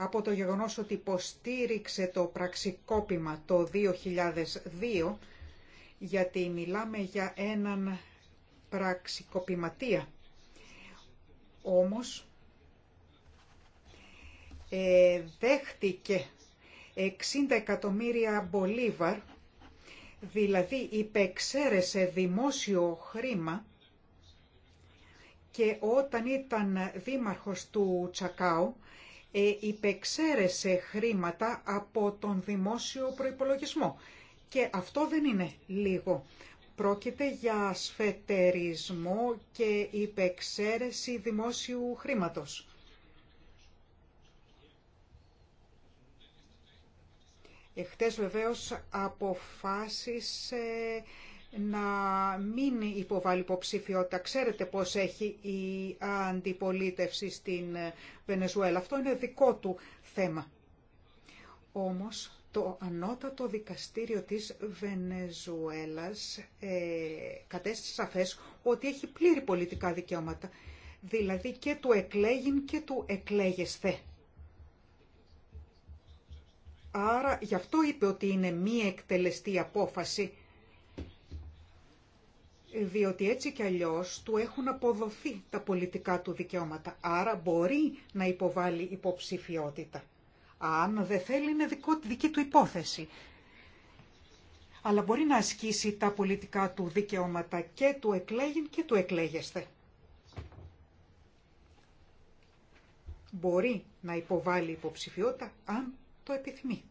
από το γεγονός ότι υποστήριξε το πραξικόπημα το 2002, γιατί μιλάμε για έναν πραξικοπηματία. Όμως ε, δέχτηκε 60 εκατομμύρια μπολίβαρ, δηλαδή υπεξαίρεσε δημόσιο χρήμα και όταν ήταν δήμαρχος του Τσακάου ε, υπεξαίρεσε χρήματα από τον δημόσιο προϋπολογισμό. Και αυτό δεν είναι λίγο. Πρόκειται για σφετερισμό και υπεξαίρεση δημόσιου χρήματος. Εχθές βεβαίως αποφάσισε να μην υποβάλει υποψηφιότητα. Ξέρετε πώς έχει η αντιπολίτευση στην Βενεζουέλα. Αυτό είναι δικό του θέμα. Όμως το ανώτατο δικαστήριο της Βενεζουέλας ε, κατέστησε σαφές ότι έχει πλήρη πολιτικά δικαιώματα. Δηλαδή και του εκλέγην και του εκλέγεσθε. Άρα γι' αυτό είπε ότι είναι μη εκτελεστή απόφαση διότι έτσι κι αλλιώς του έχουν αποδοθεί τα πολιτικά του δικαιώματα, άρα μπορεί να υποβάλει υποψηφιότητα. Αν δεν θέλει είναι δικό, δική του υπόθεση. Αλλά μπορεί να ασκήσει τα πολιτικά του δικαιώματα και του εκλέγει και του εκλέγεστε. Μπορεί να υποβάλει υποψηφιότητα αν το επιθυμεί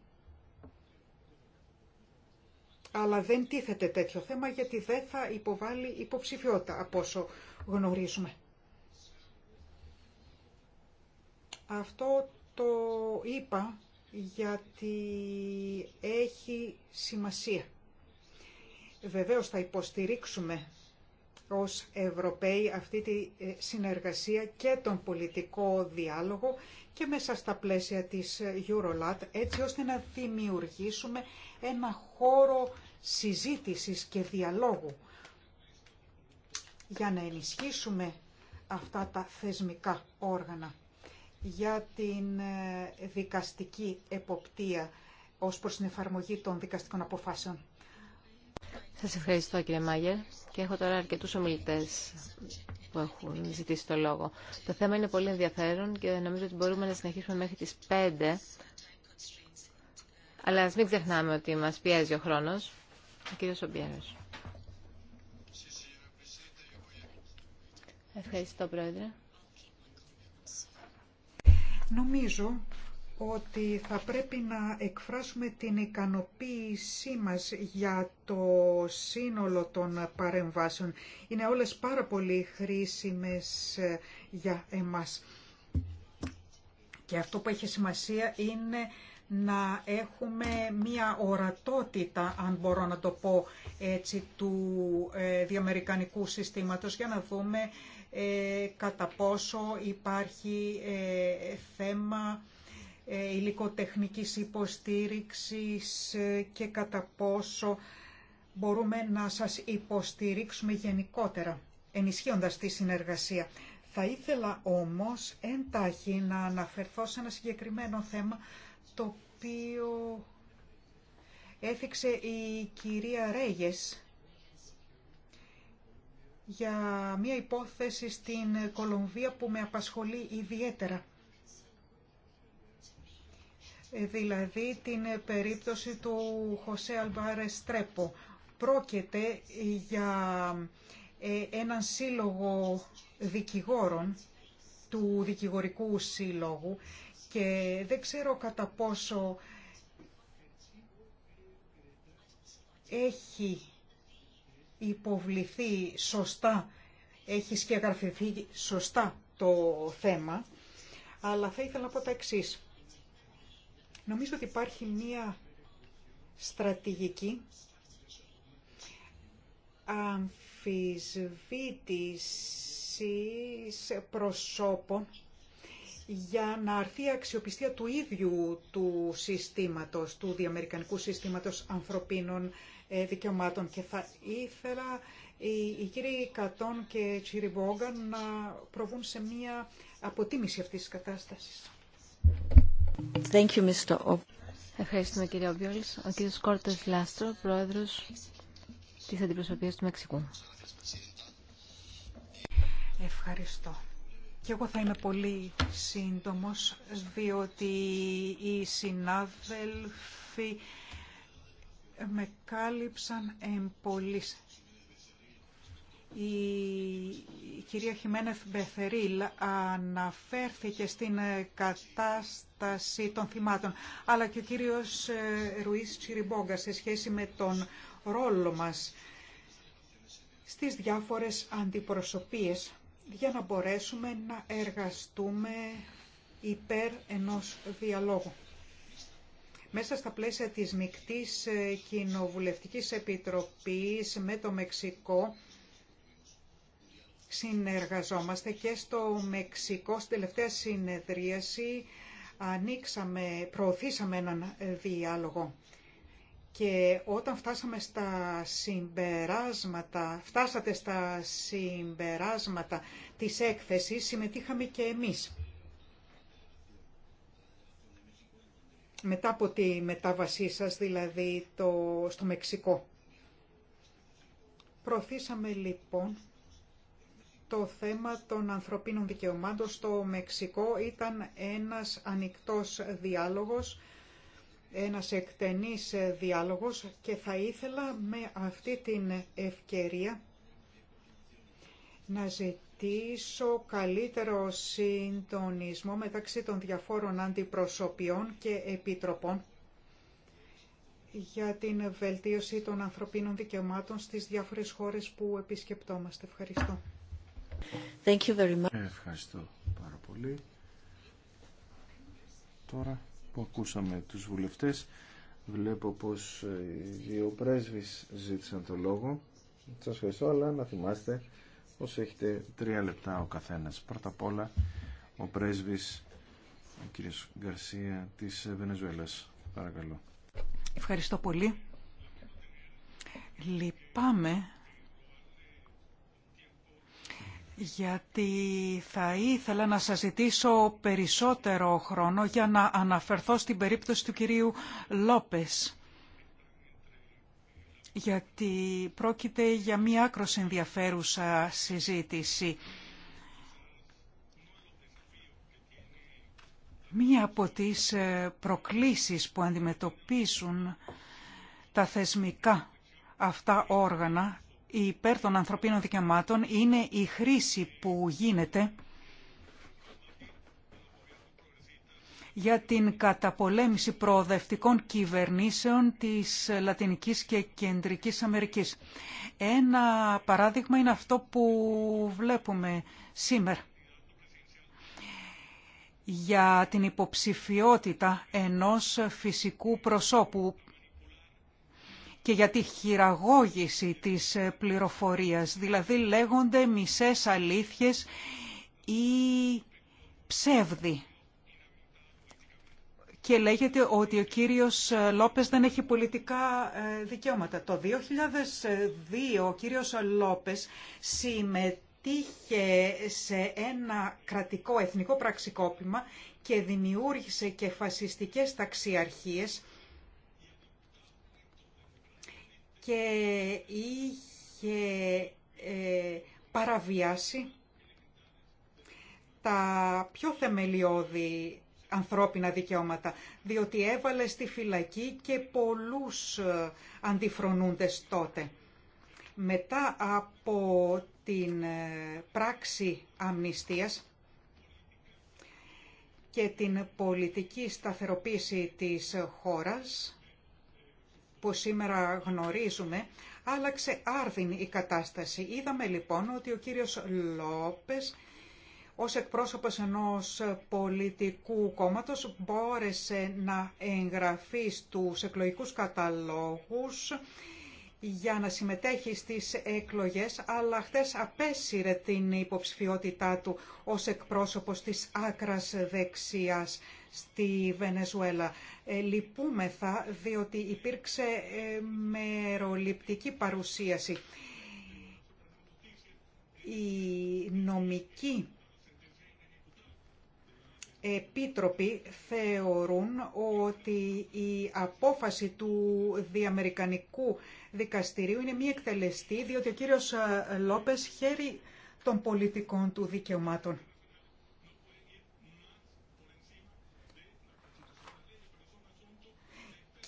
αλλά δεν τίθεται τέτοιο θέμα γιατί δεν θα υποβάλει υποψηφιότητα από όσο γνωρίζουμε. Αυτό το είπα γιατί έχει σημασία. Βεβαίως θα υποστηρίξουμε ως Ευρωπαίοι αυτή τη ε, συνεργασία και τον πολιτικό διάλογο και μέσα στα πλαίσια της ε, Eurolat έτσι ώστε να δημιουργήσουμε ένα χώρο συζήτησης και διαλόγου για να ενισχύσουμε αυτά τα θεσμικά όργανα για την ε, δικαστική εποπτεία ως προς την εφαρμογή των δικαστικών αποφάσεων. Σας ευχαριστώ κύριε Μάγερ και έχω τώρα αρκετούς ομιλητές που έχουν ζητήσει το λόγο. Το θέμα είναι πολύ ενδιαφέρον και νομίζω ότι μπορούμε να συνεχίσουμε μέχρι τις 5 αλλά ας μην ξεχνάμε ότι μας πιέζει ο χρόνος. Ο κύριος Ομπιέρος. Ευχαριστώ, Πρόεδρε. Νομίζω ότι θα πρέπει να εκφράσουμε την ικανοποίησή μας για το σύνολο των παρεμβάσεων. Είναι όλες πάρα πολύ χρήσιμες ε, για εμάς. Και αυτό που έχει σημασία είναι να έχουμε μία ορατότητα, αν μπορώ να το πω έτσι, του ε, διαμερικανικού συστήματος για να δούμε ε, κατά πόσο υπάρχει ε, θέμα υλικοτεχνικής υποστήριξης και κατά πόσο μπορούμε να σας υποστηρίξουμε γενικότερα, ενισχύοντας τη συνεργασία. Θα ήθελα όμως εντάχει να αναφερθώ σε ένα συγκεκριμένο θέμα το οποίο έφυξε η κυρία Ρέγες για μια υπόθεση στην Κολομβία που με απασχολεί ιδιαίτερα. Ε, δηλαδή την περίπτωση του Χωσέ Αλβάρε Τρέπο. Πρόκειται για ε, έναν σύλλογο δικηγόρων του δικηγορικού σύλλογου και δεν ξέρω κατά πόσο έχει υποβληθεί σωστά, έχει σκιαγραφηθεί σωστά το θέμα, αλλά θα ήθελα να πω τα εξής. Νομίζω ότι υπάρχει μία στρατηγική αμφισβήτησης προσώπων για να αρθεί η αξιοπιστία του ίδιου του συστήματος, του διαμερικανικού συστήματος ανθρωπίνων ε, δικαιωμάτων. Και θα ήθελα οι, οι κύριοι Κατών και τσιριβόγκαν να προβούν σε μία αποτίμηση αυτής της κατάστασης. Thank you, Mr. Ευχαριστούμε κύριε Όβιολης. Ο κύριος Κόρτες Λάστρο, πρόεδρος της Αντιπροσωπείας του Μεξικού. Ευχαριστώ. Και εγώ θα είμαι πολύ σύντομος, διότι οι συνάδελφοι με κάλυψαν εμπολής. Η κυρία Χιμένεθ Μπεθερίλ αναφέρθηκε στην ε, κατάσταση των θυμάτων, αλλά και ο κύριος ε, Ρουίς Τσιριμπόγκα σε σχέση με τον ρόλο μας στις διάφορες αντιπροσωπείες για να μπορέσουμε να εργαστούμε υπέρ ενός διαλόγου. Μέσα στα πλαίσια της Μικτής ε, Κοινοβουλευτικής Επιτροπής με το Μεξικό συνεργαζόμαστε και στο Μεξικό στην τελευταία συνεδρίαση ανοίξαμε, προωθήσαμε έναν διάλογο και όταν φτάσαμε στα συμπεράσματα, φτάσατε στα συμπεράσματα της έκθεσης, συμμετείχαμε και εμείς. Μετά από τη μετάβασή σας, δηλαδή στο Μεξικό. Προωθήσαμε λοιπόν το θέμα των ανθρωπίνων δικαιωμάτων στο Μεξικό. Ήταν ένας ανοιχτός διάλογος ένας εκτενής διάλογος και θα ήθελα με αυτή την ευκαιρία να ζητήσω καλύτερο συντονισμό μεταξύ των διαφόρων αντιπροσωπιών και επιτροπών για την βελτίωση των ανθρωπίνων δικαιωμάτων στις διάφορες χώρες που επισκεπτόμαστε. Ευχαριστώ. Thank you very much. Ευχαριστώ πάρα πολύ. Τώρα ακούσαμε τους βουλευτές. Βλέπω πως οι δύο πρέσβεις ζήτησαν το λόγο. Σας ευχαριστώ, αλλά να θυμάστε πως έχετε τρία λεπτά ο καθένας. Πρώτα απ' όλα ο πρέσβης, ο κ. Γκαρσία της Βενεζουέλας. Παρακαλώ. Ευχαριστώ πολύ. Λυπάμαι γιατί θα ήθελα να σας ζητήσω περισσότερο χρόνο για να αναφερθώ στην περίπτωση του κυρίου Λόπες. Γιατί πρόκειται για μία άκρος ενδιαφέρουσα συζήτηση. Μία από τις ε, προκλήσεις που αντιμετωπίζουν τα θεσμικά αυτά όργανα υπέρ των ανθρωπίνων δικαιωμάτων είναι η χρήση που γίνεται για την καταπολέμηση προοδευτικών κυβερνήσεων της Λατινικής και Κεντρικής Αμερικής. Ένα παράδειγμα είναι αυτό που βλέπουμε σήμερα για την υποψηφιότητα ενός φυσικού προσώπου και για τη χειραγώγηση της ε, πληροφορίας. Δηλαδή λέγονται μισές αλήθειες ή ψεύδι. Και λέγεται ότι ο κύριος ε, Λόπες δεν έχει πολιτικά ε, δικαιώματα. Το 2002 ο κύριος Λόπες συμμετείχε σε ένα κρατικό εθνικό πραξικόπημα και δημιούργησε και φασιστικές ταξιαρχίες και είχε ε, παραβιάσει τα πιο θεμελιώδη ανθρώπινα δικαιώματα, διότι έβαλε στη φυλακή και πολλούς ε, αντιφρονούντες τότε. Μετά από την ε, πράξη αμνηστίας και την πολιτική σταθεροποίηση της χώρας, που σήμερα γνωρίζουμε, άλλαξε άρδιν η κατάσταση. Είδαμε λοιπόν ότι ο κύριος Λόπες ως εκπρόσωπος ενός πολιτικού κόμματος μπόρεσε να εγγραφεί στους εκλογικούς καταλόγους για να συμμετέχει στις εκλογές, αλλά χτες απέσυρε την υποψηφιότητά του ως εκπρόσωπος της άκρας δεξιάς στη Βενεζουέλα. Ε, λυπούμεθα διότι υπήρξε ε, μεροληπτική παρουσίαση. Οι νομικοί επίτροποι θεωρούν ότι η απόφαση του διαμερικανικού δικαστηρίου είναι μη εκτελεστή, διότι ο κύριος ε, Λόπες χαίρει των πολιτικών του δικαιωμάτων.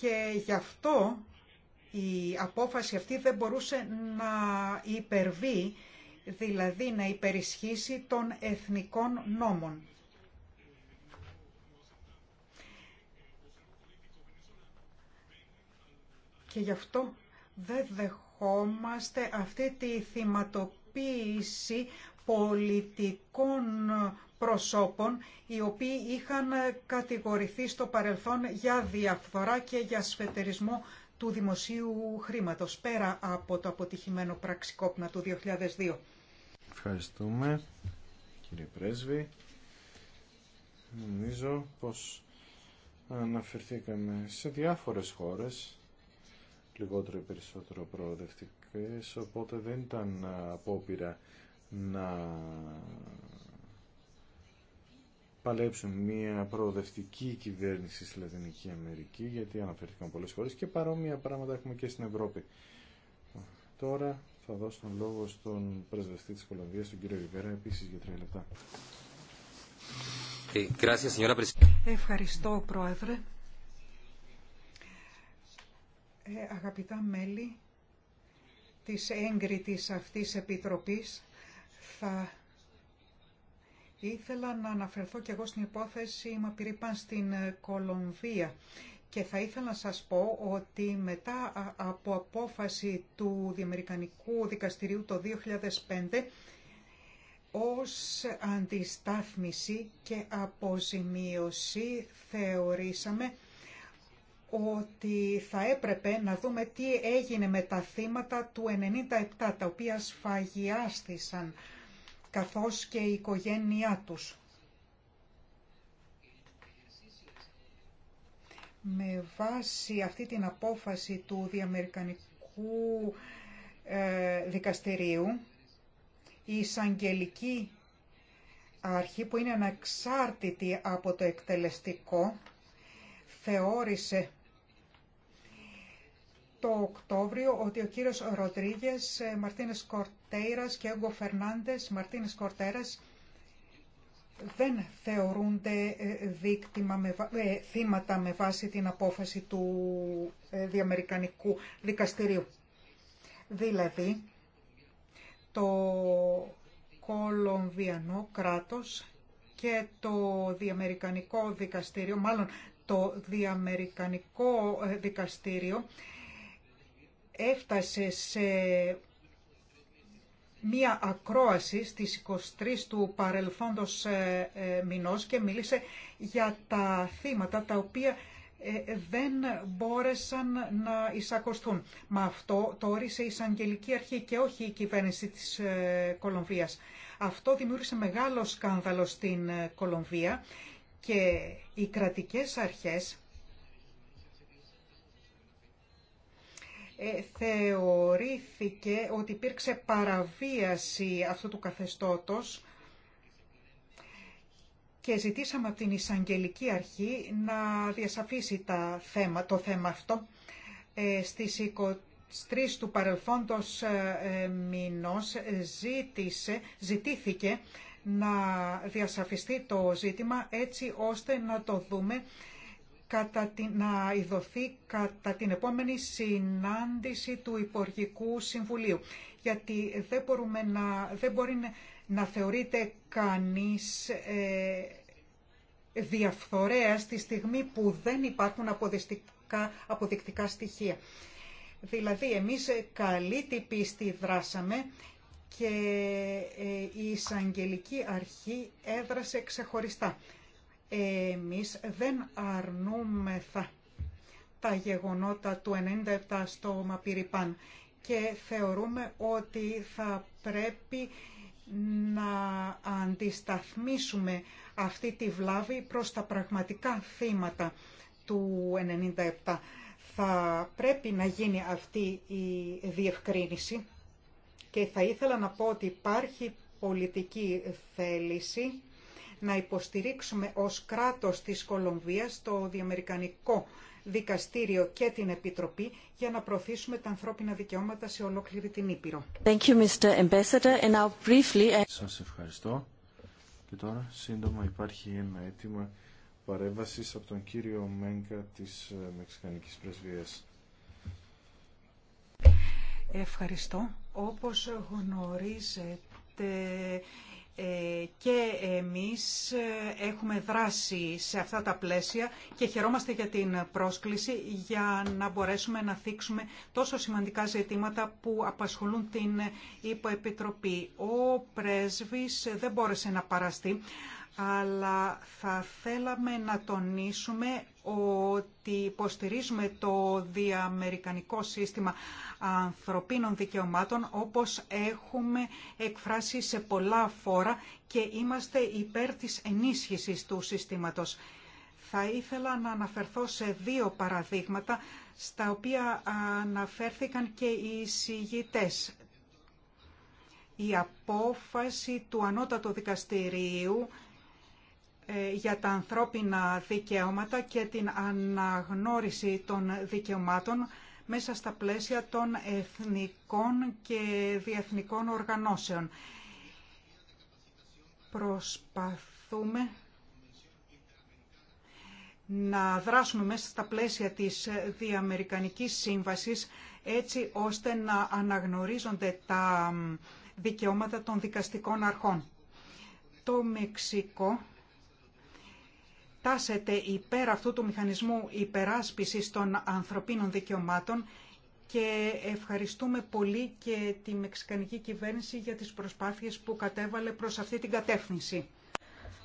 και γι' αυτό η απόφαση αυτή δεν μπορούσε να υπερβεί, δηλαδή να υπερισχύσει των εθνικών νόμων. Και γι' αυτό δεν δεχόμαστε αυτή τη θυματοποίηση πολιτικών προσώπων οι οποίοι είχαν κατηγορηθεί στο παρελθόν για διαφθορά και για σφετερισμό του δημοσίου χρήματος, πέρα από το αποτυχημένο πραξικόπνα του 2002. Ευχαριστούμε, κύριε Πρέσβη. Νομίζω πως αναφερθήκαμε σε διάφορες χώρες, λιγότερο ή περισσότερο προοδευτικές, οπότε δεν ήταν απόπειρα να παλέψουν μια προοδευτική κυβέρνηση στη Λατινική Αμερική, γιατί αναφέρθηκαν πολλές φορές και παρόμοια πράγματα έχουμε και στην Ευρώπη. Τώρα θα δώσω τον λόγο στον πρεσβευτή της Κολομβίας, τον κύριο Ριβέρα, επίσης για τρία λεπτά. Ε, Ευχαριστώ, Πρόεδρε. Ε, αγαπητά μέλη της έγκριτης αυτής Επιτροπής, θα Ήθελα να αναφερθώ και εγώ στην υπόθεση Μαπυρίπαν στην ε, Κολομβία και θα ήθελα να σας πω ότι μετά από απόφαση του Διαμερικανικού Δικαστηρίου το 2005 ως αντιστάθμιση και αποζημίωση θεωρήσαμε ότι θα έπρεπε να δούμε τι έγινε με τα θύματα του 97 τα οποία σφαγιάστησαν καθώς και η οικογένειά τους. Με βάση αυτή την απόφαση του Διαμερικανικού ε, Δικαστηρίου, η εισαγγελική αρχή που είναι αναξάρτητη από το εκτελεστικό θεώρησε το Οκτώβριο ότι ο κύριος Ροντρίγες, ε, Μαρτίνες Κορτέιρας και Γκο Φερνάντες, Μαρτίνες Κορτέρας δεν θεωρούνται ε, δίκτυμα με, ε, θύματα με βάση την απόφαση του Διαμερικανικού Δικαστηρίου. Δηλαδή, το Κολομβιανό κράτος και το Διαμερικανικό Δικαστήριο, μάλλον το Διαμερικανικό Δικαστήριο έφτασε σε μία ακρόαση στις 23 του παρελθόντος ε, ε, μηνός και μίλησε για τα θύματα τα οποία ε, δεν μπόρεσαν να εισακωστούν. Μα αυτό το όρισε η εισαγγελική αρχή και όχι η κυβέρνηση της Κολομβίας. Αυτό δημιούργησε μεγάλο σκάνδαλο στην Κολομβία και οι κρατικές αρχές Ε, θεωρήθηκε ότι υπήρξε παραβίαση αυτού του καθεστώτος και ζητήσαμε από την εισαγγελική Αρχή να διασαφίσει τα θέμα, το θέμα αυτό. Ε, στις 23 του παρελθόντος ε, ζήτησε, ζητήθηκε να διασαφιστεί το ζήτημα έτσι ώστε να το δούμε να ειδωθεί κατά την επόμενη συνάντηση του Υπουργικού Συμβουλίου. Γιατί δεν, μπορούμε να, δεν μπορεί να θεωρείται κανείς ε, διαφθορέα στη στιγμή που δεν υπάρχουν αποδεικτικά στοιχεία. Δηλαδή, εμείς ε, καλή την δράσαμε και ε, η εισαγγελική αρχή έδρασε ξεχωριστά. Εμείς δεν αρνούμεθα τα γεγονότα του 97 στο Μαπυρίπαν και θεωρούμε ότι θα πρέπει να αντισταθμίσουμε αυτή τη βλάβη προς τα πραγματικά θύματα του 97. Θα πρέπει να γίνει αυτή η διευκρίνηση και θα ήθελα να πω ότι υπάρχει πολιτική θέληση να υποστηρίξουμε ως κράτος της Κολομβίας το διαμερικανικό δικαστήριο και την Επιτροπή για να προωθήσουμε τα ανθρώπινα δικαιώματα σε ολόκληρη την Ήπειρο. Thank uh, Σας ευχαριστώ. Και τώρα σύντομα υπάρχει ένα αίτημα παρέμβασης από τον κύριο Μέγκα της ε, Μεξικανικής Πρεσβείας. Ευχαριστώ. Όπως γνωρίζετε, ε, και εμείς ε, έχουμε δράσει σε αυτά τα πλαίσια και χαιρόμαστε για την πρόσκληση για να μπορέσουμε να θίξουμε τόσο σημαντικά ζητήματα που απασχολούν την υποεπιτροπή. Ο πρέσβης δεν μπόρεσε να παραστεί, αλλά θα θέλαμε να τονίσουμε ότι υποστηρίζουμε το διαμερικανικό σύστημα ανθρωπίνων δικαιωμάτων όπως έχουμε εκφράσει σε πολλά φόρα και είμαστε υπέρ της ενίσχυσης του συστήματος. Θα ήθελα να αναφερθώ σε δύο παραδείγματα στα οποία αναφέρθηκαν και οι συγητές. Η απόφαση του Ανώτατου Δικαστηρίου ε, για τα ανθρώπινα δικαιώματα και την αναγνώριση των δικαιωμάτων μέσα στα πλαίσια των εθνικών και διεθνικών οργανώσεων. Προσπαθούμε να δράσουμε μέσα στα πλαίσια της Διαμερικανικής Σύμβασης έτσι ώστε να αναγνωρίζονται τα δικαιώματα των δικαστικών αρχών. Το Μεξικό τάσεται υπέρ αυτού του μηχανισμού υπεράσπισης των ανθρωπίνων δικαιωμάτων και ευχαριστούμε πολύ και τη Μεξικανική κυβέρνηση για τις προσπάθειες που κατέβαλε προς αυτή την κατεύθυνση.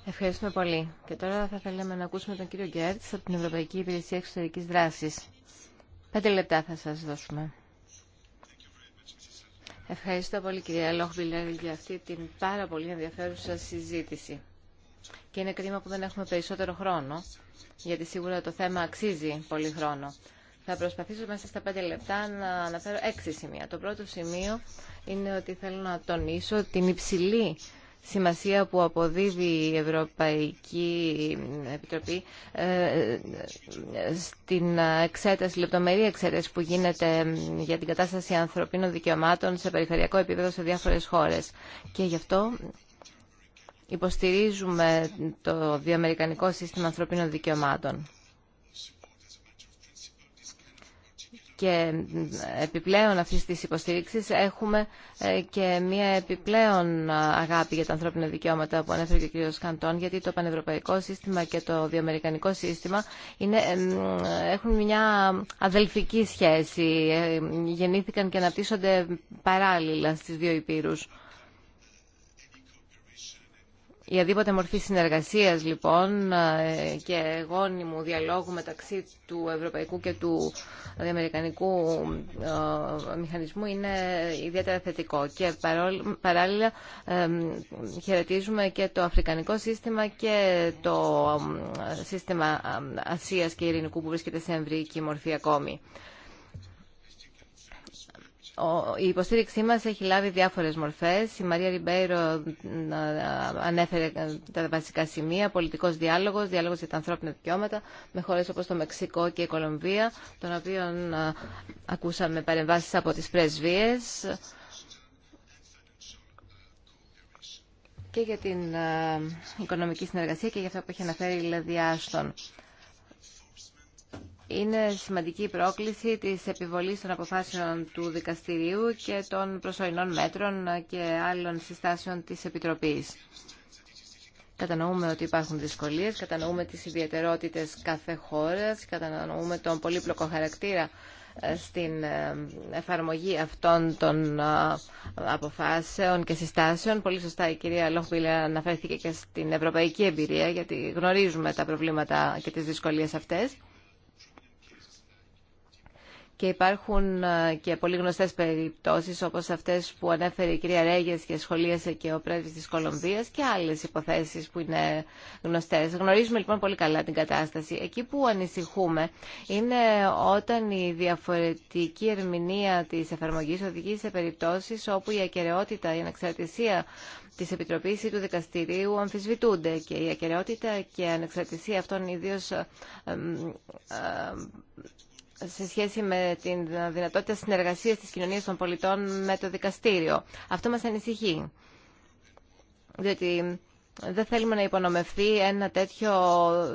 Ευχαριστούμε πολύ. Και τώρα θα θέλαμε να ακούσουμε τον κύριο Γκέρτς από την Ευρωπαϊκή Υπηρεσία Εξωτερικής Δράσης. Πέντε λεπτά θα σας δώσουμε. Ευχαριστώ πολύ κυρία Λόχμπιλερ για αυτή την πάρα πολύ ενδιαφέρουσα συζήτηση. Και είναι κρίμα που δεν έχουμε περισσότερο χρόνο, γιατί σίγουρα το θέμα αξίζει πολύ χρόνο. Θα προσπαθήσω μέσα στα πέντε λεπτά να αναφέρω έξι σημεία. Το πρώτο σημείο είναι ότι θέλω να τονίσω την υψηλή σημασία που αποδίδει η Ευρωπαϊκή Επιτροπή ε, στην εξέταση, λεπτομερή εξέταση που γίνεται για την κατάσταση ανθρωπίνων δικαιωμάτων σε περιφερειακό επίπεδο σε διάφορες χώρες. Και γι' αυτό Υποστηρίζουμε το διαμερικανικό σύστημα ανθρωπίνων δικαιωμάτων. και επιπλέον αυτής της υποστήριξης έχουμε ε, και μια επιπλέον αγάπη για τα ανθρώπινα δικαιώματα που ανέφερε και ο κ. Καντών γιατί το πανευρωπαϊκό σύστημα και το διαμερικανικό σύστημα είναι, ε, έχουν μια αδελφική σχέση ε, γεννήθηκαν και αναπτύσσονται παράλληλα στις δύο υπήρους η αδίποτε μορφή συνεργασίας λοιπόν ε, και γόνιμου διαλόγου μεταξύ του Ευρωπαϊκού και του Αμερικανικού ε, Μηχανισμού είναι ιδιαίτερα θετικό και παράλληλα ε, χαιρετίζουμε και το Αφρικανικό σύστημα και το σύστημα Ασίας και Ειρηνικού που βρίσκεται σε εμβρική μορφή ακόμη η υποστήριξή μας έχει λάβει διάφορες μορφές. Η Μαρία Ριμπέιρο ανέφερε τα βασικά σημεία, πολιτικός διάλογος, διάλογος για τα ανθρώπινα δικαιώματα με χώρες όπως το Μεξικό και η Κολομβία, των οποίων ακούσαμε παρεμβάσεις από τις πρεσβείες. και για την οικονομική συνεργασία και για αυτά που έχει αναφέρει η Λαδιά Άστον. Είναι σημαντική η πρόκληση της επιβολής των αποφάσεων του δικαστηρίου και των προσωρινών μέτρων και άλλων συστάσεων της Επιτροπής. Κατανοούμε ότι υπάρχουν δυσκολίες, κατανοούμε τις ιδιαιτερότητες κάθε χώρας, κατανοούμε τον πολύπλοκο χαρακτήρα ε, στην ε, εφαρμογή αυτών των ε, αποφάσεων και συστάσεων. Πολύ σωστά η κυρία Λόχμπιλε αναφέρθηκε και στην ευρωπαϊκή εμπειρία, γιατί γνωρίζουμε τα προβλήματα και τις δυσκολίες αυτές και υπάρχουν ε, και πολύ γνωστές περιπτώσεις όπως αυτές που ανέφερε η κυρία Ρέγες και σχολίασε και ο πρέσβης της Κολομβίας και άλλες υποθέσεις που είναι γνωστές. Γνωρίζουμε λοιπόν πολύ καλά την κατάσταση. Εκεί που ανησυχούμε είναι όταν η διαφορετική ερμηνεία της εφαρμογής οδηγεί σε περιπτώσεις όπου η ακαιρεότητα, η ανεξαρτησία της Επιτροπής ή του Δικαστηρίου αμφισβητούνται και η ακαιρεότητα και η ανεξαρτησία αυτών ιδίως ε, ε, σε σχέση με τη δυνατότητα συνεργασίας της κοινωνίας των πολιτών με το δικαστήριο. Αυτό μας ανησυχεί, διότι δεν θέλουμε να υπονομευθεί ένα τέτοιο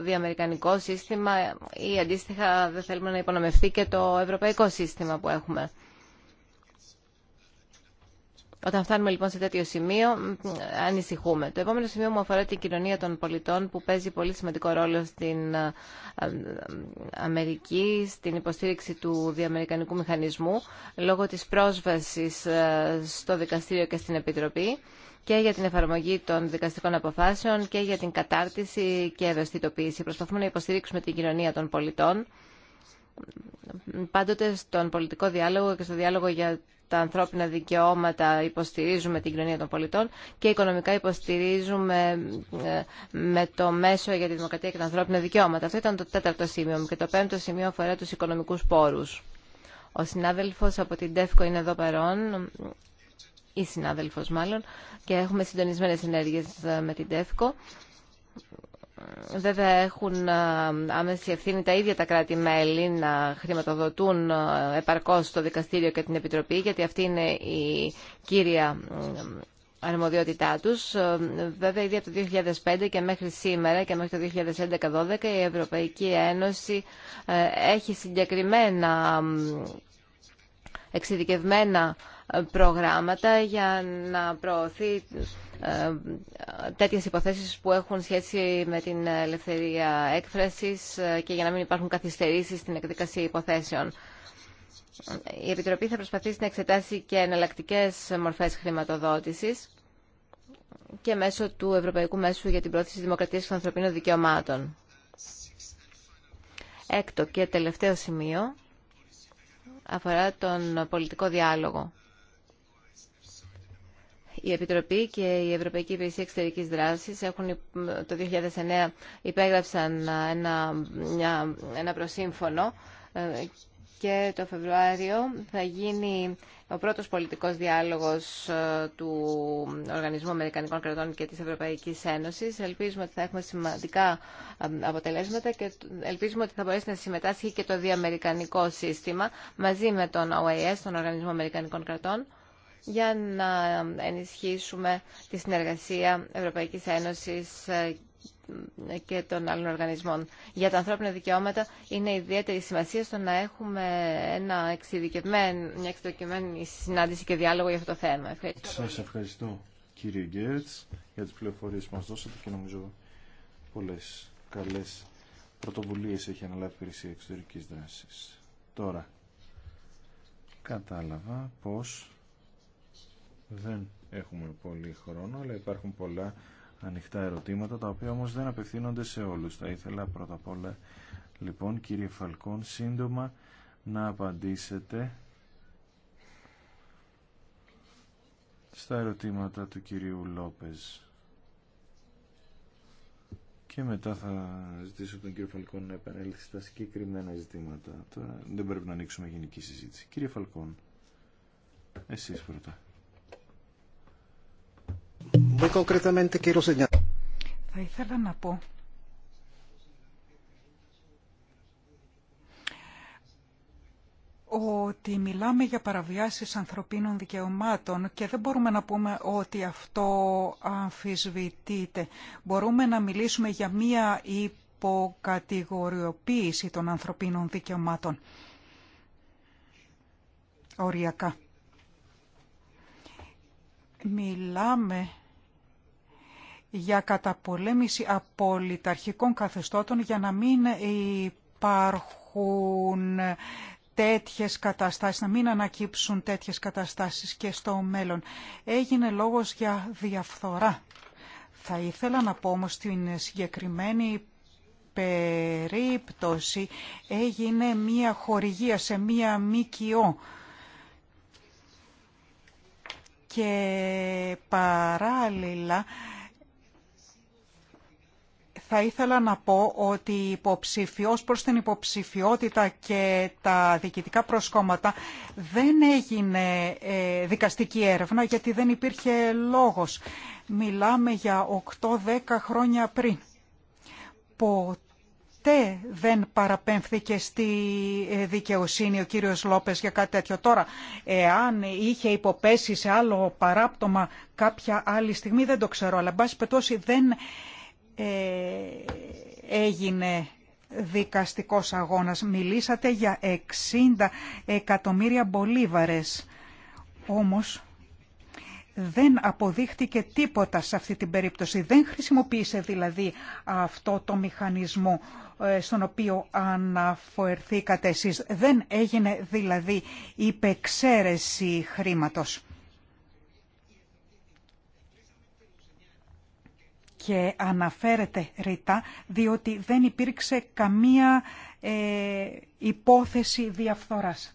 διαμερικανικό σύστημα ή αντίστοιχα δεν θέλουμε να υπονομευθεί και το ευρωπαϊκό σύστημα που έχουμε. Όταν φτάνουμε λοιπόν σε τέτοιο σημείο, ανησυχούμε. Το επόμενο σημείο μου αφορά την κοινωνία των πολιτών που παίζει πολύ σημαντικό ρόλο στην ε, ε, Αμερική, στην υποστήριξη του διαμερικανικού μηχανισμού, λόγω της πρόσβασης ε, στο δικαστήριο και στην Επιτροπή και για την εφαρμογή των δικαστικών αποφάσεων και για την κατάρτιση και ευαισθητοποίηση. Προσπαθούμε να υποστηρίξουμε την κοινωνία των πολιτών πάντοτε στον πολιτικό διάλογο και στο διάλογο για τα ανθρώπινα δικαιώματα υποστηρίζουμε την κοινωνία των πολιτών και οικονομικά υποστηρίζουμε ε, με το μέσο για τη δημοκρατία και τα ανθρώπινα δικαιώματα. Αυτό ήταν το τέταρτο σημείο μου και το πέμπτο σημείο αφορά τους οικονομικούς πόρους. Ο συνάδελφος από την ΤΕΦΚΟ είναι εδώ παρόν, ή συνάδελφος μάλλον, και έχουμε συντονισμένες ενέργειες ε, με την ΤΕΦΚΟ Βέβαια έχουν ε, άμεση ευθύνη τα ίδια τα κράτη-μέλη να χρηματοδοτούν ε, επαρκώς το Δικαστήριο και την Επιτροπή, γιατί αυτή είναι η κύρια ε, αρμοδιότητά τους. Βέβαια, ήδη από το 2005 και μέχρι σήμερα και μέχρι το 2011-2012 η Ευρωπαϊκή Ένωση έχει συγκεκριμένα εξειδικευμένα προγράμματα για να προωθεί ε, τέτοιες υποθέσεις που έχουν σχέση με την ελευθερία έκφρασης ε, και για να μην υπάρχουν καθυστερήσεις στην εκδίκαση υποθέσεων. Η Επιτροπή θα προσπαθήσει να εξετάσει και εναλλακτικέ μορφές χρηματοδότησης και μέσω του Ευρωπαϊκού Μέσου για την Πρόθεση Δημοκρατίας και Ανθρωπίνων Δικαιωμάτων. Έκτο και τελευταίο σημείο αφορά τον πολιτικό διάλογο. Η Επιτροπή και η Ευρωπαϊκή Υπηρεσία Εξωτερικής Δράσης έχουν το 2009 υπέγραψαν ένα, ένα προσύμφωνο ε, και το Φεβρουάριο θα γίνει ο πρώτος πολιτικός διάλογος ε, του Οργανισμού Αμερικανικών Κρατών και της Ευρωπαϊκής Ένωσης. Ελπίζουμε ότι θα έχουμε σημαντικά ε, αποτελέσματα και ελπίζουμε ότι θα μπορέσει να συμμετάσχει και το διαμερικανικό σύστημα μαζί με τον OAS, τον Οργανισμό Αμερικανικών Κρατών για να ενισχύσουμε τη συνεργασία Ευρωπαϊκής Ένωσης ε, και των άλλων οργανισμών. Για τα ανθρώπινα δικαιώματα είναι ιδιαίτερη σημασία στο να έχουμε ένα μια εξειδικευμένη συνάντηση και διάλογο για αυτό το θέμα. Ευχαριστώ. ευχαριστώ κύριε Γκέρτς για τις πληροφορίες που μας δώσατε και νομίζω πολλές καλές πρωτοβουλίες έχει αναλάβει η υπηρεσία εξωτερικής δράσης. Τώρα κατάλαβα πως δεν έχουμε πολύ χρόνο, αλλά υπάρχουν πολλά ανοιχτά ερωτήματα, τα οποία όμως δεν απευθύνονται σε όλους. Θα ήθελα πρώτα απ' όλα, λοιπόν, κύριε Φαλκόν, σύντομα να απαντήσετε στα ερωτήματα του κυρίου Λόπες. Και μετά θα ζητήσω τον κύριο Φαλκόν να επανέλθει στα συγκεκριμένα ζητήματα. Τώρα δεν πρέπει να ανοίξουμε γενική συζήτηση. Κύριε Φαλκόν, εσείς πρώτα. Θα ήθελα να πω ότι μιλάμε για παραβιάσεις ανθρωπίνων δικαιωμάτων και δεν μπορούμε να πούμε ότι αυτό αμφισβητείται. Μπορούμε να μιλήσουμε για μία υποκατηγοριοποίηση των ανθρωπίνων δικαιωμάτων. Οριακά. Μιλάμε για καταπολέμηση απολυταρχικών καθεστώτων για να μην υπάρχουν τέτοιες καταστάσεις, να μην ανακύψουν τέτοιες καταστάσεις και στο μέλλον. Έγινε λόγος για διαφθορά. Θα ήθελα να πω όμως στην συγκεκριμένη περίπτωση έγινε μία χορηγία σε μία ΜΚΟ και παράλληλα θα ήθελα να πω ότι υποψηφιός προς την υποψηφιότητα και τα διοικητικά προσκόμματα δεν έγινε ε, δικαστική έρευνα γιατί δεν υπήρχε λόγος. Μιλάμε για 8-10 χρόνια πριν. Ποτέ δεν παραπέμφθηκε στη ε, δικαιοσύνη ο κύριος Λόπες για κάτι τέτοιο. Τώρα, εάν είχε υποπέσει σε άλλο παράπτωμα κάποια άλλη στιγμή, δεν το ξέρω. Αλλά, εν πάση δεν ε, έγινε δικαστικός αγώνας. Μιλήσατε για 60 εκατομμύρια μπολίβαρες. Όμως δεν αποδείχτηκε τίποτα σε αυτή την περίπτωση. Δεν χρησιμοποίησε δηλαδή αυτό το μηχανισμό ε, στον οποίο αναφορθήκατε εσείς. Δεν έγινε δηλαδή υπεξαίρεση χρήματος. και αναφέρεται ρητά διότι δεν υπήρξε καμία ε, υπόθεση διαφθοράς.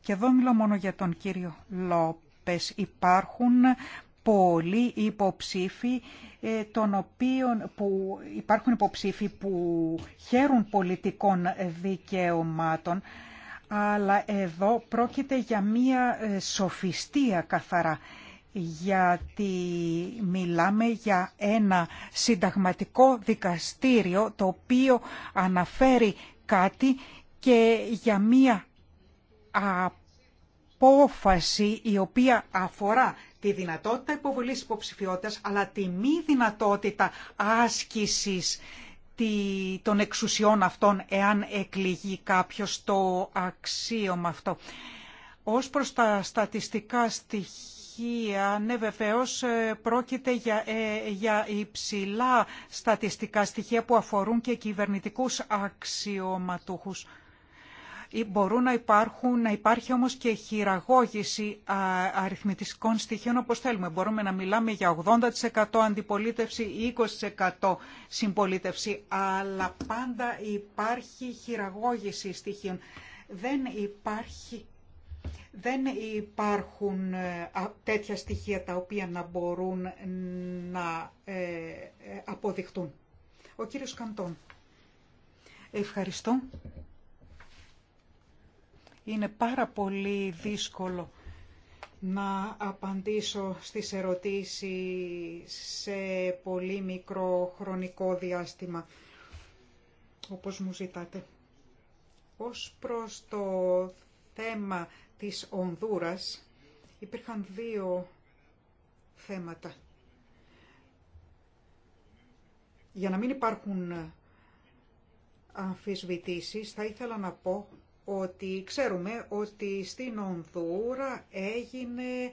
Και εδώ μιλώ μόνο για τον κύριο Λόπες. Υπάρχουν πολλοί υποψήφοι ε, που υπάρχουν υποψήφοι που χαίρουν πολιτικών δικαιωμάτων αλλά εδώ πρόκειται για μία ε, σοφιστία καθαρά γιατί μιλάμε για ένα συνταγματικό δικαστήριο το οποίο αναφέρει κάτι και για μία απόφαση η οποία αφορά τη δυνατότητα υποβολής υποψηφιότητας αλλά τη μη δυνατότητα άσκησης των εξουσιών αυτών εάν εκλεγεί κάποιος το αξίωμα αυτό. Ως προς τα στατιστικά στοιχεία η Ναι, βεβαίως ε, πρόκειται για, ε, για υψηλά στατιστικά στοιχεία που αφορούν και κυβερνητικούς αξιωματούχους. Ε, μπορούν να, υπάρχουν, να υπάρχει όμως και χειραγώγηση αριθμητικών στοιχείων όπως θέλουμε. Μπορούμε να μιλάμε για 80% αντιπολίτευση ή 20% συμπολίτευση, αλλά πάντα υπάρχει χειραγώγηση στοιχείων. Δεν υπάρχει δεν υπάρχουν ε, τέτοια στοιχεία τα οποία να μπορούν να ε, ε, αποδειχτούν. Ο κύριος Καντών. Ευχαριστώ. Είναι πάρα πολύ δύσκολο να απαντήσω στις ερωτήσεις σε πολύ μικρό χρονικό διάστημα, όπως μου ζητάτε. Ως προς το θέμα της Ονδούρας υπήρχαν δύο θέματα. Για να μην υπάρχουν αμφισβητήσεις, θα ήθελα να πω ότι ξέρουμε ότι στην Ονδούρα έγινε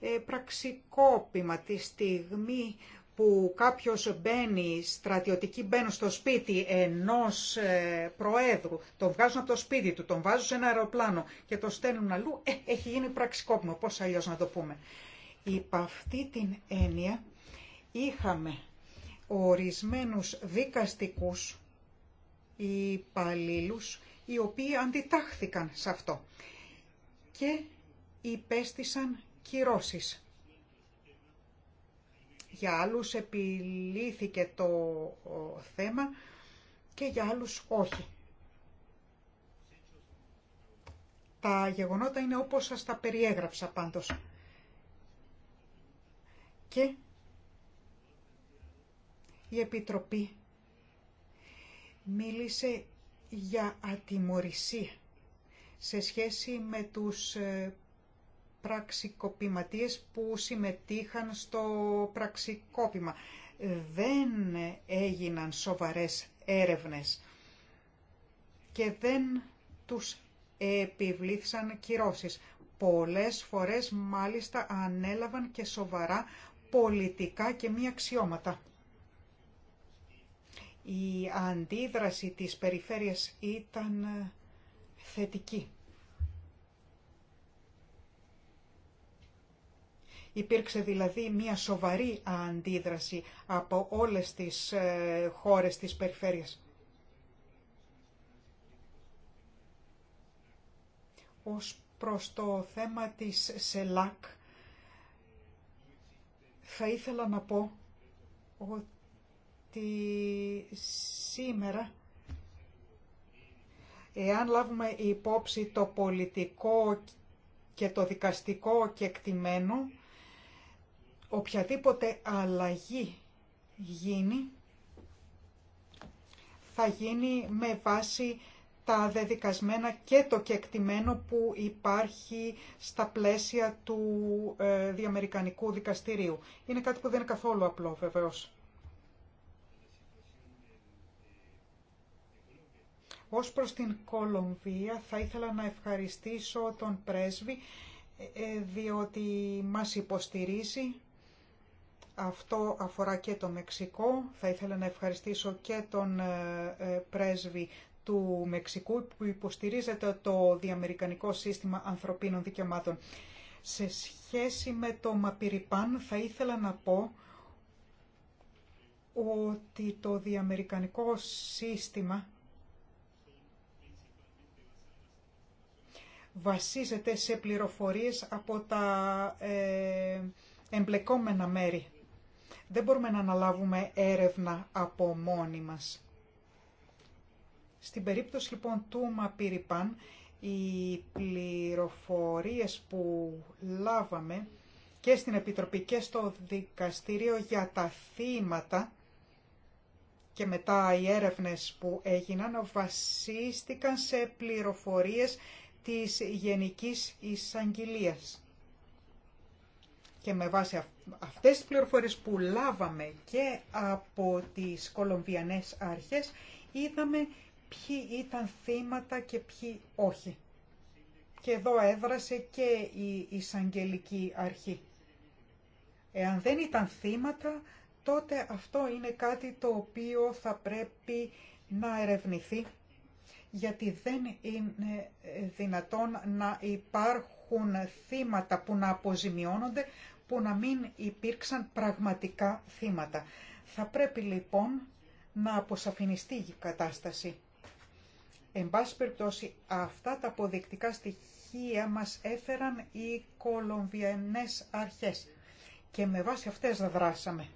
ε, πραξικόπημα τη στιγμή που κάποιος μπαίνει, στρατιωτικοί μπαίνουν στο σπίτι ενός ε, προέδρου, τον βγάζουν από το σπίτι του, τον βάζουν σε ένα αεροπλάνο και το στέλνουν αλλού, ε, έχει γίνει πραξικόπημα, πώς αλλιώς να το πούμε. Υπ' αυτή την έννοια είχαμε ορισμένους δικαστικούς υπαλλήλου οι οποίοι αντιτάχθηκαν σε αυτό και υπέστησαν κυρώσεις για άλλους επιλύθηκε το θέμα και για άλλους όχι. Τα γεγονότα είναι όπως σας τα περιέγραψα πάντως. Και η Επιτροπή μίλησε για ατιμορρησία σε σχέση με τους ε, πραξικοπηματίες που συμμετείχαν στο πραξικόπημα. Δεν έγιναν σοβαρές έρευνες και δεν τους επιβλήθησαν κυρώσεις. Πολλές φορές μάλιστα ανέλαβαν και σοβαρά πολιτικά και μία αξιώματα. Η αντίδραση της περιφέρειας ήταν θετική. Υπήρξε δηλαδή μια σοβαρή αντίδραση από όλες τις ε, χώρες της περιφέρειας. Ως προς το θέμα της ΣΕΛΑΚ, θα ήθελα να πω ότι σήμερα εάν λάβουμε υπόψη το πολιτικό και το δικαστικό κεκτημένο, οποιαδήποτε αλλαγή γίνει, θα γίνει με βάση τα δεδικασμένα και το κεκτημένο που υπάρχει στα πλαίσια του ε, διαμερικανικού δικαστηρίου. Είναι κάτι που δεν είναι καθόλου απλό βεβαίως. Ως προς την Κολομβία θα ήθελα να ευχαριστήσω τον πρέσβη ε, ε, διότι μας υποστηρίζει αυτό αφορά και το Μεξικό. Θα ήθελα να ευχαριστήσω και τον ε, ε, πρέσβη του Μεξικού που υποστηρίζεται το διαμερικανικό σύστημα ανθρωπίνων δικαιωμάτων. Σε σχέση με το Μαπιριπάν θα ήθελα να πω ότι το διαμερικανικό σύστημα βασίζεται σε πληροφορίες από τα ε, εμπλεκόμενα μέρη. Δεν μπορούμε να αναλάβουμε έρευνα από μόνοι μας. Στην περίπτωση λοιπόν του Μαπυριπάν, οι πληροφορίες που λάβαμε και στην Επιτροπή και στο Δικαστήριο για τα θύματα και μετά οι έρευνες που έγιναν βασίστηκαν σε πληροφορίες της Γενικής Εισαγγελίας. Και με βάση αυτές τις πληροφορίες που λάβαμε και από τις Κολομβιανές αρχές, είδαμε ποιοι ήταν θύματα και ποιοι όχι. Και εδώ έδρασε και η εισαγγελική αρχή. Εάν δεν ήταν θύματα, τότε αυτό είναι κάτι το οποίο θα πρέπει να ερευνηθεί, γιατί δεν είναι δυνατόν να υπάρχουν θύματα που να αποζημιώνονται που να μην υπήρξαν πραγματικά θύματα. Θα πρέπει λοιπόν να αποσαφινιστεί η κατάσταση. Εν πάση περιπτώσει, αυτά τα αποδεικτικά στοιχεία μας έφεραν οι κολομβιανές αρχές και με βάση αυτές δράσαμε.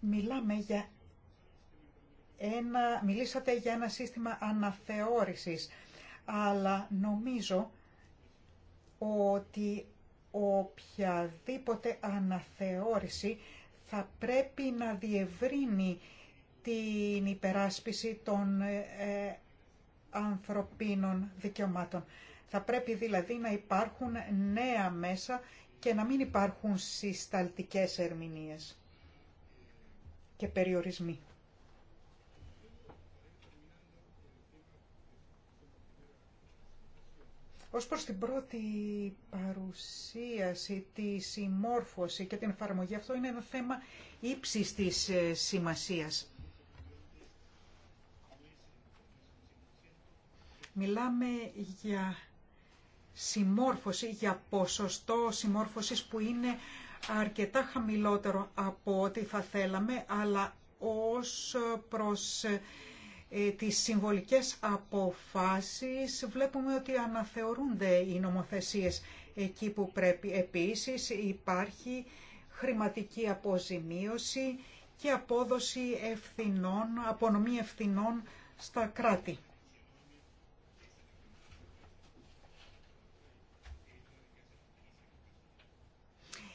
Μιλάμε για ένα, μιλήσατε για ένα σύστημα αναθεώρησης αλλά νομίζω ότι οποιαδήποτε αναθεώρηση θα πρέπει να διευρύνει την υπεράσπιση των ε, ανθρωπίνων δικαιωμάτων. Θα πρέπει δηλαδή να υπάρχουν νέα μέσα και να μην υπάρχουν συσταλτικές ερμηνείες και περιορισμοί. Ως προς την πρώτη παρουσίαση, τη συμμόρφωση και την εφαρμογή, αυτό είναι ένα θέμα ύψης της ε, σημασίας. Μιλάμε για συμμόρφωση, για ποσοστό συμμόρφωσης που είναι αρκετά χαμηλότερο από ό,τι θα θέλαμε, αλλά ως προς ε, ε, τις συμβολικές αποφάσεις βλέπουμε ότι αναθεωρούνται οι νομοθεσίες εκεί που πρέπει. Επίσης υπάρχει χρηματική αποζημίωση και απόδοση ευθυνών, απονομή ευθυνών στα κράτη.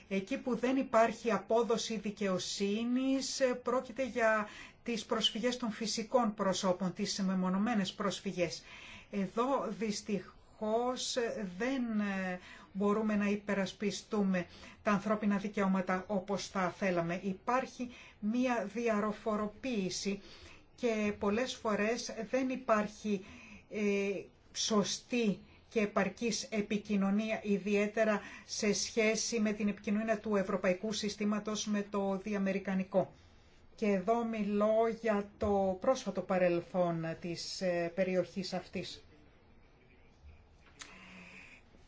Εκεί που δεν υπάρχει απόδοση δικαιοσύνης πρόκειται για τις προσφυγές των φυσικών προσώπων, τις μεμονωμένες προσφυγές. Εδώ δυστυχώς δεν ε, μπορούμε να υπερασπιστούμε τα ανθρώπινα δικαιώματα όπως θα θέλαμε. Υπάρχει μία διαροφοροποίηση και πολλές φορές δεν υπάρχει ε, σωστή και επαρκής επικοινωνία, ιδιαίτερα σε σχέση με την επικοινωνία του Ευρωπαϊκού Συστήματος με το Διαμερικανικό. Και εδώ μιλώ για το πρόσφατο παρελθόν της ε, περιοχής αυτής.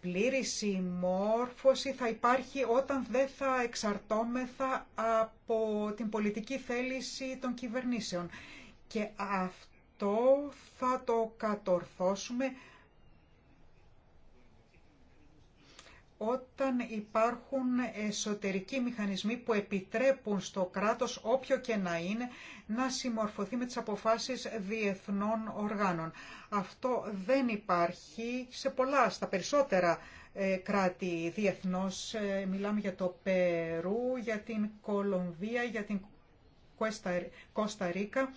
Πλήρη συμμόρφωση θα υπάρχει όταν δεν θα εξαρτώμεθα από την πολιτική θέληση των κυβερνήσεων. Και αυτό θα το κατορθώσουμε όταν υπάρχουν εσωτερικοί μηχανισμοί που επιτρέπουν στο κράτος, όποιο και να είναι, να συμμορφωθεί με τις αποφάσεις διεθνών οργάνων. Αυτό δεν υπάρχει σε πολλά, στα περισσότερα ε, κράτη διεθνώς. Ε, μιλάμε για το Περού, για την Κολομβία, για την Κώστα Ρίκα.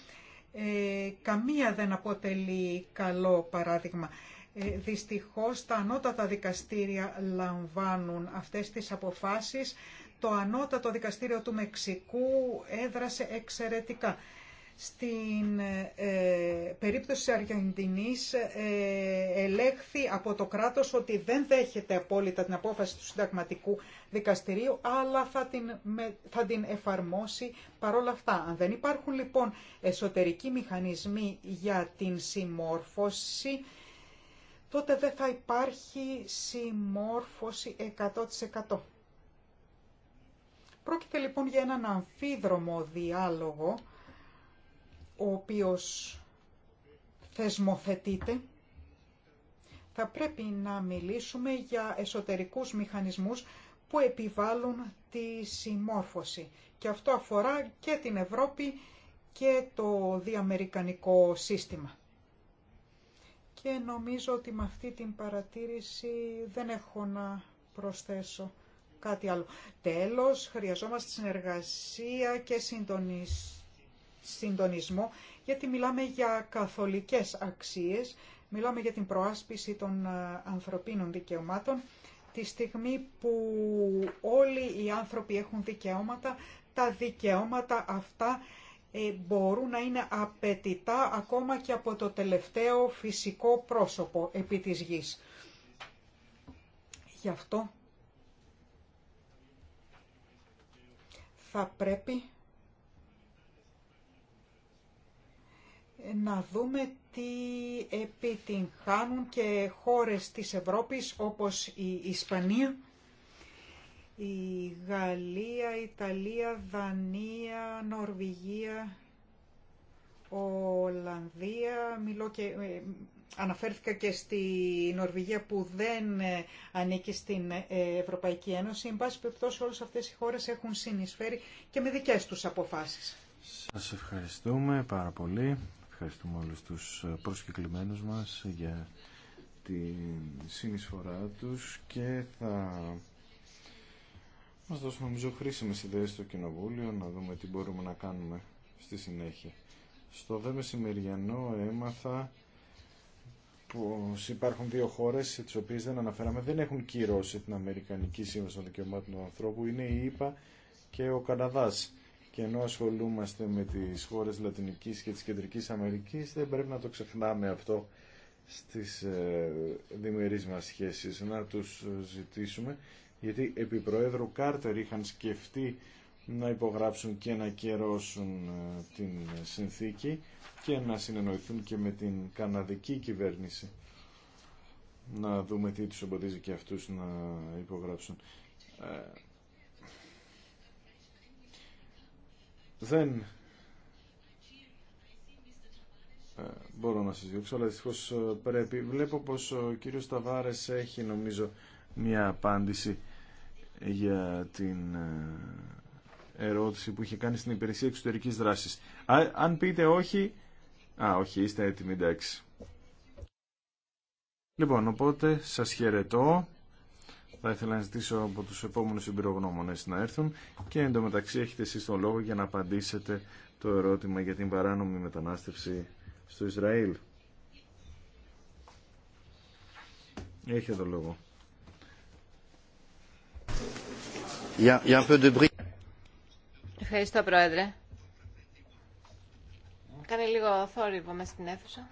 Ε, καμία δεν αποτελεί καλό παράδειγμα. Ε, δυστυχώς τα ανώτατα δικαστήρια λαμβάνουν αυτές τις αποφάσεις. Το ανώτατο δικαστήριο του Μεξικού έδρασε εξαιρετικά. Στην ε, περίπτωση της Αργεντινής ε, ελέγχθη από το κράτος ότι δεν δέχεται απόλυτα την απόφαση του συνταγματικού δικαστηρίου, αλλά θα την, θα την εφαρμόσει παρόλα αυτά. Αν δεν υπάρχουν λοιπόν εσωτερικοί μηχανισμοί για την συμμόρφωση, τότε δεν θα υπάρχει συμμόρφωση 100%. Πρόκειται λοιπόν για έναν αμφίδρομο διάλογο, ο οποίος θεσμοθετείται. Θα πρέπει να μιλήσουμε για εσωτερικούς μηχανισμούς που επιβάλλουν τη συμμόρφωση. Και αυτό αφορά και την Ευρώπη και το διαμερικανικό σύστημα και νομίζω ότι με αυτή την παρατήρηση δεν έχω να προσθέσω κάτι άλλο. Τέλος, χρειαζόμαστε συνεργασία και συντονισμό, γιατί μιλάμε για καθολικές αξίες, μιλάμε για την προάσπιση των ε, ανθρωπίνων δικαιωμάτων, τη στιγμή που όλοι οι άνθρωποι έχουν δικαιώματα, τα δικαιώματα αυτά ε, μπορούν να είναι απαιτητά ακόμα και από το τελευταίο φυσικό πρόσωπο επί της γης. Γι' αυτό θα πρέπει να δούμε τι επιτυγχάνουν και χώρες της Ευρώπης όπως η Ισπανία η Γαλλία, Ιταλία, Δανία, Νορβηγία, Ολλανδία, και, ε, αναφέρθηκα και στη Νορβηγία που δεν ε, ανήκει στην ε, Ευρωπαϊκή Ένωση. Εν πάση περιπτώσει όλες αυτές οι χώρες έχουν συνεισφέρει και με δικές τους αποφάσεις. Σας ευχαριστούμε πάρα πολύ. Ευχαριστούμε όλους τους προσκεκλημένους μας για τη συνεισφορά τους και θα μας δώσουμε νομίζω χρήσιμε ιδέες στο Κοινοβούλιο να δούμε τι μπορούμε να κάνουμε στη συνέχεια. Στο δε μεσημεριανό έμαθα πως υπάρχουν δύο χώρες τις οποίες δεν αναφέραμε δεν έχουν κυρώσει την Αμερικανική Σύμβαση των Δικαιωμάτων του Ανθρώπου είναι η ΙΠΑ και ο Καναδάς και ενώ ασχολούμαστε με τις χώρες Λατινικής και της Κεντρικής Αμερικής δεν πρέπει να το ξεχνάμε αυτό στις ε, διμερείς μας σχέσεις να τους ε, ζητήσουμε γιατί επί Προέδρου Κάρτερ είχαν σκεφτεί να υπογράψουν και να κερώσουν ε, την συνθήκη και να συνεννοηθούν και με την καναδική κυβέρνηση. Να δούμε τι τους εμποδίζει και αυτούς να υπογράψουν. Ε, δεν ε, μπορώ να σας διώξω, αλλά δυστυχώς πρέπει. Βλέπω πως ο κύριος Ταβάρες έχει νομίζω μια απάντηση για την ε, ερώτηση που είχε κάνει στην υπηρεσία εξωτερικής δράσης. αν πείτε όχι... Α, όχι, είστε έτοιμοι, εντάξει. Λοιπόν, οπότε σας χαιρετώ. Θα ήθελα να ζητήσω από τους επόμενους εμπειρογνώμονες να έρθουν και εντωμεταξύ έχετε εσείς τον λόγο για να απαντήσετε το ερώτημα για την παράνομη μετανάστευση στο Ισραήλ. Έχετε τον λόγο. Ευχαριστώ, Πρόεδρε. Κάνει λίγο θόρυβο μέσα στην αίθουσα.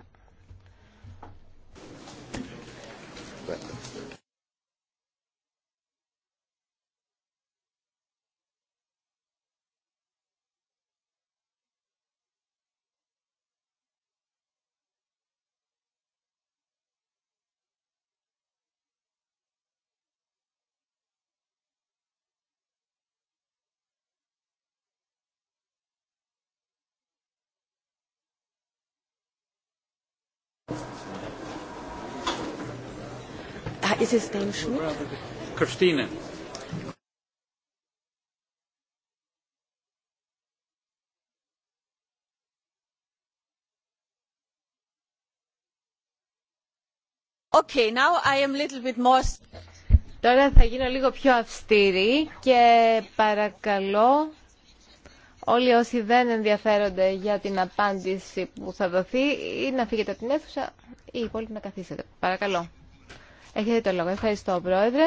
Τώρα θα γίνω λίγο πιο αυστηρή και παρακαλώ όλοι όσοι δεν ενδιαφέρονται για την απάντηση που θα δοθεί ή να φύγετε από την αίθουσα ή οι υπόλοιποι να καθίσετε. Παρακαλώ. Έχετε το λόγο. Ευχαριστώ, Πρόεδρε.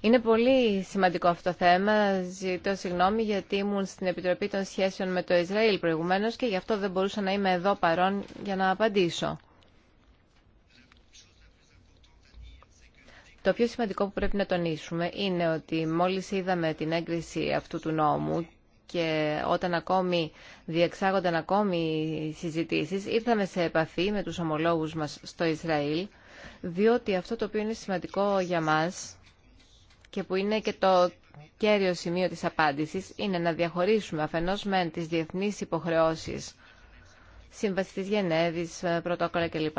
Είναι πολύ σημαντικό αυτό το θέμα. Ζητώ συγγνώμη γιατί ήμουν στην Επιτροπή των Σχέσεων με το Ισραήλ προηγουμένως και γι' αυτό δεν μπορούσα να είμαι εδώ παρόν για να απαντήσω. Το πιο σημαντικό που πρέπει να τονίσουμε είναι ότι μόλις είδαμε την έγκριση αυτού του νόμου και όταν ακόμη διεξάγονταν ακόμη συζητήσεις ήρθαμε σε επαφή με τους ομολόγους μας στο Ισραήλ διότι αυτό το οποίο είναι σημαντικό για μας και που είναι και το κέριο σημείο της απάντησης είναι να διαχωρίσουμε αφενός με τις διεθνείς υποχρεώσεις Σύμβαση της Γενέβης, ε, πρωτόκολλα κλπ.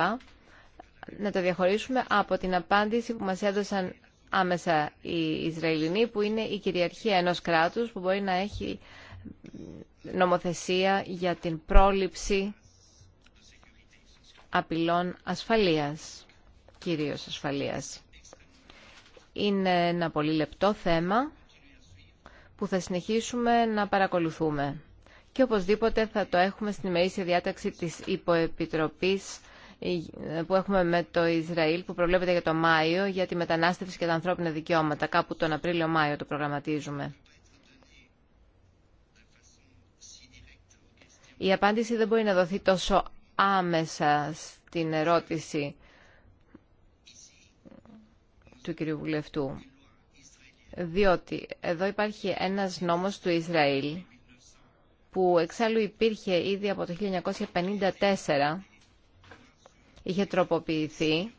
Να το διαχωρίσουμε από την απάντηση που μας έδωσαν άμεσα οι Ισραηλινοί που είναι η κυριαρχία ενός κράτους που μπορεί να έχει νομοθεσία για την πρόληψη απειλών ασφαλείας, κυρίως ασφαλείας. Είναι ένα πολύ λεπτό θέμα που θα συνεχίσουμε να παρακολουθούμε. Και οπωσδήποτε θα το έχουμε στην ημερήσια διάταξη της Υποεπιτροπής ε, που έχουμε με το Ισραήλ που προβλέπεται για το Μάιο για τη μετανάστευση και τα ανθρώπινα δικαιώματα. Κάπου τον Απρίλιο-Μάιο το προγραμματίζουμε. Η απάντηση δεν μπορεί να δοθεί τόσο άμεσα στην ερώτηση του κυρίου Βουλευτού. Διότι εδώ υπάρχει ένας νόμος του Ισραήλ που εξάλλου υπήρχε ήδη από το 1954 είχε τροποποιηθεί.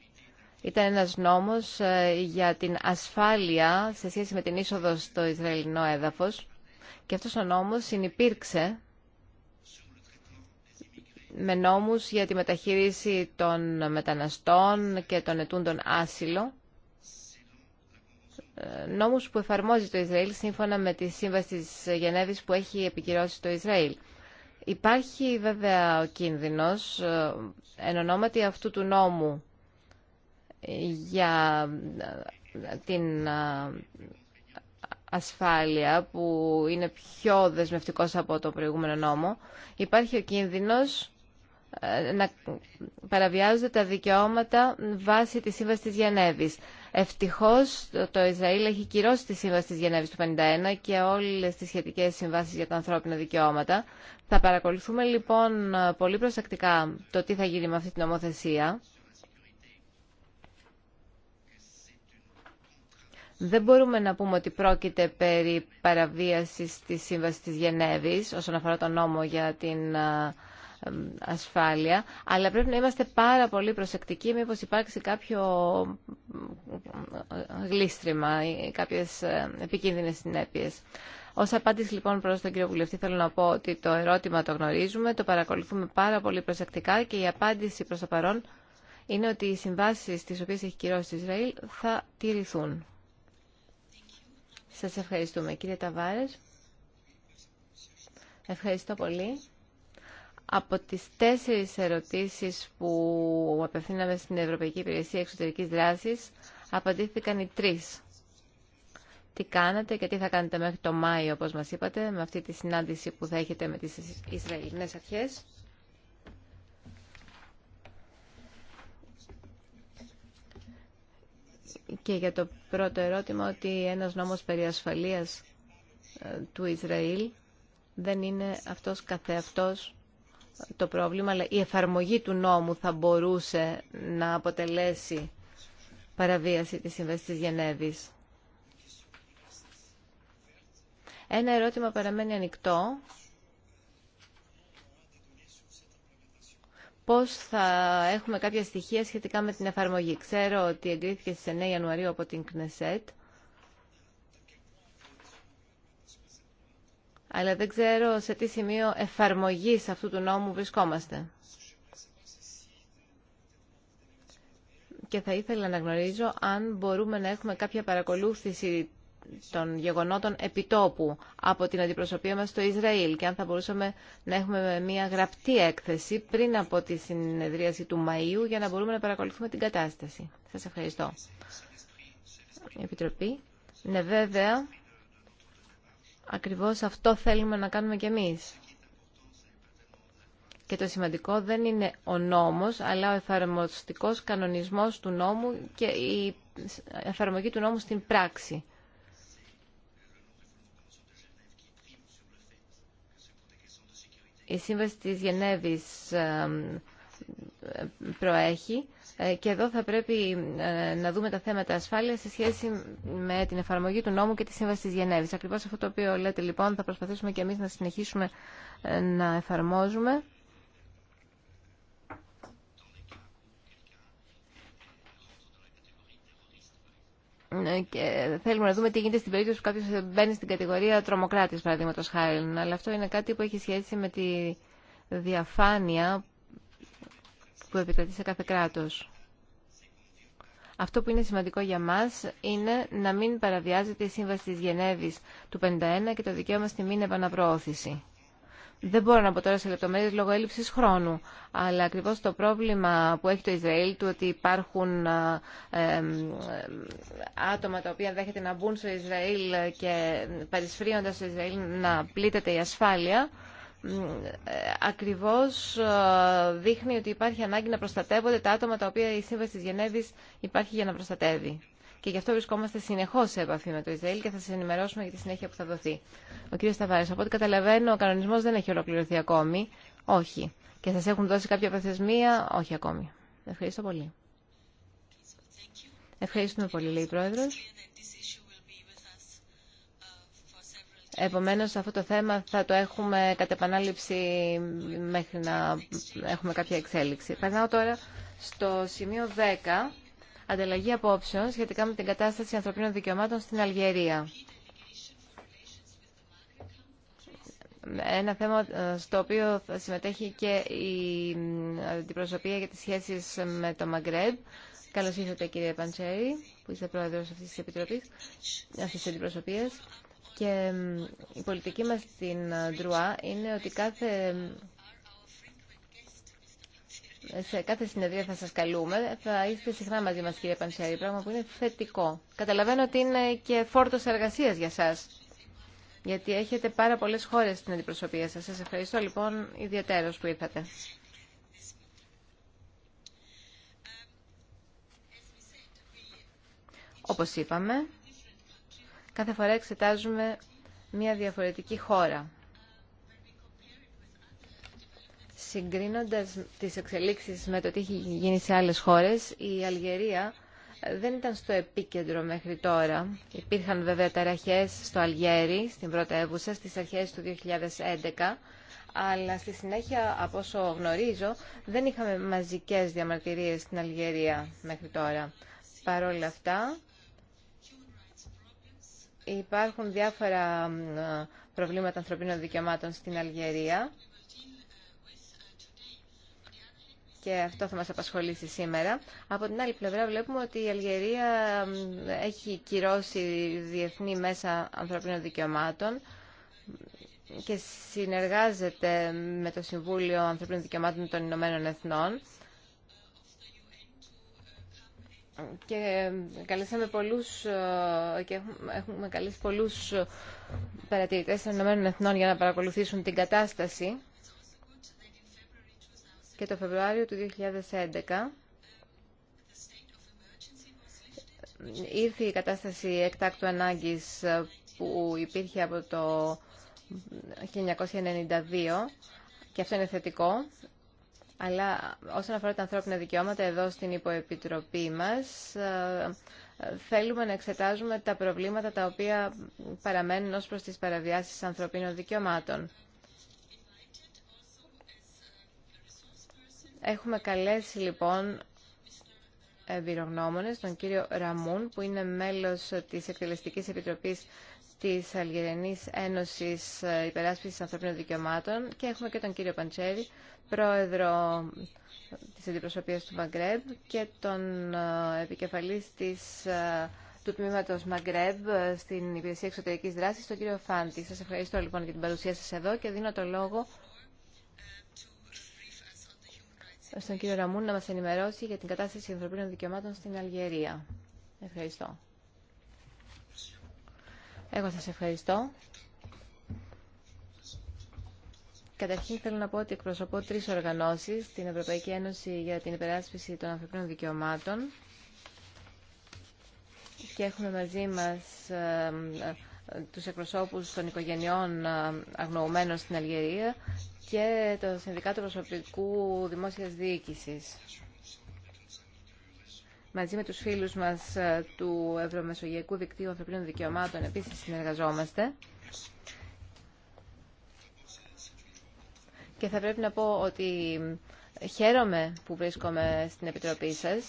Ήταν ένας νόμος ε, για την ασφάλεια σε σχέση με την είσοδο στο Ισραηλινό έδαφος και αυτός ο νόμος συνυπήρξε με νόμους για τη μεταχείριση των μεταναστών και των ετούντων άσυλο ε, νόμους που εφαρμόζει το Ισραήλ σύμφωνα με τη Σύμβαση της Γενέβης που έχει επικυρώσει το Ισραήλ. Υπάρχει βέβαια ο κίνδυνος ε, εν ονόματι αυτού του νόμου για ε, την ε, ασφάλεια που είναι πιο δεσμευτικός από το προηγούμενο νόμο υπάρχει ο κίνδυνος να παραβιάζονται τα δικαιώματα βάσει της Σύμβασης της Γενέβης. Ευτυχώς το Ισραήλ έχει κυρώσει τη σύμβαση της Γενέβης του 1951 και όλες τις σχετικές συμβάσεις για τα ανθρώπινα δικαιώματα. Θα παρακολουθούμε λοιπόν πολύ προσεκτικά το τι θα γίνει με αυτή την νομοθεσία. Δεν μπορούμε να πούμε ότι πρόκειται περί παραβίασης της Σύμβασης της Γενέβης όσον αφορά τον νόμο για την ασφάλεια, αλλά πρέπει να είμαστε πάρα πολύ προσεκτικοί μήπως υπάρξει κάποιο ε, γλίστριμα ή κάποιες ε, επικίνδυνες συνέπειες. Ω απάντηση λοιπόν προ τον κύριο Βουλευτή, θέλω να πω ότι το ερώτημα το γνωρίζουμε, το παρακολουθούμε πάρα πολύ προσεκτικά και η απάντηση προ το παρόν είναι ότι οι συμβάσει τι οποίε έχει κυρώσει το Ισραήλ θα τηρηθούν. Σα ευχαριστούμε. Κύριε Ταβάρε. Ευχαριστώ πολύ. Από τις τέσσερις ερωτήσεις που απευθύναμε στην Ευρωπαϊκή Υπηρεσία Εξωτερικής Δράσης, απαντήθηκαν οι τρεις. Τι κάνατε και τι θα κάνετε μέχρι το Μάιο, όπως μας είπατε, με αυτή τη συνάντηση που θα έχετε με τις Ισραηλινές αρχές. Και για το πρώτο ερώτημα, ότι ένας νόμος περί ασφαλείας ε, του Ισραήλ δεν είναι αυτός καθεαυτός το πρόβλημα, αλλά η εφαρμογή του νόμου θα μπορούσε να αποτελέσει παραβίαση της Σύμβασης της Γενέβης. Ένα ερώτημα παραμένει ανοιχτό. Πώς θα έχουμε κάποια στοιχεία σχετικά με την εφαρμογή. Ξέρω ότι εγκρίθηκε στις 9 Ιανουαρίου από την ΚΝΕΣΕΤ. αλλά δεν ξέρω σε τι σημείο εφαρμογής αυτού του νόμου βρισκόμαστε. Και θα ήθελα να γνωρίζω αν μπορούμε να έχουμε κάποια παρακολούθηση των γεγονότων επιτόπου από την αντιπροσωπεία μας στο Ισραήλ και αν θα μπορούσαμε να έχουμε μια γραπτή έκθεση πριν από τη συνεδρίαση του Μαΐου για να μπορούμε να παρακολουθούμε την κατάσταση. Σας ευχαριστώ. Επιτροπή. Ναι, βέβαια, Ακριβώς αυτό θέλουμε να κάνουμε κι εμείς. Και το σημαντικό δεν είναι ο νόμος, αλλά ο εφαρμοστικός κανονισμός του νόμου και η εφαρμογή του νόμου στην πράξη. Η Σύμβαση της Γενέβης ε, ε, προέχει ε, και εδώ θα πρέπει ε, να δούμε τα θέματα ασφάλεια σε σχέση με την εφαρμογή του νόμου και τη Σύμβαση τη Γενέβη. Ακριβώ αυτό το οποίο λέτε λοιπόν θα προσπαθήσουμε και εμεί να συνεχίσουμε ε, να εφαρμόζουμε. θέλουμε να δούμε τι γίνεται στην περίπτωση που κάποιο μπαίνει στην κατηγορία τρομοκράτη, παραδείγματο χάρη. Αλλά αυτό είναι κάτι που έχει σχέση με τη διαφάνεια που επικρατεί σε κάθε κράτος. Αυτό που είναι σημαντικό για μας είναι να μην παραβιάζεται η Σύμβαση της Γενέβης του 51 και το δικαίωμα στη μην επαναπροώθηση. Δεν μπορώ να πω τώρα σε λεπτομέρειες λόγω έλλειψης χρόνου, αλλά ακριβώς το πρόβλημα που έχει το Ισραήλ του ότι υπάρχουν άτομα τα οποία δέχεται να μπουν στο Ισραήλ και παρισφρίοντας στο Ισραήλ να πλήττεται η ασφάλεια, ε, ακριβώς ε, δείχνει ότι υπάρχει ανάγκη να προστατεύονται τα άτομα τα οποία η Σύμβαση της Γενέβης υπάρχει για να προστατεύει. Και γι' αυτό βρισκόμαστε συνεχώ σε επαφή με το Ισραήλ και θα σα ενημερώσουμε για τη συνέχεια που θα δοθεί. Ο κ. Σταβάρη, από ό,τι καταλαβαίνω, ο κανονισμό δεν έχει ολοκληρωθεί ακόμη. Όχι. Και σα έχουν δώσει κάποια προθεσμία. Όχι ακόμη. Ευχαριστώ πολύ. Ευχαριστούμε πολύ, λέει η Πρόεδρο. Επομένως αυτό το θέμα θα το έχουμε κατ' επανάληψη μέχρι να έχουμε κάποια εξέλιξη. Περνάω τώρα στο σημείο 10, ανταλλαγή απόψεων σχετικά με την κατάσταση ανθρωπίνων δικαιωμάτων στην Αλγερία. Ένα θέμα ε, στο οποίο θα συμμετέχει και η ε, αντιπροσωπεία για τις σχέσεις με το Μαγκρέμπ. Καλώς ήρθατε κύριε Παντσέρη, που είστε πρόεδρος αυτής της επιτροπής, αυτής της αντιπροσωπείας. Και η πολιτική μας στην ε, Ντρουά είναι ότι κάθε σε κάθε συνεδρία θα σας καλούμε. Θα είστε συχνά μαζί μας, κύριε Πανσιάρη, πράγμα που είναι θετικό. Καταλαβαίνω ότι είναι και φόρτος εργασίας για σας, γιατί έχετε πάρα πολλές χώρες στην αντιπροσωπεία σας. Σας ευχαριστώ, λοιπόν, ιδιαίτερος που ήρθατε. Όπως είπαμε, Κάθε φορά εξετάζουμε μια διαφορετική χώρα. Συγκρίνοντας τις εξελίξεις με το τι έχει γίνει σε άλλες χώρες, η Αλγερία δεν ήταν στο επίκεντρο μέχρι τώρα. Υπήρχαν βέβαια ταραχές στο Αλγέρι, στην πρωτεύουσα, στις αρχές του 2011, αλλά στη συνέχεια, από όσο γνωρίζω, δεν είχαμε μαζικές διαμαρτυρίες στην Αλγερία μέχρι τώρα. Παρ' αυτά, Υπάρχουν διάφορα προβλήματα ανθρωπίνων δικαιωμάτων στην Αλγερία και αυτό θα μας απασχολήσει σήμερα. Από την άλλη πλευρά βλέπουμε ότι η Αλγερία έχει κυρώσει διεθνή μέσα ανθρωπίνων δικαιωμάτων και συνεργάζεται με το Συμβούλιο Ανθρωπίνων Δικαιωμάτων των Ηνωμένων Εθνών και καλέσαμε πολλούς ε, και έχουμε καλέσει πολλούς ε, παρατηρητές των Ηνωμένων Εθνών για να παρακολουθήσουν την κατάσταση και το Φεβρουάριο του 2011 ήρθε η κατάσταση εκτάκτου ανάγκης ε, που υπήρχε από το 1992 και αυτό είναι θετικό αλλά όσον αφορά τα ανθρώπινα δικαιώματα εδώ στην υποεπιτροπή μας, ε, θέλουμε να εξετάζουμε τα προβλήματα τα οποία παραμένουν ως προς τις παραβιάσεις ανθρωπίνων δικαιωμάτων. Έχουμε καλέσει λοιπόν εμπειρογνώμονες, τον κύριο Ραμούν, που είναι μέλος της Εκτελεστικής Επιτροπής της Αλγερινής Ένωσης ε, Υπεράσπισης Ανθρωπίνων Δικαιωμάτων και έχουμε και τον κύριο Παντσέρη, πρόεδρο της Αντιπροσωπείας του Μαγκρέμπ και τον ε, επικεφαλής της, ε, του τμήματος Μαγκρέμπ στην Υπηρεσία Εξωτερικής Δράσης, τον κύριο Φάντη. Σας ευχαριστώ λοιπόν για την παρουσία σας εδώ και δίνω το λόγο στον κύριο Ραμούν να μας ενημερώσει για την κατάσταση ανθρωπίνων δικαιωμάτων στην Αλγερία. Ευχαριστώ. Εγώ σας ευχαριστώ. Καταρχήν θέλω να πω ότι εκπροσωπώ τρεις οργανώσεις, την Ευρωπαϊκή Ένωση για την Υπεράσπιση των Ανθρωπίνων Δικαιωμάτων και έχουμε μαζί μας ε, τους εκπροσώπους των οικογενειών ε, αγνοωμένων στην Αλγερία και το Συνδικάτο Προσωπικού Δημόσιας Διοίκησης. Μαζί με τους φίλους μας ε, του Ευρωμεσογειακού Δικτύου Ανθρωπίνων Δικαιωμάτων επίσης συνεργαζόμαστε. Και θα πρέπει να πω ότι χαίρομαι που βρίσκομαι στην Επιτροπή σας,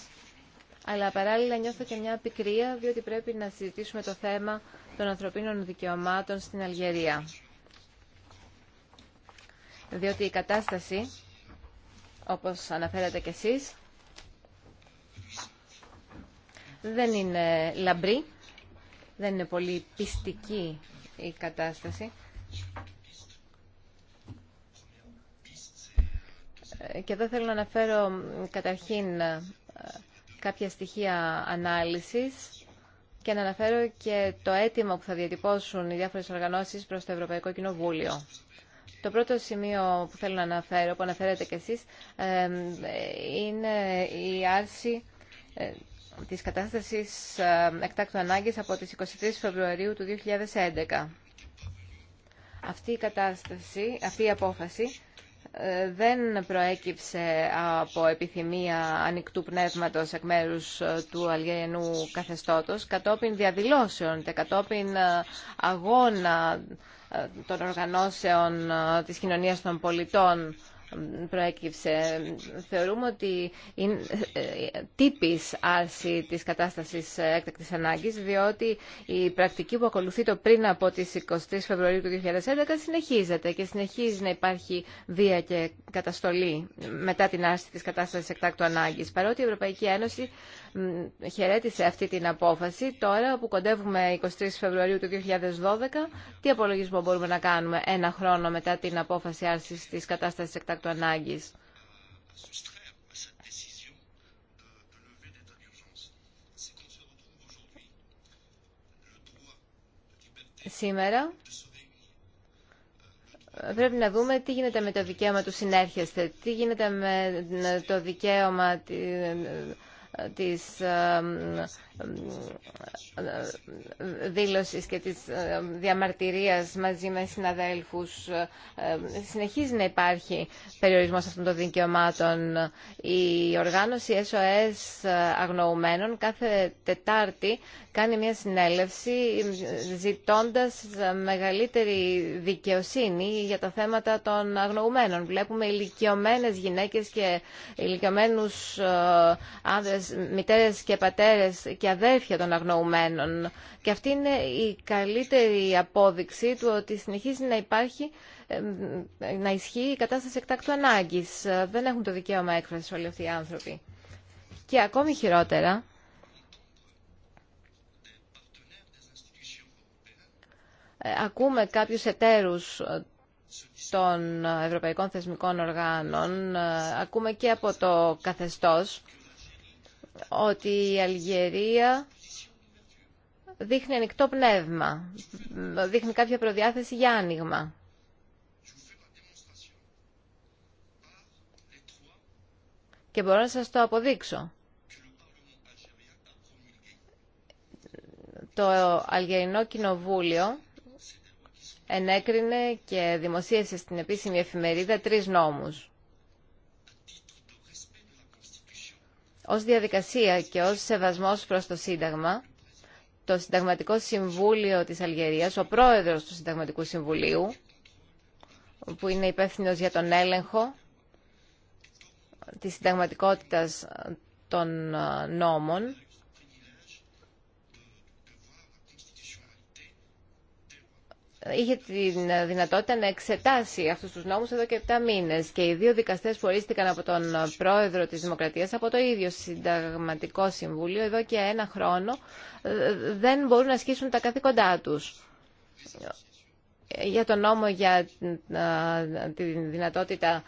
αλλά παράλληλα νιώθω και μια πικρία, διότι πρέπει να συζητήσουμε το θέμα των ανθρωπίνων δικαιωμάτων στην Αλγερία. Διότι η κατάσταση, όπως αναφέρατε κι εσείς, δεν είναι λαμπρή, δεν είναι πολύ πιστική η κατάσταση. Και εδώ θέλω να αναφέρω καταρχήν κάποια στοιχεία ανάλυσης και να αναφέρω και το αίτημα που θα διατυπώσουν οι διάφορες οργανώσεις προς το Ευρωπαϊκό Κοινοβούλιο. Το πρώτο σημείο που θέλω να αναφέρω, που αναφέρετε κι εσείς, ε, ε, είναι η άρση ε, της κατάστασης ε, εκτάκτου ανάγκης από τις 23 Φεβρουαρίου του 2011. Αυτή η κατάσταση, αυτή απόφαση ε, δεν προέκυψε από επιθυμία ανοιχτού πνεύματος εκ μέρους ε, του αλγερινού καθεστώτος κατόπιν διαδηλώσεων και κατόπιν αγώνα των οργανώσεων της κοινωνίας των πολιτών προέκυψε. Θεωρούμε ότι είναι ε, τύπης άρση της κατάστασης έκτακτης ανάγκης, διότι η πρακτική που ακολουθεί το πριν από τις 23 Φεβρουαρίου του 2011 συνεχίζεται και συνεχίζει να υπάρχει βία και καταστολή μετά την άρση της κατάστασης εκτάκτου ανάγκης, παρότι η Ευρωπαϊκή Ένωση χαιρέτησε αυτή την απόφαση. Τώρα που κοντεύουμε 23 Φεβρουαρίου του 2012, τι απολογισμό μπορούμε να κάνουμε ένα χρόνο μετά την απόφαση άρσης της κατάστασης εκτάκτου ανάγκης. Σήμερα πρέπει να δούμε τι γίνεται με το δικαίωμα του συνέρχεστε, τι γίνεται με το δικαίωμα της δήλωσης και της διαμαρτυρίας μαζί με συναδέλφους συνεχίζει να υπάρχει περιορισμός αυτών των δικαιωμάτων. Η οργάνωση SOS Αγνοουμένων κάθε Τετάρτη κάνει μια συνέλευση ζητώντας μεγαλύτερη δικαιοσύνη για τα θέματα των αγνοουμένων. Βλέπουμε ηλικιωμένες γυναίκες και ηλικιωμένους ε, άνδρες μητέρες και πατέρες και αδέρφια των αγνοουμένων. Και αυτή είναι η καλύτερη απόδειξη του ότι συνεχίζει να υπάρχει, να ισχύει η κατάσταση εκτάκτου ανάγκης. Δεν έχουν το δικαίωμα έκφρασης όλοι αυτοί οι άνθρωποι. Και ακόμη χειρότερα, ε, ακούμε κάποιους εταίρους των ευρωπαϊκών θεσμικών οργάνων, ε, ακούμε και από το καθεστώς, ότι η Αλγερία δείχνει ανοιχτό πνεύμα, δείχνει κάποια προδιάθεση για άνοιγμα. Και μπορώ να σας το αποδείξω. Το Αλγερινό Κοινοβούλιο ενέκρινε και δημοσίευσε στην επίσημη εφημερίδα τρεις νόμους. Ως διαδικασία και ως σεβασμός προς το Σύνταγμα, το Συνταγματικό Συμβούλιο της Αλγερίας, ο πρόεδρος του Συνταγματικού Συμβουλίου, που είναι υπεύθυνος για τον έλεγχο της συνταγματικότητας των ε, νόμων, είχε τη δυνατότητα να εξετάσει αυτού του νόμου εδώ και 7 μήνες και οι δύο δικαστές που ορίστηκαν από τον πρόεδρο της Δημοκρατίας από το ίδιο συνταγματικό συμβούλιο εδώ και ένα χρόνο δεν μπορούν να ασκήσουν τα καθήκοντά τους για τον νόμο για τη δυνατότητα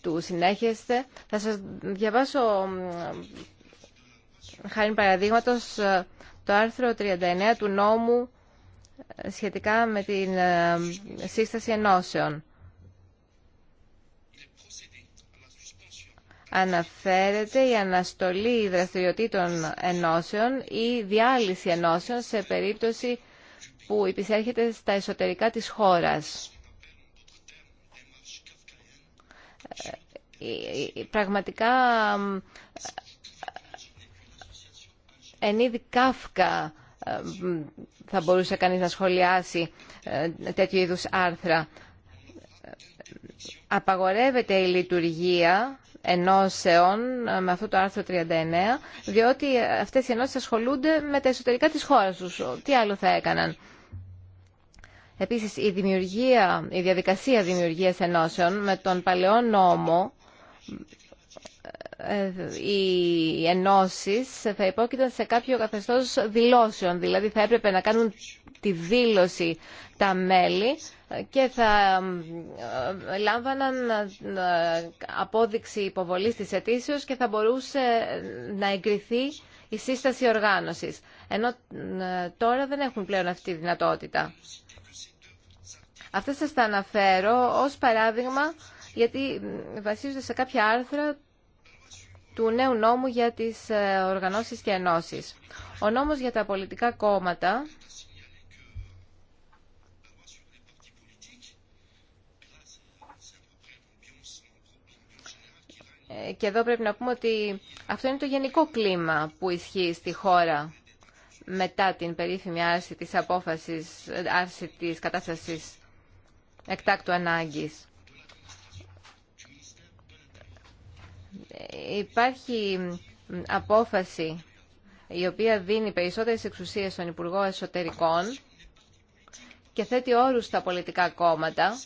του συνέχεστε θα σας διαβάσω χάρη παραδείγματος το άρθρο 39 του νόμου σχετικά με την σύσταση ενώσεων. Αναφέρεται η αναστολή δραστηριοτήτων ενώσεων ή διάλυση ενώσεων σε περίπτωση που υπησέρχεται στα εσωτερικά της χώρας. Πραγματικά εν είδη Κάφκα θα μπορούσε κανείς να σχολιάσει ε, τέτοιου είδους άρθρα. Απαγορεύεται η λειτουργία ενώσεων ε, με αυτό το άρθρο 39, διότι αυτές οι ενώσεις ασχολούνται με τα εσωτερικά της χώρας τους. Τι άλλο θα έκαναν. Επίσης, η, δημιουργία, η διαδικασία δημιουργίας ενώσεων με τον παλαιό νόμο οι ενώσεις θα υπόκειταν σε κάποιο καθεστώς δηλώσεων. Δηλαδή θα έπρεπε να κάνουν τη δήλωση τα μέλη και θα ε, λάμβαναν ε, απόδειξη υποβολής της αιτήσεως και θα μπορούσε να εγκριθεί η σύσταση οργάνωσης. Ενώ ε, τώρα δεν έχουν πλέον αυτή τη δυνατότητα. Αυτά σας τα αναφέρω ως παράδειγμα γιατί βασίζονται σε κάποια άρθρα του νέου νόμου για τις ε, οργανώσεις και ενώσεις. Ο νόμος για τα πολιτικά κόμματα ε, και εδώ πρέπει να πούμε ότι αυτό είναι το γενικό κλίμα που ισχύει στη χώρα μετά την περίφημη άρση της απόφασης, άρση της κατάστασης εκτάκτου ανάγκης. Υπάρχει απόφαση η οποία δίνει περισσότερες εξουσίες στον Υπουργό Εσωτερικών και θέτει όρους στα πολιτικά κόμματα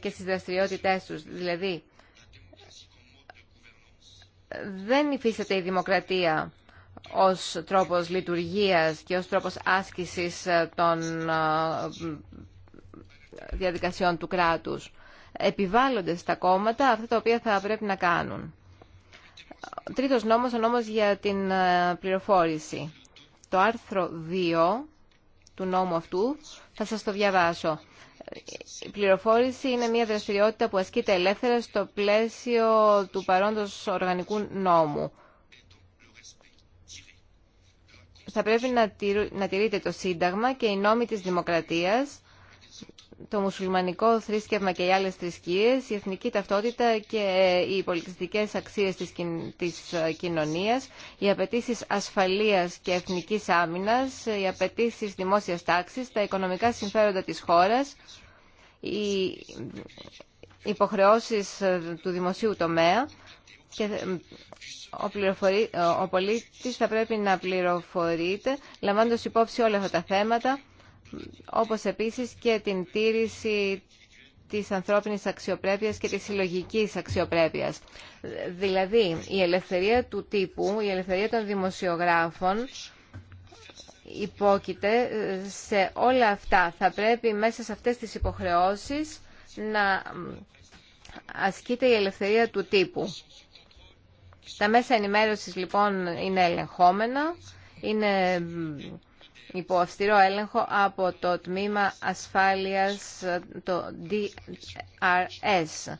και στις δραστηριότητές τους. Δηλαδή, δεν υφίσταται η δημοκρατία ως τρόπος λειτουργίας και ως τρόπος άσκησης των ε, διαδικασιών του κράτους επιβάλλονται στα κόμματα αυτά τα οποία θα πρέπει να κάνουν. τρίτος νόμος, ο νόμος για την ε, πληροφόρηση. Το άρθρο 2 του νόμου αυτού θα σας το διαβάσω. Η πληροφόρηση είναι μια δραστηριότητα που ασκείται ελεύθερα στο πλαίσιο του παρόντος οργανικού νόμου. Θα πρέπει να τηρείται το Σύνταγμα και οι νόμοι της Δημοκρατίας το μουσουλμανικό θρήσκευμα και οι άλλες θρησκείες, η εθνική ταυτότητα και ε, οι πολιτιστικές αξίες της, της ε, κοινωνίας, οι απαιτήσει ασφαλείας και εθνικής άμυνας, οι απαιτήσει δημόσιας τάξης, τα οικονομικά συμφέροντα της χώρας, οι υποχρεώσεις ε, του δημοσίου τομέα και ο, πληροφορεί, ο πολίτης θα πρέπει να πληροφορείται λαμβάνοντας υπόψη όλα αυτά τα θέματα όπως επίσης και την τήρηση της ανθρώπινης αξιοπρέπειας και της συλλογική αξιοπρέπειας. Δηλαδή, η ελευθερία του τύπου, η ελευθερία των δημοσιογράφων υπόκειται σε όλα αυτά. Θα πρέπει μέσα σε αυτές τις υποχρεώσεις να ασκείται η ελευθερία του τύπου. Τα μέσα ενημέρωσης λοιπόν είναι ελεγχόμενα, είναι υπό αυστηρό έλεγχο από το τμήμα ασφάλειας, το DRS.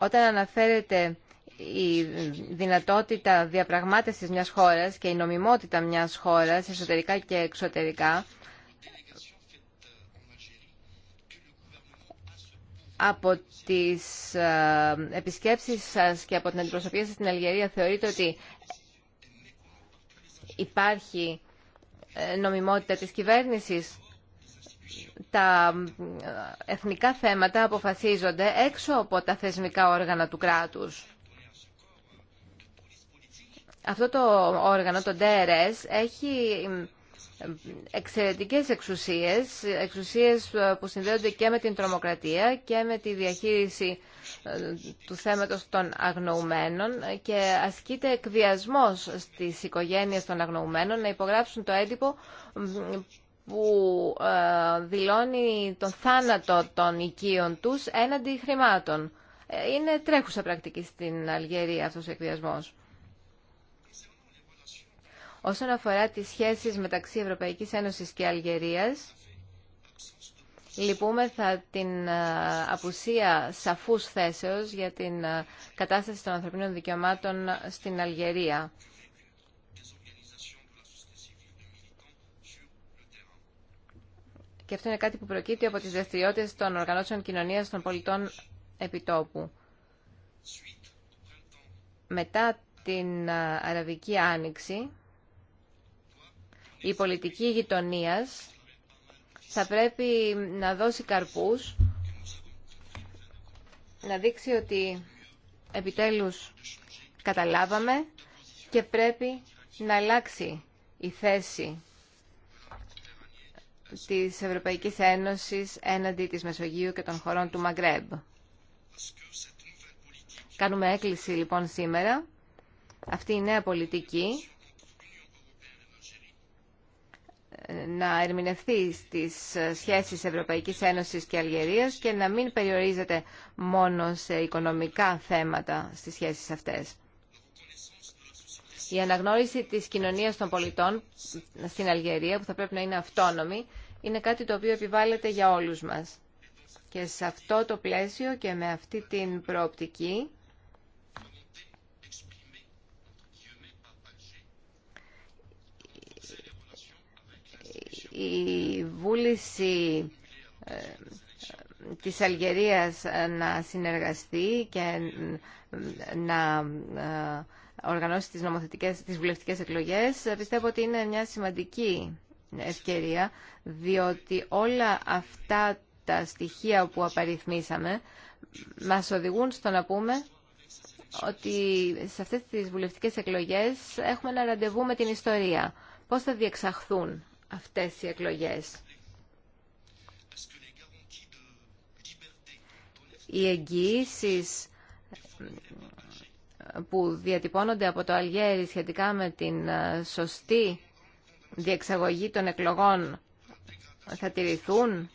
Όταν αναφέρεται η δυνατότητα διαπραγμάτευσης μιας χώρας και η νομιμότητα μιας χώρας εσωτερικά και εξωτερικά, από τις ε, επισκέψεις σας και από την αντιπροσωπεία σας στην Αλγερία θεωρείτε ότι υπάρχει ε, νομιμότητα της κυβέρνησης. Τα ε, εθνικά θέματα αποφασίζονται έξω από τα θεσμικά όργανα του κράτους. Αυτό το όργανο, το DRS, έχει εξαιρετικές εξουσίες, εξουσίες ε, που συνδέονται και με την τρομοκρατία και με τη διαχείριση ε, του θέματος των αγνοουμένων ε, και ασκείται εκβιασμός στις οικογένειες των αγνοουμένων να υπογράψουν το έντυπο που δηλώνει τον θάνατο των οικείων τους έναντι χρημάτων. Είναι τρέχουσα πρακτική στην Αλγερία αυτός ο εκβιασμός. Όσον αφορά τις σχέσεις μεταξύ Ευρωπαϊκής Ένωσης και Αλγερίας, λυπούμεθα την ε, απουσία σαφούς θέσεως για την ε, κατάσταση των ανθρωπίνων δικαιωμάτων στην Αλγερία. Και αυτό είναι κάτι που προκύπτει από τις δευτεριότητες των οργανώσεων κοινωνίας των πολιτών επιτόπου. Μετά την ε, Αραβική Άνοιξη, η πολιτική γειτονίας θα πρέπει να δώσει καρπούς, να δείξει ότι επιτέλους καταλάβαμε και πρέπει να αλλάξει η θέση της Ευρωπαϊκής Ένωσης έναντι της Μεσογείου και των χωρών του Μαγκρέμπ. Κάνουμε έκκληση λοιπόν σήμερα. Αυτή η νέα πολιτική να ερμηνευθεί στις σχέσεις Ευρωπαϊκής Ένωσης και Αλγερίας και να μην περιορίζεται μόνο σε οικονομικά θέματα στις σχέσεις αυτές. Η αναγνώριση της κοινωνίας των πολιτών στην Αλγερία, που θα πρέπει να είναι αυτόνομη, είναι κάτι το οποίο επιβάλλεται για όλους μας. Και σε αυτό το πλαίσιο και με αυτή την προοπτική, η βούληση ε, της Αλγερίας να συνεργαστεί και ε, να ε, οργανώσει τις, νομοθετικές, τις βουλευτικές εκλογές πιστεύω ότι είναι μια σημαντική ευκαιρία διότι όλα αυτά τα στοιχεία που απαριθμίσαμε μας οδηγούν στο να πούμε ότι σε αυτές τις βουλευτικές εκλογές έχουμε ένα ραντεβού με την ιστορία. Πώς θα διεξαχθούν αυτές οι εκλογές. Οι εγγυήσει που διατυπώνονται από το Αλγέρι σχετικά με την ε, σωστή διεξαγωγή των εκλογών θα τηρηθούν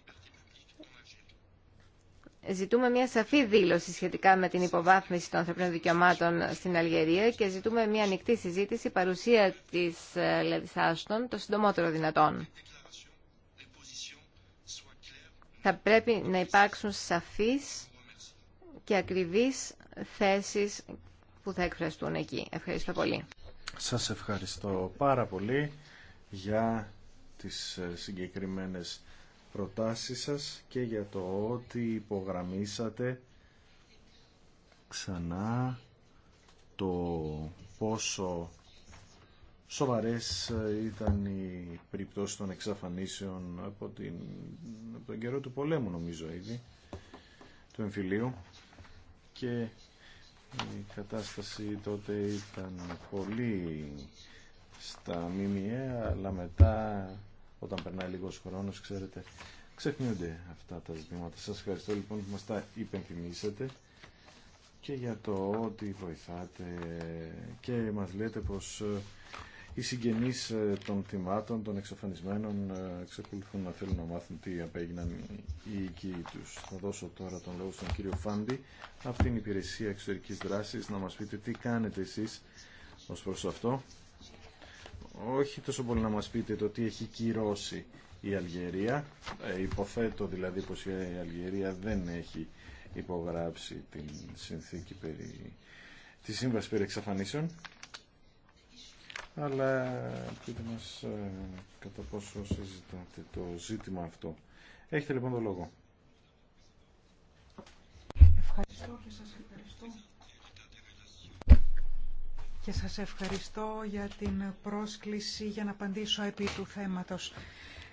ζητούμε μια σαφή δήλωση σχετικά με την υποβάθμιση των ανθρωπίνων δικαιωμάτων στην Αλγερία και ζητούμε μια ανοιχτή συζήτηση παρουσία της ε, Λεβισάστον, το συντομότερο δυνατόν. Θα πρέπει να υπάρξουν σαφείς και ακριβείς θέσεις που θα εκφραστούν εκεί. Ευχαριστώ πολύ. Σας ευχαριστώ πάρα πολύ για τις ε, συγκεκριμένες προτάσεις σας και για το ότι υπογραμμίσατε ξανά το πόσο σοβαρές ήταν οι περιπτώσεις των εξαφανίσεων από, την, από τον καιρό του πολέμου νομίζω ήδη του εμφυλίου και η κατάσταση τότε ήταν πολύ στα ΜΜΕ αλλά μετά όταν περνάει λίγο χρόνο ξέρετε, ξεχνιούνται αυτά τα ζητήματα. Σας ευχαριστώ λοιπόν που μας τα υπενθυμίσατε και για το ότι βοηθάτε και μας λέτε πως ε, οι συγγενείς ε, των θυμάτων, των εξαφανισμένων ε, εξακολουθούν να θέλουν να μάθουν τι απέγιναν οι οικοί τους. Θα δώσω τώρα τον λόγο στον κύριο Φάντι από την Υπηρεσία Εξωτερικής Δράσης να μας πείτε τι κάνετε εσείς ως προς αυτό όχι τόσο πολύ να μας πείτε το τι έχει κυρώσει η Αλγερία. Ε, υποθέτω δηλαδή πως η Αλγερία δεν έχει υπογράψει την συνθήκη περί... τη σύμβαση περί εξαφανίσεων. Αλλά πείτε μας ε, κατά πόσο συζητάτε το ζήτημα αυτό. Έχετε λοιπόν το λόγο. Ευχαριστώ και και σας ευχαριστώ για την πρόσκληση για να απαντήσω επί του θέματος.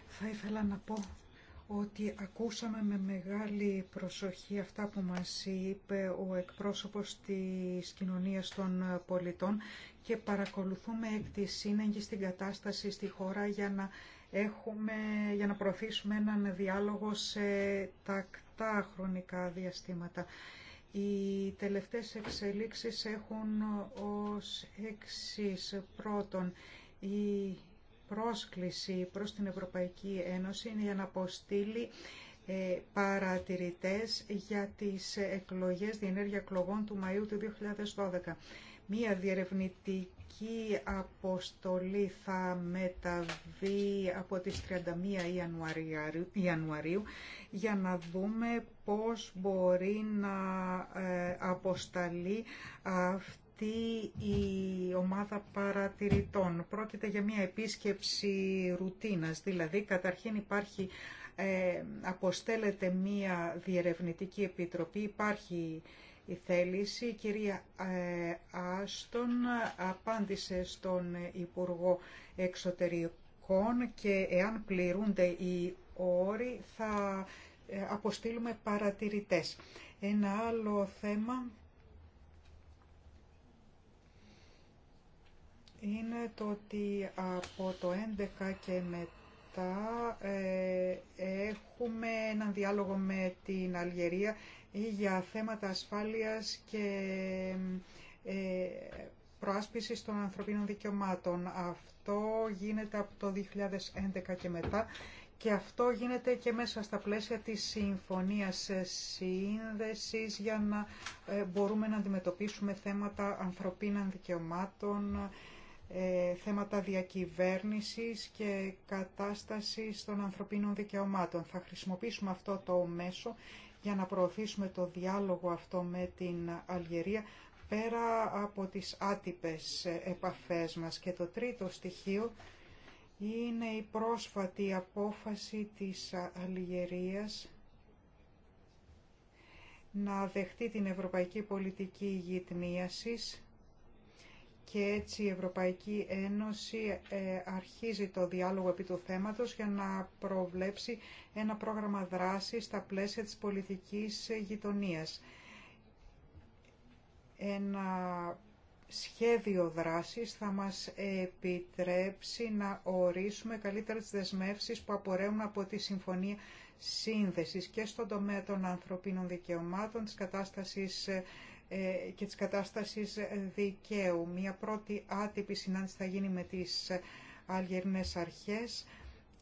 Θα ήθελα να πω ότι ακούσαμε με μεγάλη προσοχή αυτά που μας είπε ο εκπρόσωπος της κοινωνίας των πολιτών και παρακολουθούμε εκ της σύνεγγης την κατάσταση στη χώρα για να, έχουμε, για να προωθήσουμε έναν διάλογο σε τακτά χρονικά διαστήματα. Οι τελευταίες εξελίξεις έχουν ως εξής. Πρώτον, η πρόσκληση προς την Ευρωπαϊκή Ένωση είναι για να αποστείλει ε, παρατηρητές για τις εκλογές, διενέργεια εκλογών του Μαΐου του 2012. Μία διερευνητική αποστολή θα μεταβεί από τις 31 Ιανουαρίου για να δούμε πώς μπορεί να ε, αποσταλεί αυτή η ομάδα παρατηρητών. Πρόκειται για μία επίσκεψη ρουτίνας, δηλαδή καταρχήν υπάρχει ε, αποστέλλεται μία διερευνητική επιτροπή, υπάρχει η θέληση. Η κυρία ε, Άστον απάντησε στον Υπουργό Εξωτερικών και εάν πληρούνται οι όροι θα ε, αποστείλουμε παρατηρητές. Ένα άλλο θέμα είναι το ότι από το 11 και μετά ε, έχουμε έναν διάλογο με την Αλγερία ή για θέματα ασφάλειας και ε, προάσπισης των ανθρωπίνων δικαιωμάτων. Αυτό γίνεται από το 2011 και μετά και αυτό γίνεται και μέσα στα πλαίσια της συμφωνίας σύνδεσης για να ε, μπορούμε να αντιμετωπίσουμε θέματα ανθρωπίνων δικαιωμάτων, ε, θέματα διακυβέρνησης και κατάστασης των ανθρωπίνων δικαιωμάτων. Θα χρησιμοποιήσουμε αυτό το μέσο για να προωθήσουμε το διάλογο αυτό με την Αλγερία πέρα από τις άτυπες επαφές μας. Και το τρίτο στοιχείο είναι η πρόσφατη απόφαση της Αλγερίας να δεχτεί την ευρωπαϊκή πολιτική γυτνίασης και έτσι η Ευρωπαϊκή Ένωση ε, αρχίζει το διάλογο επί του θέματος για να προβλέψει ένα πρόγραμμα δράσης στα πλαίσια της πολιτικής γειτονίας. Ένα σχέδιο δράσης θα μας επιτρέψει να ορίσουμε καλύτερα τις δεσμεύσεις που απορρέουν από τη Συμφωνία Σύνδεσης και στον τομέα των ανθρωπίνων δικαιωμάτων, της κατάστασης ε, ε, και της κατάστασης δικαίου. Μια πρώτη άτυπη συνάντηση θα γίνει με τις αλγερινές αρχές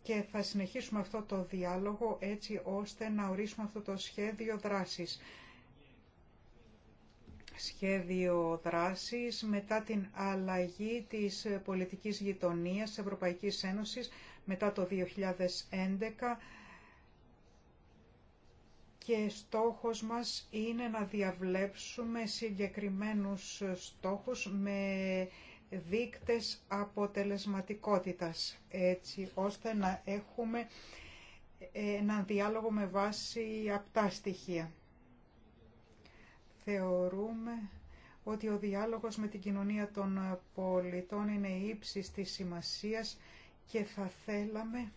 και θα συνεχίσουμε αυτό το διάλογο έτσι ώστε να ορίσουμε αυτό το σχέδιο δράσης. Σχέδιο δράσης μετά την αλλαγή της πολιτικής γειτονίας της Ευρωπαϊκής Ένωσης μετά το 2011 και στόχος μας είναι να διαβλέψουμε συγκεκριμένους στόχους με δίκτες αποτελεσματικότητας, έτσι ώστε να έχουμε έναν διάλογο με βάση απτά στοιχεία. Θεωρούμε ότι ο διάλογος με την κοινωνία των πολιτών είναι ύψης της σημασίας και θα θέλαμε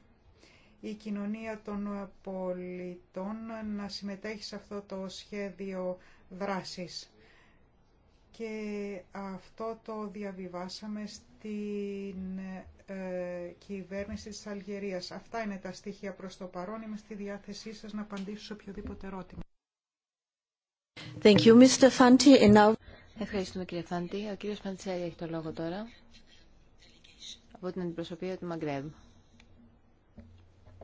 η κοινωνία των πολιτών να συμμετέχει σε αυτό το σχέδιο δράσης. Και αυτό το διαβιβάσαμε στην ε, κυβέρνηση της Αλγερίας. Αυτά είναι τα στοιχεία προς το παρόν. Είμαι στη διάθεσή σας να απαντήσω σε οποιοδήποτε ερώτημα. Thank you, Mr. Fanti. Ευχαριστούμε κύριε Φάντη. Ο κύριος Παντσέρη έχει το λόγο τώρα από την αντιπροσωπεία του Μαγκρέβ.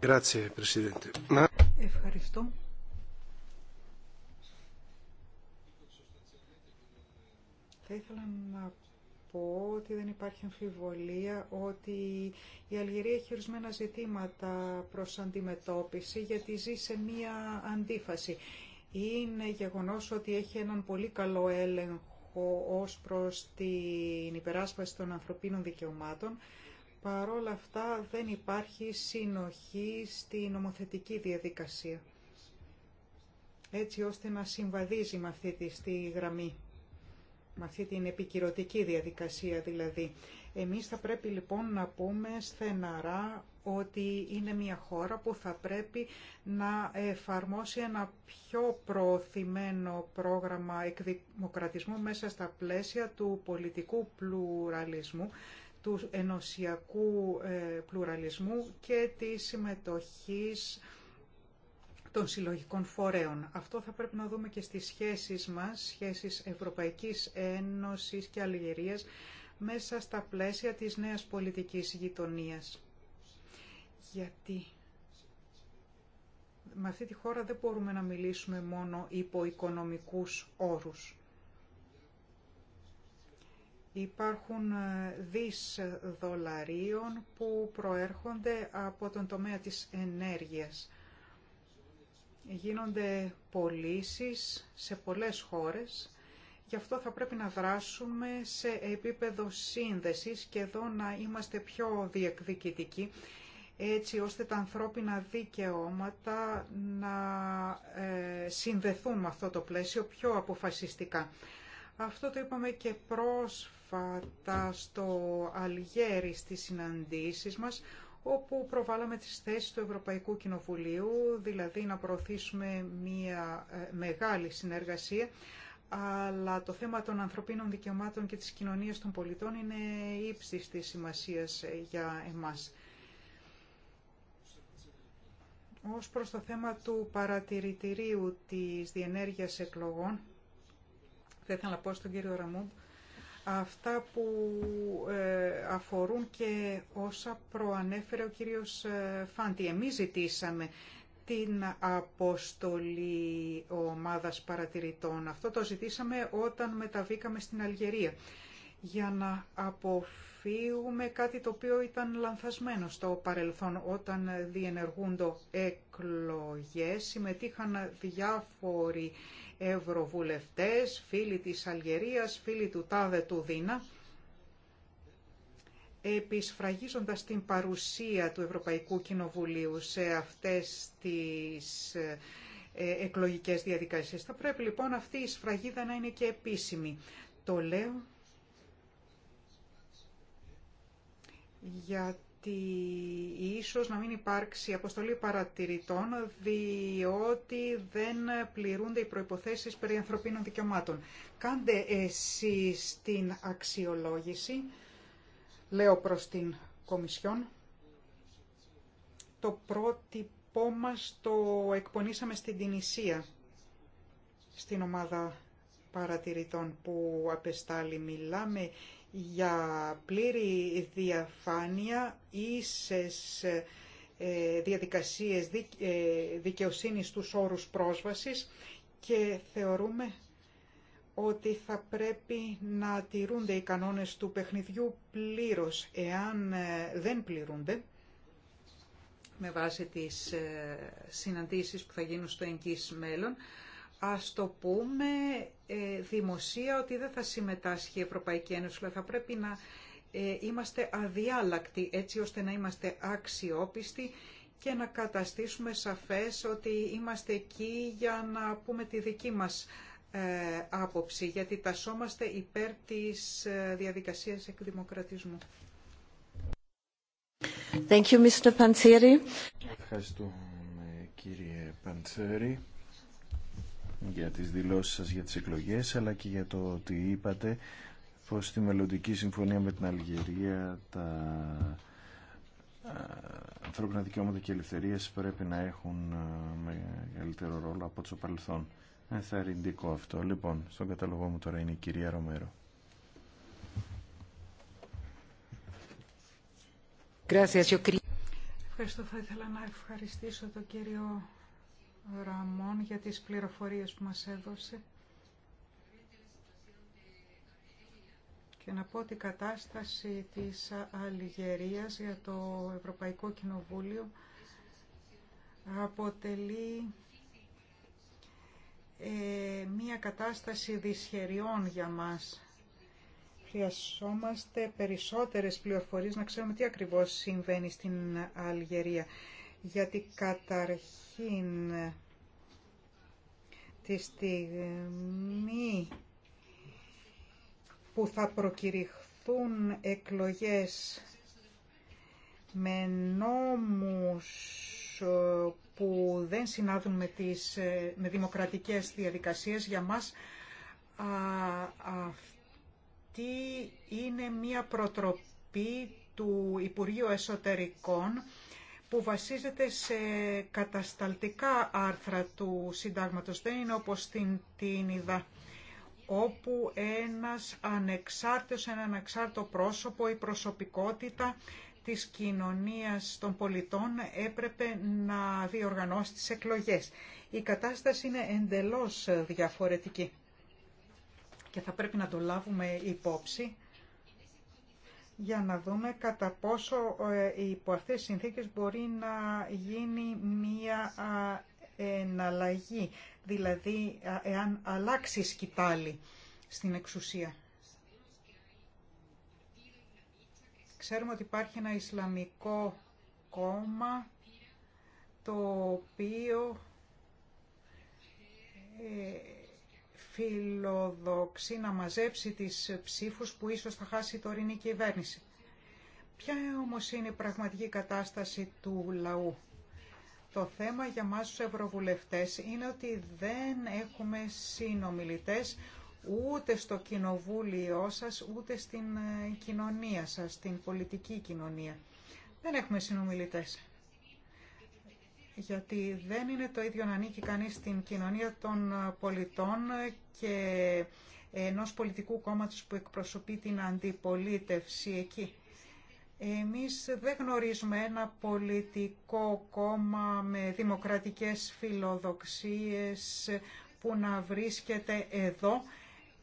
Ευχαριστώ. Θα ήθελα να πω ότι δεν υπάρχει αμφιβολία ότι η Αλγερία έχει ορισμένα ζητήματα προς αντιμετώπιση γιατί ζει σε μία αντίφαση. Είναι γεγονός ότι έχει έναν πολύ καλό έλεγχο ως προς την υπεράσπαση των ανθρωπίνων δικαιωμάτων παρόλα αυτά δεν υπάρχει συνοχή στη νομοθετική διαδικασία έτσι ώστε να συμβαδίζει με αυτή τη στη γραμμή, με αυτή την επικυρωτική διαδικασία δηλαδή. Εμείς θα πρέπει λοιπόν να πούμε στεναρά ότι είναι μια χώρα που θα πρέπει να εφαρμόσει ένα πιο προωθημένο πρόγραμμα εκδημοκρατισμού μέσα στα πλαίσια του πολιτικού πλουραλισμού, του ενωσιακού ε, πλουραλισμού και τη συμμετοχής των συλλογικών φορέων. Αυτό θα πρέπει να δούμε και στις σχέσεις μας, σχέσεις Ευρωπαϊκής Ένωσης και Αλγερίας, μέσα στα πλαίσια της νέας πολιτικής γειτονίας. Γιατί με αυτή τη χώρα δεν μπορούμε να μιλήσουμε μόνο υπό οικονομικούς όρους. Υπάρχουν ε, δις δολαρίων που προέρχονται από τον τομέα της ενέργειας. Γίνονται πωλήσει σε πολλές χώρες, γι' αυτό θα πρέπει να δράσουμε σε επίπεδο σύνδεσης και εδώ να είμαστε πιο διεκδικητικοί, έτσι ώστε τα ανθρώπινα δικαιώματα να ε, συνδεθούν με αυτό το πλαίσιο πιο αποφασιστικά. Αυτό το είπαμε και πρόσφατα πρόσφατα στο Αλγέρι στις συναντήσεις μας, όπου προβάλαμε τις θέσεις του Ευρωπαϊκού Κοινοβουλίου, δηλαδή να προωθήσουμε μια ε, μεγάλη συνεργασία, αλλά το θέμα των ανθρωπίνων δικαιωμάτων και της κοινωνίας των πολιτών είναι ύψης της σημασίας ε, για εμάς. Ως προς το θέμα του παρατηρητηρίου της διενέργειας εκλογών, θα ήθελα να πω στον κύριο Ραμούμπ αυτά που ε, αφορούν και όσα προανέφερε ο κύριος ε, Φάντη. Εμείς ζητήσαμε την αποστολή ομάδας παρατηρητών. Αυτό το ζητήσαμε όταν μεταβήκαμε στην Αλγερία για να αποφύγουμε κάτι το οποίο ήταν λανθασμένο στο παρελθόν. Όταν διενεργούνται εκλογές συμμετείχαν διάφοροι ευρωβουλευτές, φίλοι της Αλγερίας, φίλοι του Τάδε του Δίνα, επισφραγίζοντας την παρουσία του Ευρωπαϊκού Κοινοβουλίου σε αυτές τις ε, εκλογικές διαδικασίες. Θα πρέπει λοιπόν αυτή η σφραγίδα να είναι και επίσημη. Το λέω για ότι ίσως να μην υπάρξει αποστολή παρατηρητών διότι δεν πληρούνται οι προϋποθέσεις περί ανθρωπίνων δικαιωμάτων. Κάντε εσείς την αξιολόγηση, λέω προς την Κομισιόν, το πρότυπό μας το εκπονήσαμε στην Τινησία, στην ομάδα παρατηρητών που απεστάλλει. Μιλάμε για πλήρη διαφάνεια, ίσες ε, διαδικασίες ε, δικαιοσύνης στους όρους πρόσβασης και θεωρούμε ότι θα πρέπει να τηρούνται οι κανόνες του παιχνιδιού πλήρως εάν ε, δεν πληρούνται με βάση τις συναντήσεις που θα γίνουν στο εγγύς μέλλον ας το πούμε ε, δημοσία ότι δεν θα συμμετάσχει η Ευρωπαϊκή Ένωση, αλλά θα πρέπει να ε, είμαστε αδιάλακτοι έτσι ώστε να είμαστε αξιόπιστοι και να καταστήσουμε σαφές ότι είμαστε εκεί για να πούμε τη δική μας ε, άποψη, γιατί τασόμαστε υπέρ της διαδικασίας εκδημοκρατισμού. Thank you, Mr. Ευχαριστούμε κύριε Παντσέρη για τις δηλώσεις σας για τις εκλογές αλλά και για το ότι είπατε πως στη μελλοντική συμφωνία με την Αλγερία τα ανθρώπινα δικαιώματα και ελευθερίες πρέπει να έχουν μεγαλύτερο ρόλο από το παρελθόν. Ενθαρρυντικό αυτό. Λοιπόν, στον καταλογό μου τώρα είναι η κυρία Ρομέρο. Ευχαριστώ. Θα ήθελα να ευχαριστήσω τον κύριο Ραμόν για τις πληροφορίες που μας έδωσε. Και να πω ότι η κατάσταση της Αλγερίας για το Ευρωπαϊκό Κοινοβούλιο αποτελεί ε, μία κατάσταση δυσχεριών για μας. Χρειαζόμαστε περισσότερες πληροφορίες να ξέρουμε τι ακριβώς συμβαίνει στην Αλγερία γιατί καταρχήν τη στιγμή που θα προκηρυχθούν εκλογές με νόμους που δεν συνάδουν με τις με δημοκρατικές διαδικασίες για μας αυτή είναι μια προτροπή του Υπουργείου Εσωτερικών που βασίζεται σε κατασταλτικά άρθρα του συντάγματος. Δεν είναι όπως την Τίνιδα, όπου ένας ανεξάρτητος, ένα ανεξάρτητο πρόσωπο ή προσωπικότητα της κοινωνίας των πολιτών έπρεπε να διοργανώσει τις εκλογές. Η κατάσταση είναι εντελώς διαφορετική και θα πρέπει να το λάβουμε υπόψη για να δούμε κατά πόσο ε, υπό αυτές τις συνθήκες μπορεί να γίνει μία εναλλαγή, δηλαδή εάν αλλάξει σκητάλη στην εξουσία. Ξέρουμε ότι υπάρχει ένα Ισλαμικό κόμμα το οποίο ε, φιλοδοξεί να μαζέψει τις ψήφους που ίσως θα χάσει η τωρινή κυβέρνηση. Ποια όμως είναι η πραγματική κατάσταση του λαού. Το θέμα για μας τους ευρωβουλευτές είναι ότι δεν έχουμε συνομιλητές ούτε στο κοινοβούλιο σας, ούτε στην ε, κοινωνία σας, στην πολιτική κοινωνία. Δεν έχουμε συνομιλητές γιατί δεν είναι το ίδιο να ανήκει κανείς στην κοινωνία των πολιτών και ενός πολιτικού κόμματος που εκπροσωπεί την αντιπολίτευση εκεί. Εμείς δεν γνωρίζουμε ένα πολιτικό κόμμα με δημοκρατικές φιλοδοξίες που να βρίσκεται εδώ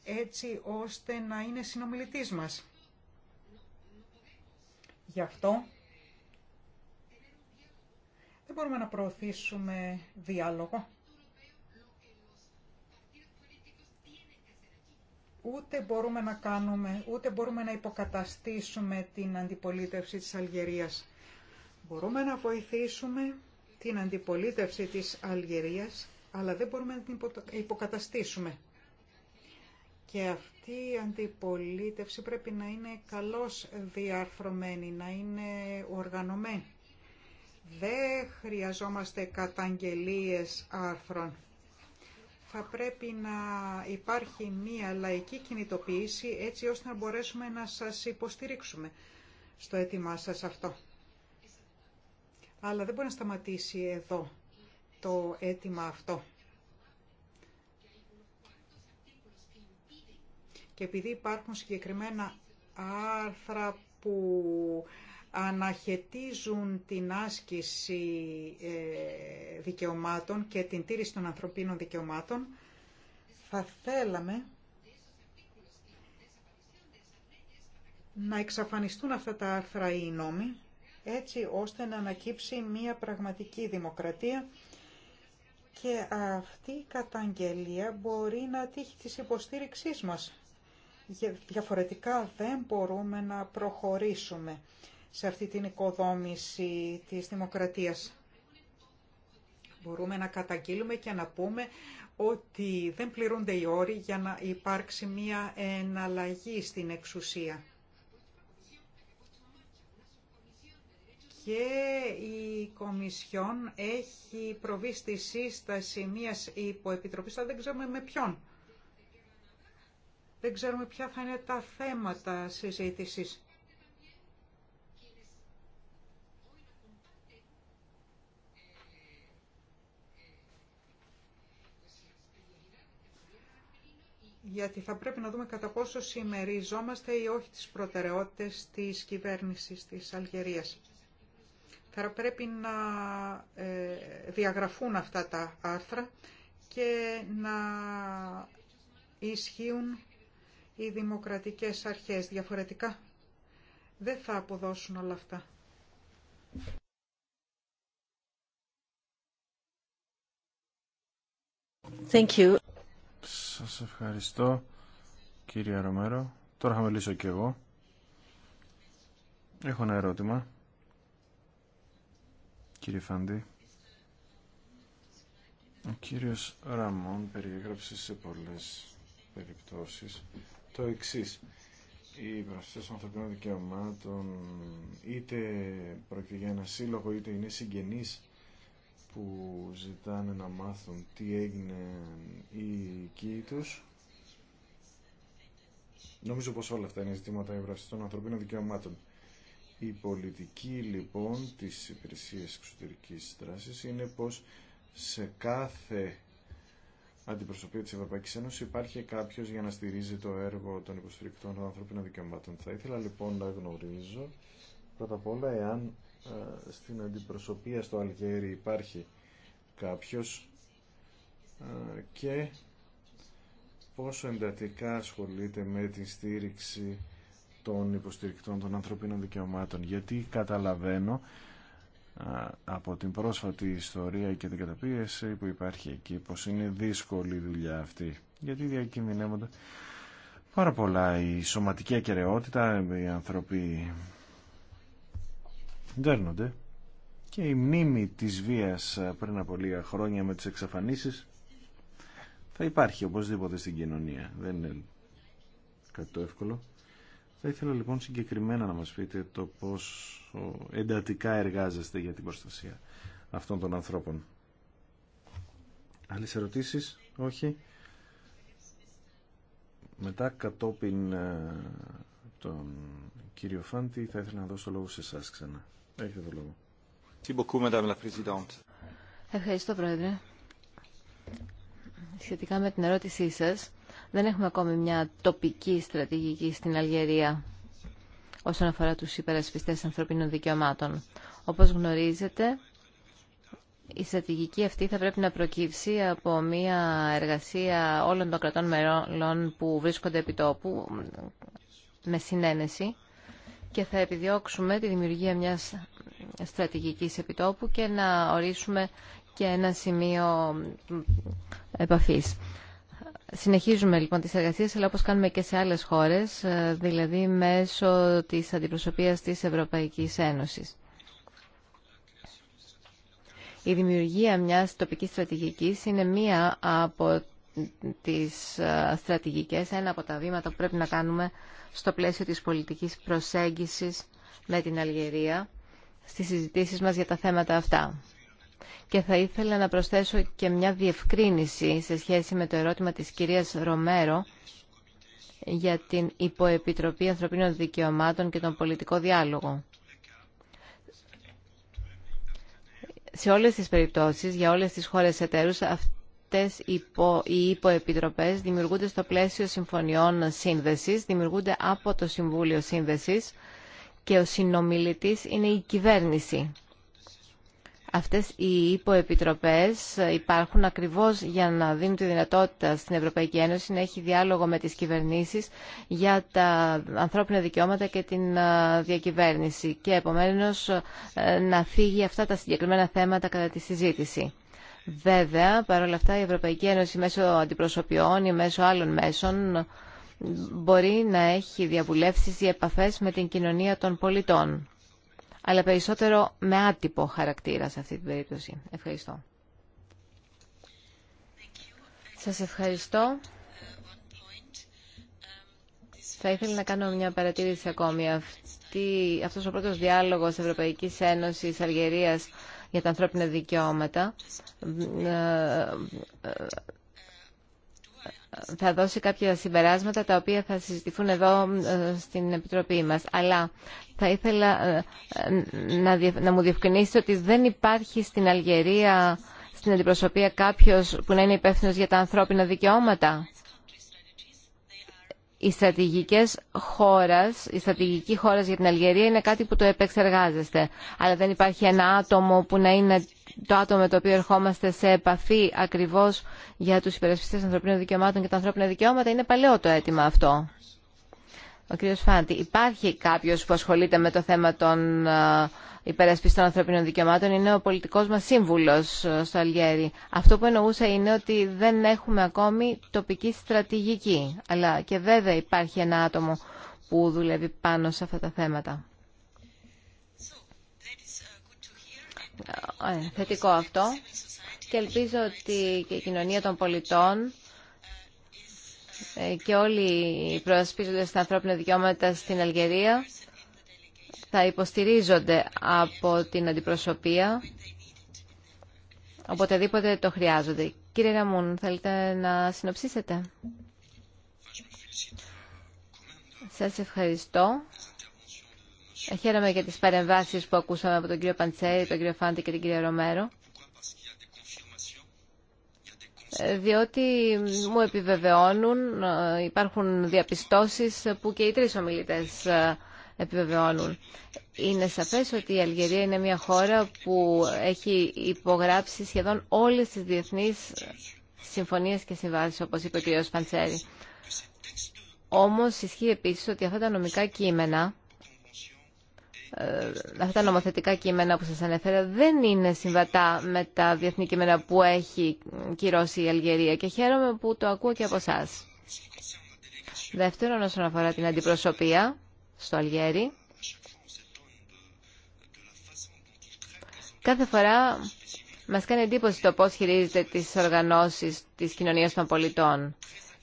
έτσι ώστε να είναι συνομιλητής μας. Γι' αυτό δεν μπορούμε να προωθήσουμε διάλογο. Ούτε μπορούμε να κάνουμε, ούτε μπορούμε να υποκαταστήσουμε την αντιπολίτευση της Αλγερίας. Μπορούμε να βοηθήσουμε την αντιπολίτευση της Αλγερίας, αλλά δεν μπορούμε να την υποκαταστήσουμε. Και αυτή η αντιπολίτευση πρέπει να είναι καλώς διαρθρωμένη, να είναι οργανωμένη. Δεν χρειαζόμαστε καταγγελίες άρθρων. Θα πρέπει να υπάρχει μία λαϊκή κινητοποίηση έτσι ώστε να μπορέσουμε να σας υποστηρίξουμε στο αίτημά σας αυτό. Αλλά δεν μπορεί να σταματήσει εδώ το αίτημα αυτό. Και επειδή υπάρχουν συγκεκριμένα άρθρα που αναχαιτίζουν την άσκηση ε, δικαιωμάτων και την τήρηση των ανθρωπίνων δικαιωμάτων, θα θέλαμε να εξαφανιστούν αυτά τα άρθρα ή νόμοι, έτσι ώστε να ανακύψει μία πραγματική δημοκρατία και αυτή η καταγγελία μπορεί να τύχει της υποστήριξής μας. Διαφορετικά δεν μπορούμε να προχωρήσουμε σε αυτή την οικοδόμηση της δημοκρατίας. Μπορούμε να καταγγείλουμε και να πούμε ότι δεν πληρούνται οι όροι για να υπάρξει μία εναλλαγή στην εξουσία. Και η Κομισιόν έχει προβεί στη σύσταση μίας υποεπιτροπής, αλλά δεν ξέρουμε με ποιον. Δεν ξέρουμε ποια θα είναι τα θέματα συζήτησης. γιατί θα πρέπει να δούμε κατά πόσο συμμεριζόμαστε ή όχι τις προτεραιότητες της κυβέρνησης της Αλγερίας. Θα πρέπει να ε, διαγραφούν αυτά τα άρθρα και να ισχύουν οι δημοκρατικές αρχές. Διαφορετικά δεν θα αποδώσουν όλα αυτά. Σας ευχαριστώ κύριε Ρωμέρο. Τώρα θα μιλήσω και εγώ. Έχω ένα ερώτημα. Κύριε Φάντη. Ο κύριος Ραμόν περιέγραψε σε πολλές περιπτώσεις το εξής. Οι προσθέσεις ανθρωπίνων δικαιωμάτων είτε πρόκειται για ένα σύλλογο είτε είναι συγγενείς που ζητάνε να μάθουν τι έγινε οι οικοί Νομίζω πως όλα αυτά είναι ζητήματα ευρασιστών ανθρωπίνων δικαιωμάτων. Η πολιτική λοιπόν της υπηρεσία εξωτερικής δράσης είναι πως σε κάθε αντιπροσωπεία της Ευρωπαϊκής Ένωσης υπάρχει κάποιος για να στηρίζει το έργο των υποστηρικτών των ανθρωπίνων δικαιωμάτων. Θα ήθελα λοιπόν να γνωρίζω πρώτα απ' όλα εάν στην αντιπροσωπεία στο Αλγέρι υπάρχει κάποιος και πόσο εντατικά ασχολείται με την στήριξη των υποστηρικτών των ανθρωπίνων δικαιωμάτων γιατί καταλαβαίνω από την πρόσφατη ιστορία και την καταπίεση που υπάρχει εκεί πως είναι δύσκολη η δουλειά αυτή γιατί διακινδυνεύονται πάρα πολλά η σωματική ακαιρεότητα οι ανθρωποί δέρνονται και η μνήμη της βίας ε, πριν από λίγα χρόνια με τις εξαφανίσεις θα υπάρχει οπωσδήποτε στην κοινωνία. Δεν είναι κάτι το εύκολο. Θα ήθελα λοιπόν συγκεκριμένα να μας πείτε το πώς εντατικά εργάζεστε για την προστασία αυτών των ανθρώπων. Άλλες ερωτήσεις, όχι. Μετά κατόπιν ε, τον κύριο Φάντη θα ήθελα να δώσω λόγο σε εσά ξανά. Ευχαριστώ, Πρόεδρε. Σχετικά με την ερώτησή σας, δεν έχουμε ακόμη μια τοπική στρατηγική στην Αλγερία όσον αφορά τους υπερασπιστές ανθρωπίνων δικαιωμάτων. Όπως γνωρίζετε, η στρατηγική αυτή θα πρέπει να προκύψει από μια εργασία όλων των κρατών μελών που βρίσκονται επί τόπου με συνένεση και θα επιδιώξουμε τη δημιουργία μιας στρατηγικής επιτόπου και να ορίσουμε και ένα σημείο επαφής. Συνεχίζουμε λοιπόν τις εργασίες, αλλά όπως κάνουμε και σε άλλες χώρες, δηλαδή μέσω της αντιπροσωπείας της Ευρωπαϊκής Ένωσης. Η δημιουργία μιας τοπικής στρατηγικής είναι μία από τις στρατηγικές, ένα από τα βήματα που πρέπει να κάνουμε στο πλαίσιο της πολιτικής προσέγγισης με την Αλγερία στις συζητήσεις μας για τα θέματα αυτά. Και θα ήθελα να προσθέσω και μια διευκρίνηση σε σχέση με το ερώτημα της κυρίας Ρομέρο για την Υποεπιτροπή Ανθρωπίνων Δικαιωμάτων και τον Πολιτικό Διάλογο. Σε όλες τις περιπτώσεις, για όλες τις χώρες εταίρους, αυτές οι υποεπιτροπές δημιουργούνται στο πλαίσιο συμφωνιών σύνδεσης, δημιουργούνται από το Συμβούλιο Σύνδεσης και ο συνομιλητής είναι η κυβέρνηση. Αυτές οι υποεπιτροπές υπάρχουν ακριβώς για να δίνουν τη δυνατότητα στην Ευρωπαϊκή Ένωση να έχει διάλογο με τις κυβερνήσεις για τα ανθρώπινα δικαιώματα και την διακυβέρνηση και επομένως ε, να φύγει αυτά τα συγκεκριμένα θέματα κατά τη συζήτηση. Βέβαια, παρόλα αυτά, η Ευρωπαϊκή Ένωση μέσω αντιπροσωπιών ή μέσω άλλων μέσων μπορεί να έχει διαβουλεύσεις ή επαφές με την κοινωνία των πολιτών. Αλλά περισσότερο με άτυπο χαρακτήρα σε αυτή την περίπτωση. Ευχαριστώ. Σας ευχαριστώ. Θα ήθελα να κάνω μια παρατήρηση ακόμη. Αυτή, αυτός ο πρώτος διάλογος Ευρωπαϊκής Ένωσης Αλγερίας για τα ανθρώπινα δικαιώματα ε, ε, θα δώσει κάποια συμπεράσματα τα οποία θα συζητηθούν εδώ ε, στην Επιτροπή μας. Αλλά θα ήθελα να μου διευκρινίσετε ότι δεν υπάρχει στην Αλγερία, στην αντιπροσωπεία κάποιος που να είναι υπεύθυνο για τα ανθρώπινα δικαιώματα οι στρατηγικές η στρατηγική χώρα για την Αλγερία είναι κάτι που το επεξεργάζεστε. Αλλά δεν υπάρχει ένα άτομο που να είναι το άτομο με το οποίο ερχόμαστε σε επαφή ακριβώς για τους υπερασπιστές ανθρωπίνων δικαιωμάτων και τα ανθρώπινα δικαιώματα. Είναι παλαιό το αίτημα αυτό. Ο κύριος Φάντη, υπάρχει κάποιος που ασχολείται με το θέμα των ε, υπερασπιστών ανθρωπίνων δικαιωμάτων, είναι ο πολιτικός μας σύμβουλος ε, στο Αλγέρι. Αυτό που εννοούσα είναι ότι δεν έχουμε ακόμη τοπική στρατηγική, αλλά και βέβαια υπάρχει ένα άτομο που δουλεύει πάνω σε αυτά τα θέματα. Ε, θετικό αυτό και ελπίζω ότι και η κοινωνία των πολιτών ε, και όλοι οι προασπίζοντες στα ανθρώπινα δικαιώματα στην Αλγερία θα υποστηρίζονται από την αντιπροσωπεία οποτεδήποτε το χρειάζονται. Κύριε Ραμούν, θέλετε να συνοψίσετε. Σας ευχαριστώ. Ε, χαίρομαι για τις παρεμβάσεις που ακούσαμε από τον κύριο Παντσέρη, τον κύριο Φάντη και την κύριο Ρομέρο διότι μου επιβεβαιώνουν, ε, υπάρχουν διαπιστώσεις που και οι τρεις ομιλητές ε, επιβεβαιώνουν. Είναι σαφές ότι η Αλγερία είναι μια χώρα που έχει υπογράψει σχεδόν όλες τις διεθνείς συμφωνίες και συμβάσεις, όπως είπε ο κ. Παντσέρη. Όμως ισχύει επίσης ότι αυτά τα νομικά κείμενα ε, αυτά τα νομοθετικά κείμενα που σας ανέφερα δεν είναι συμβατά με τα διεθνή κείμενα που έχει κυρώσει η Αλγερία και χαίρομαι που το ακούω και από εσά. Δεύτερον, όσον αφορά την αντιπροσωπεία στο Αλγέρι, κάθε φορά μας κάνει εντύπωση το πώς χειρίζεται τις οργανώσεις της κοινωνίας των πολιτών.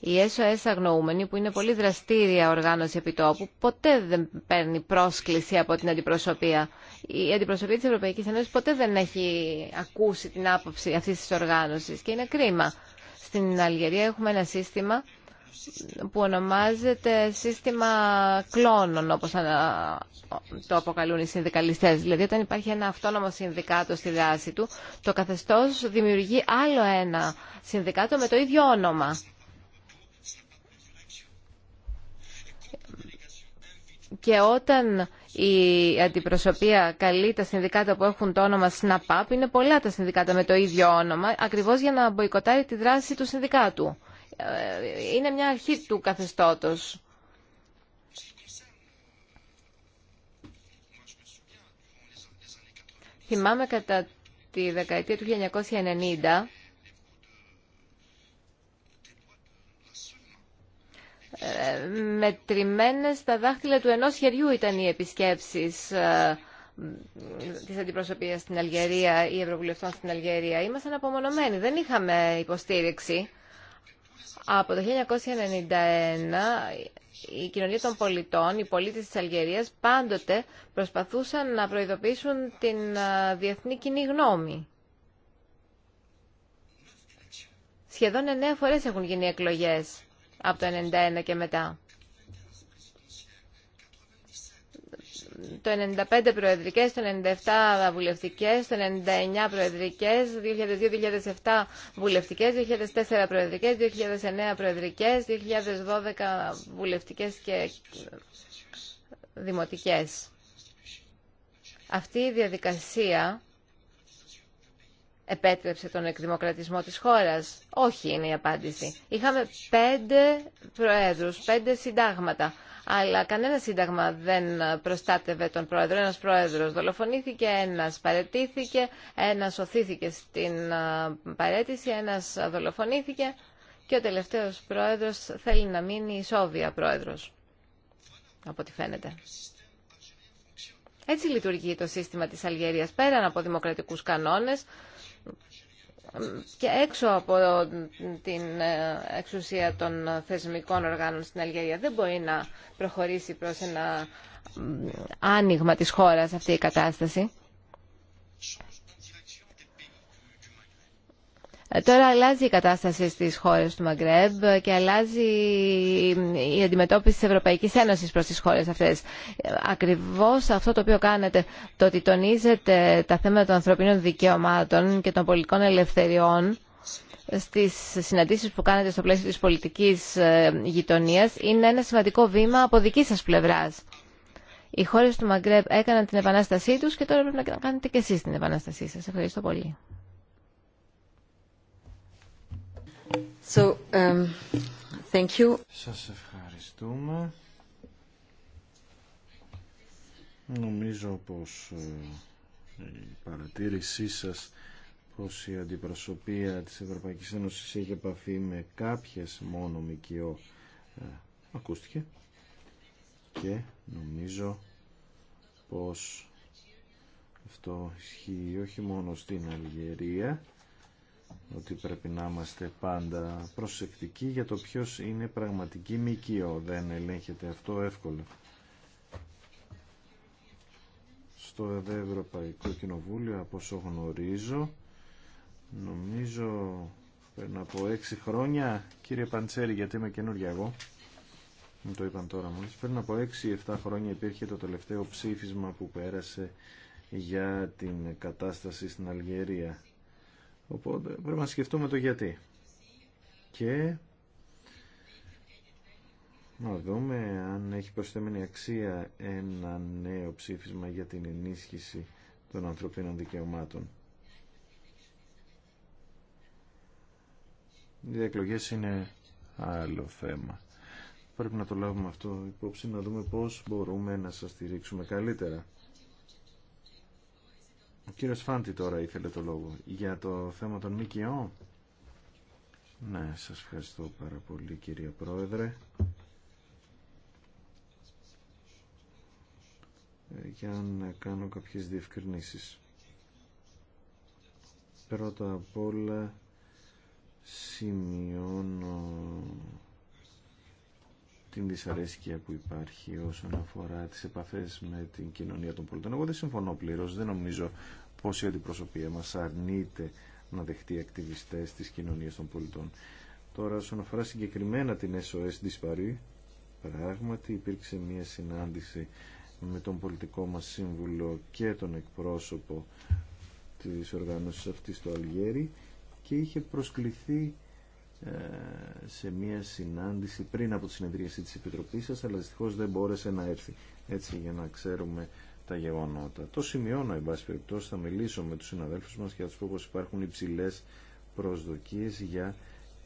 Η SOS Αγνοούμενη, που είναι πολύ δραστήρια οργάνωση επιτόπου, ποτέ δεν παίρνει πρόσκληση από την αντιπροσωπεία. Η αντιπροσωπεία της Ευρωπαϊκής Ένωσης ποτέ δεν έχει ακούσει την άποψη αυτής της οργάνωσης και είναι κρίμα. Στην Αλγερία έχουμε ένα σύστημα που ονομάζεται σύστημα κλώνων, όπως το αποκαλούν οι συνδικαλιστές. Δηλαδή, όταν υπάρχει ένα αυτόνομο συνδικάτο στη δράση του, το καθεστώς δημιουργεί άλλο ένα συνδικάτο με το ίδιο όνομα. και όταν η αντιπροσωπεία καλεί τα συνδικάτα που έχουν το όνομα ΣΝΑΠΑΠ, είναι πολλά τα συνδικάτα με το ίδιο όνομα, ακριβώς για να μποϊκοτάρει τη δράση του συνδικάτου. Ε, είναι μια αρχή του καθεστώτος. Θυμάμαι κατά τη δεκαετία του 1990 μετρημένες στα δάχτυλα του ενός χεριού ήταν οι επισκέψεις ε, της αντιπροσωπείας στην Αλγερία ή ευρωβουλευτών στην Αλγερία. Ήμασταν απομονωμένοι, δεν είχαμε υποστήριξη. Από το 1991 η κοινωνία των πολιτών, οι πολίτες της Αλγερίας πάντοτε προσπαθούσαν να προειδοποιήσουν την ε, διεθνή κοινή γνώμη. Σχεδόν εννέα φορές έχουν γίνει εκλογές από το 1991 και μετά. Το 95 προεδρικές, το 97 βουλευτικές, το 99 προεδρικές, 2002-2007 βουλευτικές, 2004 προεδρικές, 2009 προεδρικές, 2012 βουλευτικές και δημοτικές. Αυτή η διαδικασία επέτρεψε τον εκδημοκρατισμό της χώρας. Όχι είναι η απάντηση. Είχαμε πέντε προέδρους, πέντε συντάγματα. Αλλά κανένα σύνταγμα δεν προστάτευε τον πρόεδρο. Ένας πρόεδρος δολοφονήθηκε, ένας παρετήθηκε, ένας οθήθηκε στην παρέτηση, ένας δολοφονήθηκε και ο τελευταίος πρόεδρος θέλει να μείνει ισόβια πρόεδρος, από ό,τι φαίνεται. Έτσι λειτουργεί το σύστημα της Αλγερίας πέραν από δημοκρατικούς κανόνες, και έξω από την εξουσία των θεσμικών οργάνων στην Αλγερία. Δεν μπορεί να προχωρήσει προς ένα άνοιγμα της χώρας αυτή η κατάσταση. Ε, τώρα αλλάζει η κατάσταση στις χώρες του Μαγκρέμπ και αλλάζει η αντιμετώπιση της Ευρωπαϊκής Ένωσης προς τις χώρες αυτές. Ε, ακριβώς αυτό το οποίο κάνετε, το ότι τονίζετε τα θέματα των ανθρωπίνων δικαιωμάτων και των πολιτικών ελευθεριών, στις συναντήσεις που κάνετε στο πλαίσιο της πολιτικής ε, γειτονίας είναι ένα σημαντικό βήμα από δική σας πλευράς. Οι χώρες του Μαγκρέμπ έκαναν την επανάστασή τους και τώρα πρέπει να κάνετε και εσείς την επανάστασή σας. Ευχαριστώ πολύ. Um, σα ευχαριστούμε. Νομίζω πως ε, η παρατήρησή σα πως η αντιπροσωπεία της Ευρωπαϊκής Ένωσης έχει επαφή με κάποιες μόνο ΜΚΟ ε, ακούστηκε και νομίζω πως αυτό ισχύει όχι μόνο στην Αλγερία ότι πρέπει να είμαστε πάντα προσεκτικοί για το ποιος είναι πραγματική μοικείο. Δεν ελέγχεται αυτό εύκολο. Στο Ευρωπαϊκό Κοινοβούλιο, από όσο γνωρίζω, νομίζω πριν από έξι χρόνια, κύριε Παντσέρη, γιατί είμαι καινούργια εγώ, μου το είπαν τώρα μόλις, πριν από έξι-εφτά χρόνια υπήρχε το τελευταίο ψήφισμα που πέρασε για την κατάσταση στην Αλγερία Οπότε πρέπει να σκεφτούμε το γιατί. Και να δούμε αν έχει προσθέμενη αξία ένα νέο ψήφισμα για την ενίσχυση των ανθρωπίνων δικαιωμάτων. Οι εκλογέ είναι άλλο θέμα. Πρέπει να το λάβουμε αυτό υπόψη, να δούμε πώς μπορούμε να σας στηρίξουμε καλύτερα. Ο κύριος Φάντη τώρα ήθελε το λόγο για το θέμα των ΜΚΟ. Ναι, σας ευχαριστώ πάρα πολύ κύριε Πρόεδρε. Ε, για να κάνω κάποιες διευκρινήσεις. Πρώτα απ' όλα σημειώνω την δυσαρέσκεια που υπάρχει όσον αφορά τις επαφές με την κοινωνία των πολιτών. Εγώ δεν συμφωνώ πλήρως, δεν νομίζω πως η αντιπροσωπεία μας αρνείται να δεχτεί ακτιβιστές της κοινωνίας των πολιτών. Τώρα, όσον αφορά συγκεκριμένα την SOS Disparu, πράγματι υπήρξε μια συνάντηση με τον πολιτικό μας σύμβουλο και τον εκπρόσωπο της οργάνωσης αυτής στο Αλγέρι και είχε προσκληθεί ε, σε μια συνάντηση πριν από τη συνεδρίαση της Επιτροπής σας, αλλά δυστυχώς δεν μπόρεσε να έρθει. Έτσι για να ξέρουμε τα γεγονότα. Το σημειώνω, εν πάση περιπτώσει, θα μιλήσω με τους συναδέλφους μας για θα τους πω πως υπάρχουν υψηλέ προσδοκίες για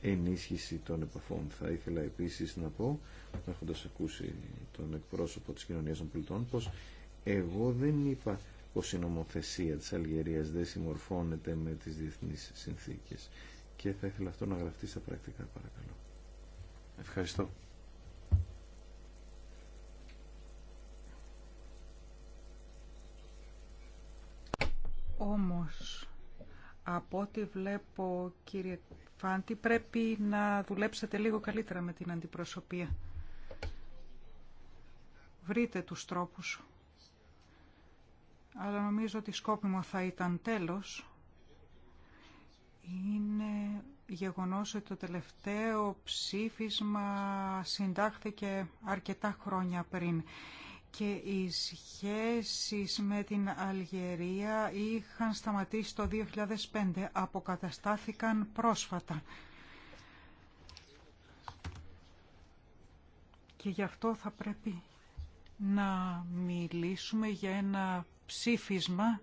ενίσχυση των επαφών. Θα ήθελα επίσης να πω, έχοντα ακούσει τον εκπρόσωπο της κοινωνίας των πολιτών, πως εγώ δεν είπα πως η νομοθεσία της Αλγερίας δεν συμμορφώνεται με τις διεθνείς συνθήκες και θα ήθελα αυτό να γραφτεί στα πρακτικά παρακαλώ. Ευχαριστώ. Όμως, από ό,τι βλέπω, κύριε Φάντη, πρέπει να δουλέψετε λίγο καλύτερα με την αντιπροσωπεία. Βρείτε τους τρόπους. Αλλά νομίζω ότι σκόπιμο θα ήταν τέλος είναι γεγονός ότι το τελευταίο ψήφισμα συντάχθηκε αρκετά χρόνια πριν και οι σχέσεις με την Αλγερία είχαν σταματήσει το 2005, αποκαταστάθηκαν πρόσφατα. Και γι' αυτό θα πρέπει να μιλήσουμε για ένα ψήφισμα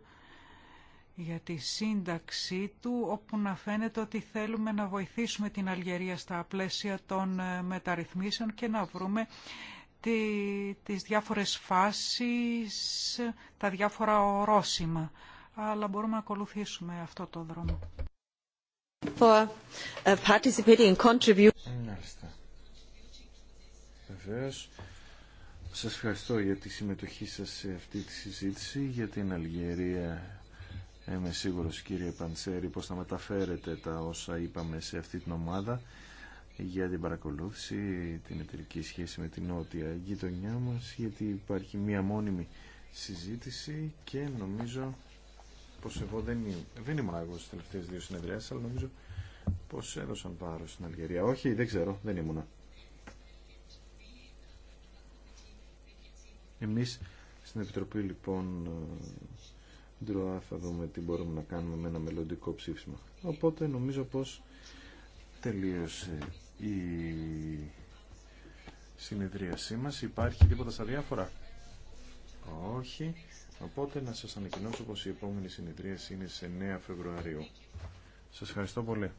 για τη σύνταξή του, όπου να φαίνεται ότι θέλουμε να βοηθήσουμε την Αλγερία στα πλαίσια των ε, μεταρρυθμίσεων και να βρούμε τη, τις διάφορες φάσεις, τα διάφορα ορόσημα. Αλλά μπορούμε να ακολουθήσουμε αυτό το δρόμο. For uh, Βεβαίως, σας ευχαριστώ για τη συμμετοχή σας σε αυτή τη συζήτηση για την Αλγερία Είμαι σίγουρος κύριε Παντσέρη πως θα μεταφέρετε τα όσα είπαμε σε αυτή την ομάδα για την παρακολούθηση, την εταιρική σχέση με την νότια γειτονιά μας γιατί υπάρχει μία μόνιμη συζήτηση και νομίζω πως εγώ δεν, δεν ήμουν εγώ στις τελευταίες δύο συνεδριάσεις αλλά νομίζω πως έδωσαν πάρος στην Αλγερία. Όχι, δεν ξέρω, δεν ήμουνα. Εμείς στην Επιτροπή λοιπόν Ντροά θα δούμε τι μπορούμε να κάνουμε με ένα μελλοντικό ψήφισμα. Οπότε νομίζω πως τελείωσε η συνεδρίασή μας. Υπάρχει τίποτα στα διάφορα. Όχι. Οπότε να σας ανακοινώσω πως η επόμενη συνεδρίαση είναι σε 9 Φεβρουαρίου. Σας ευχαριστώ πολύ.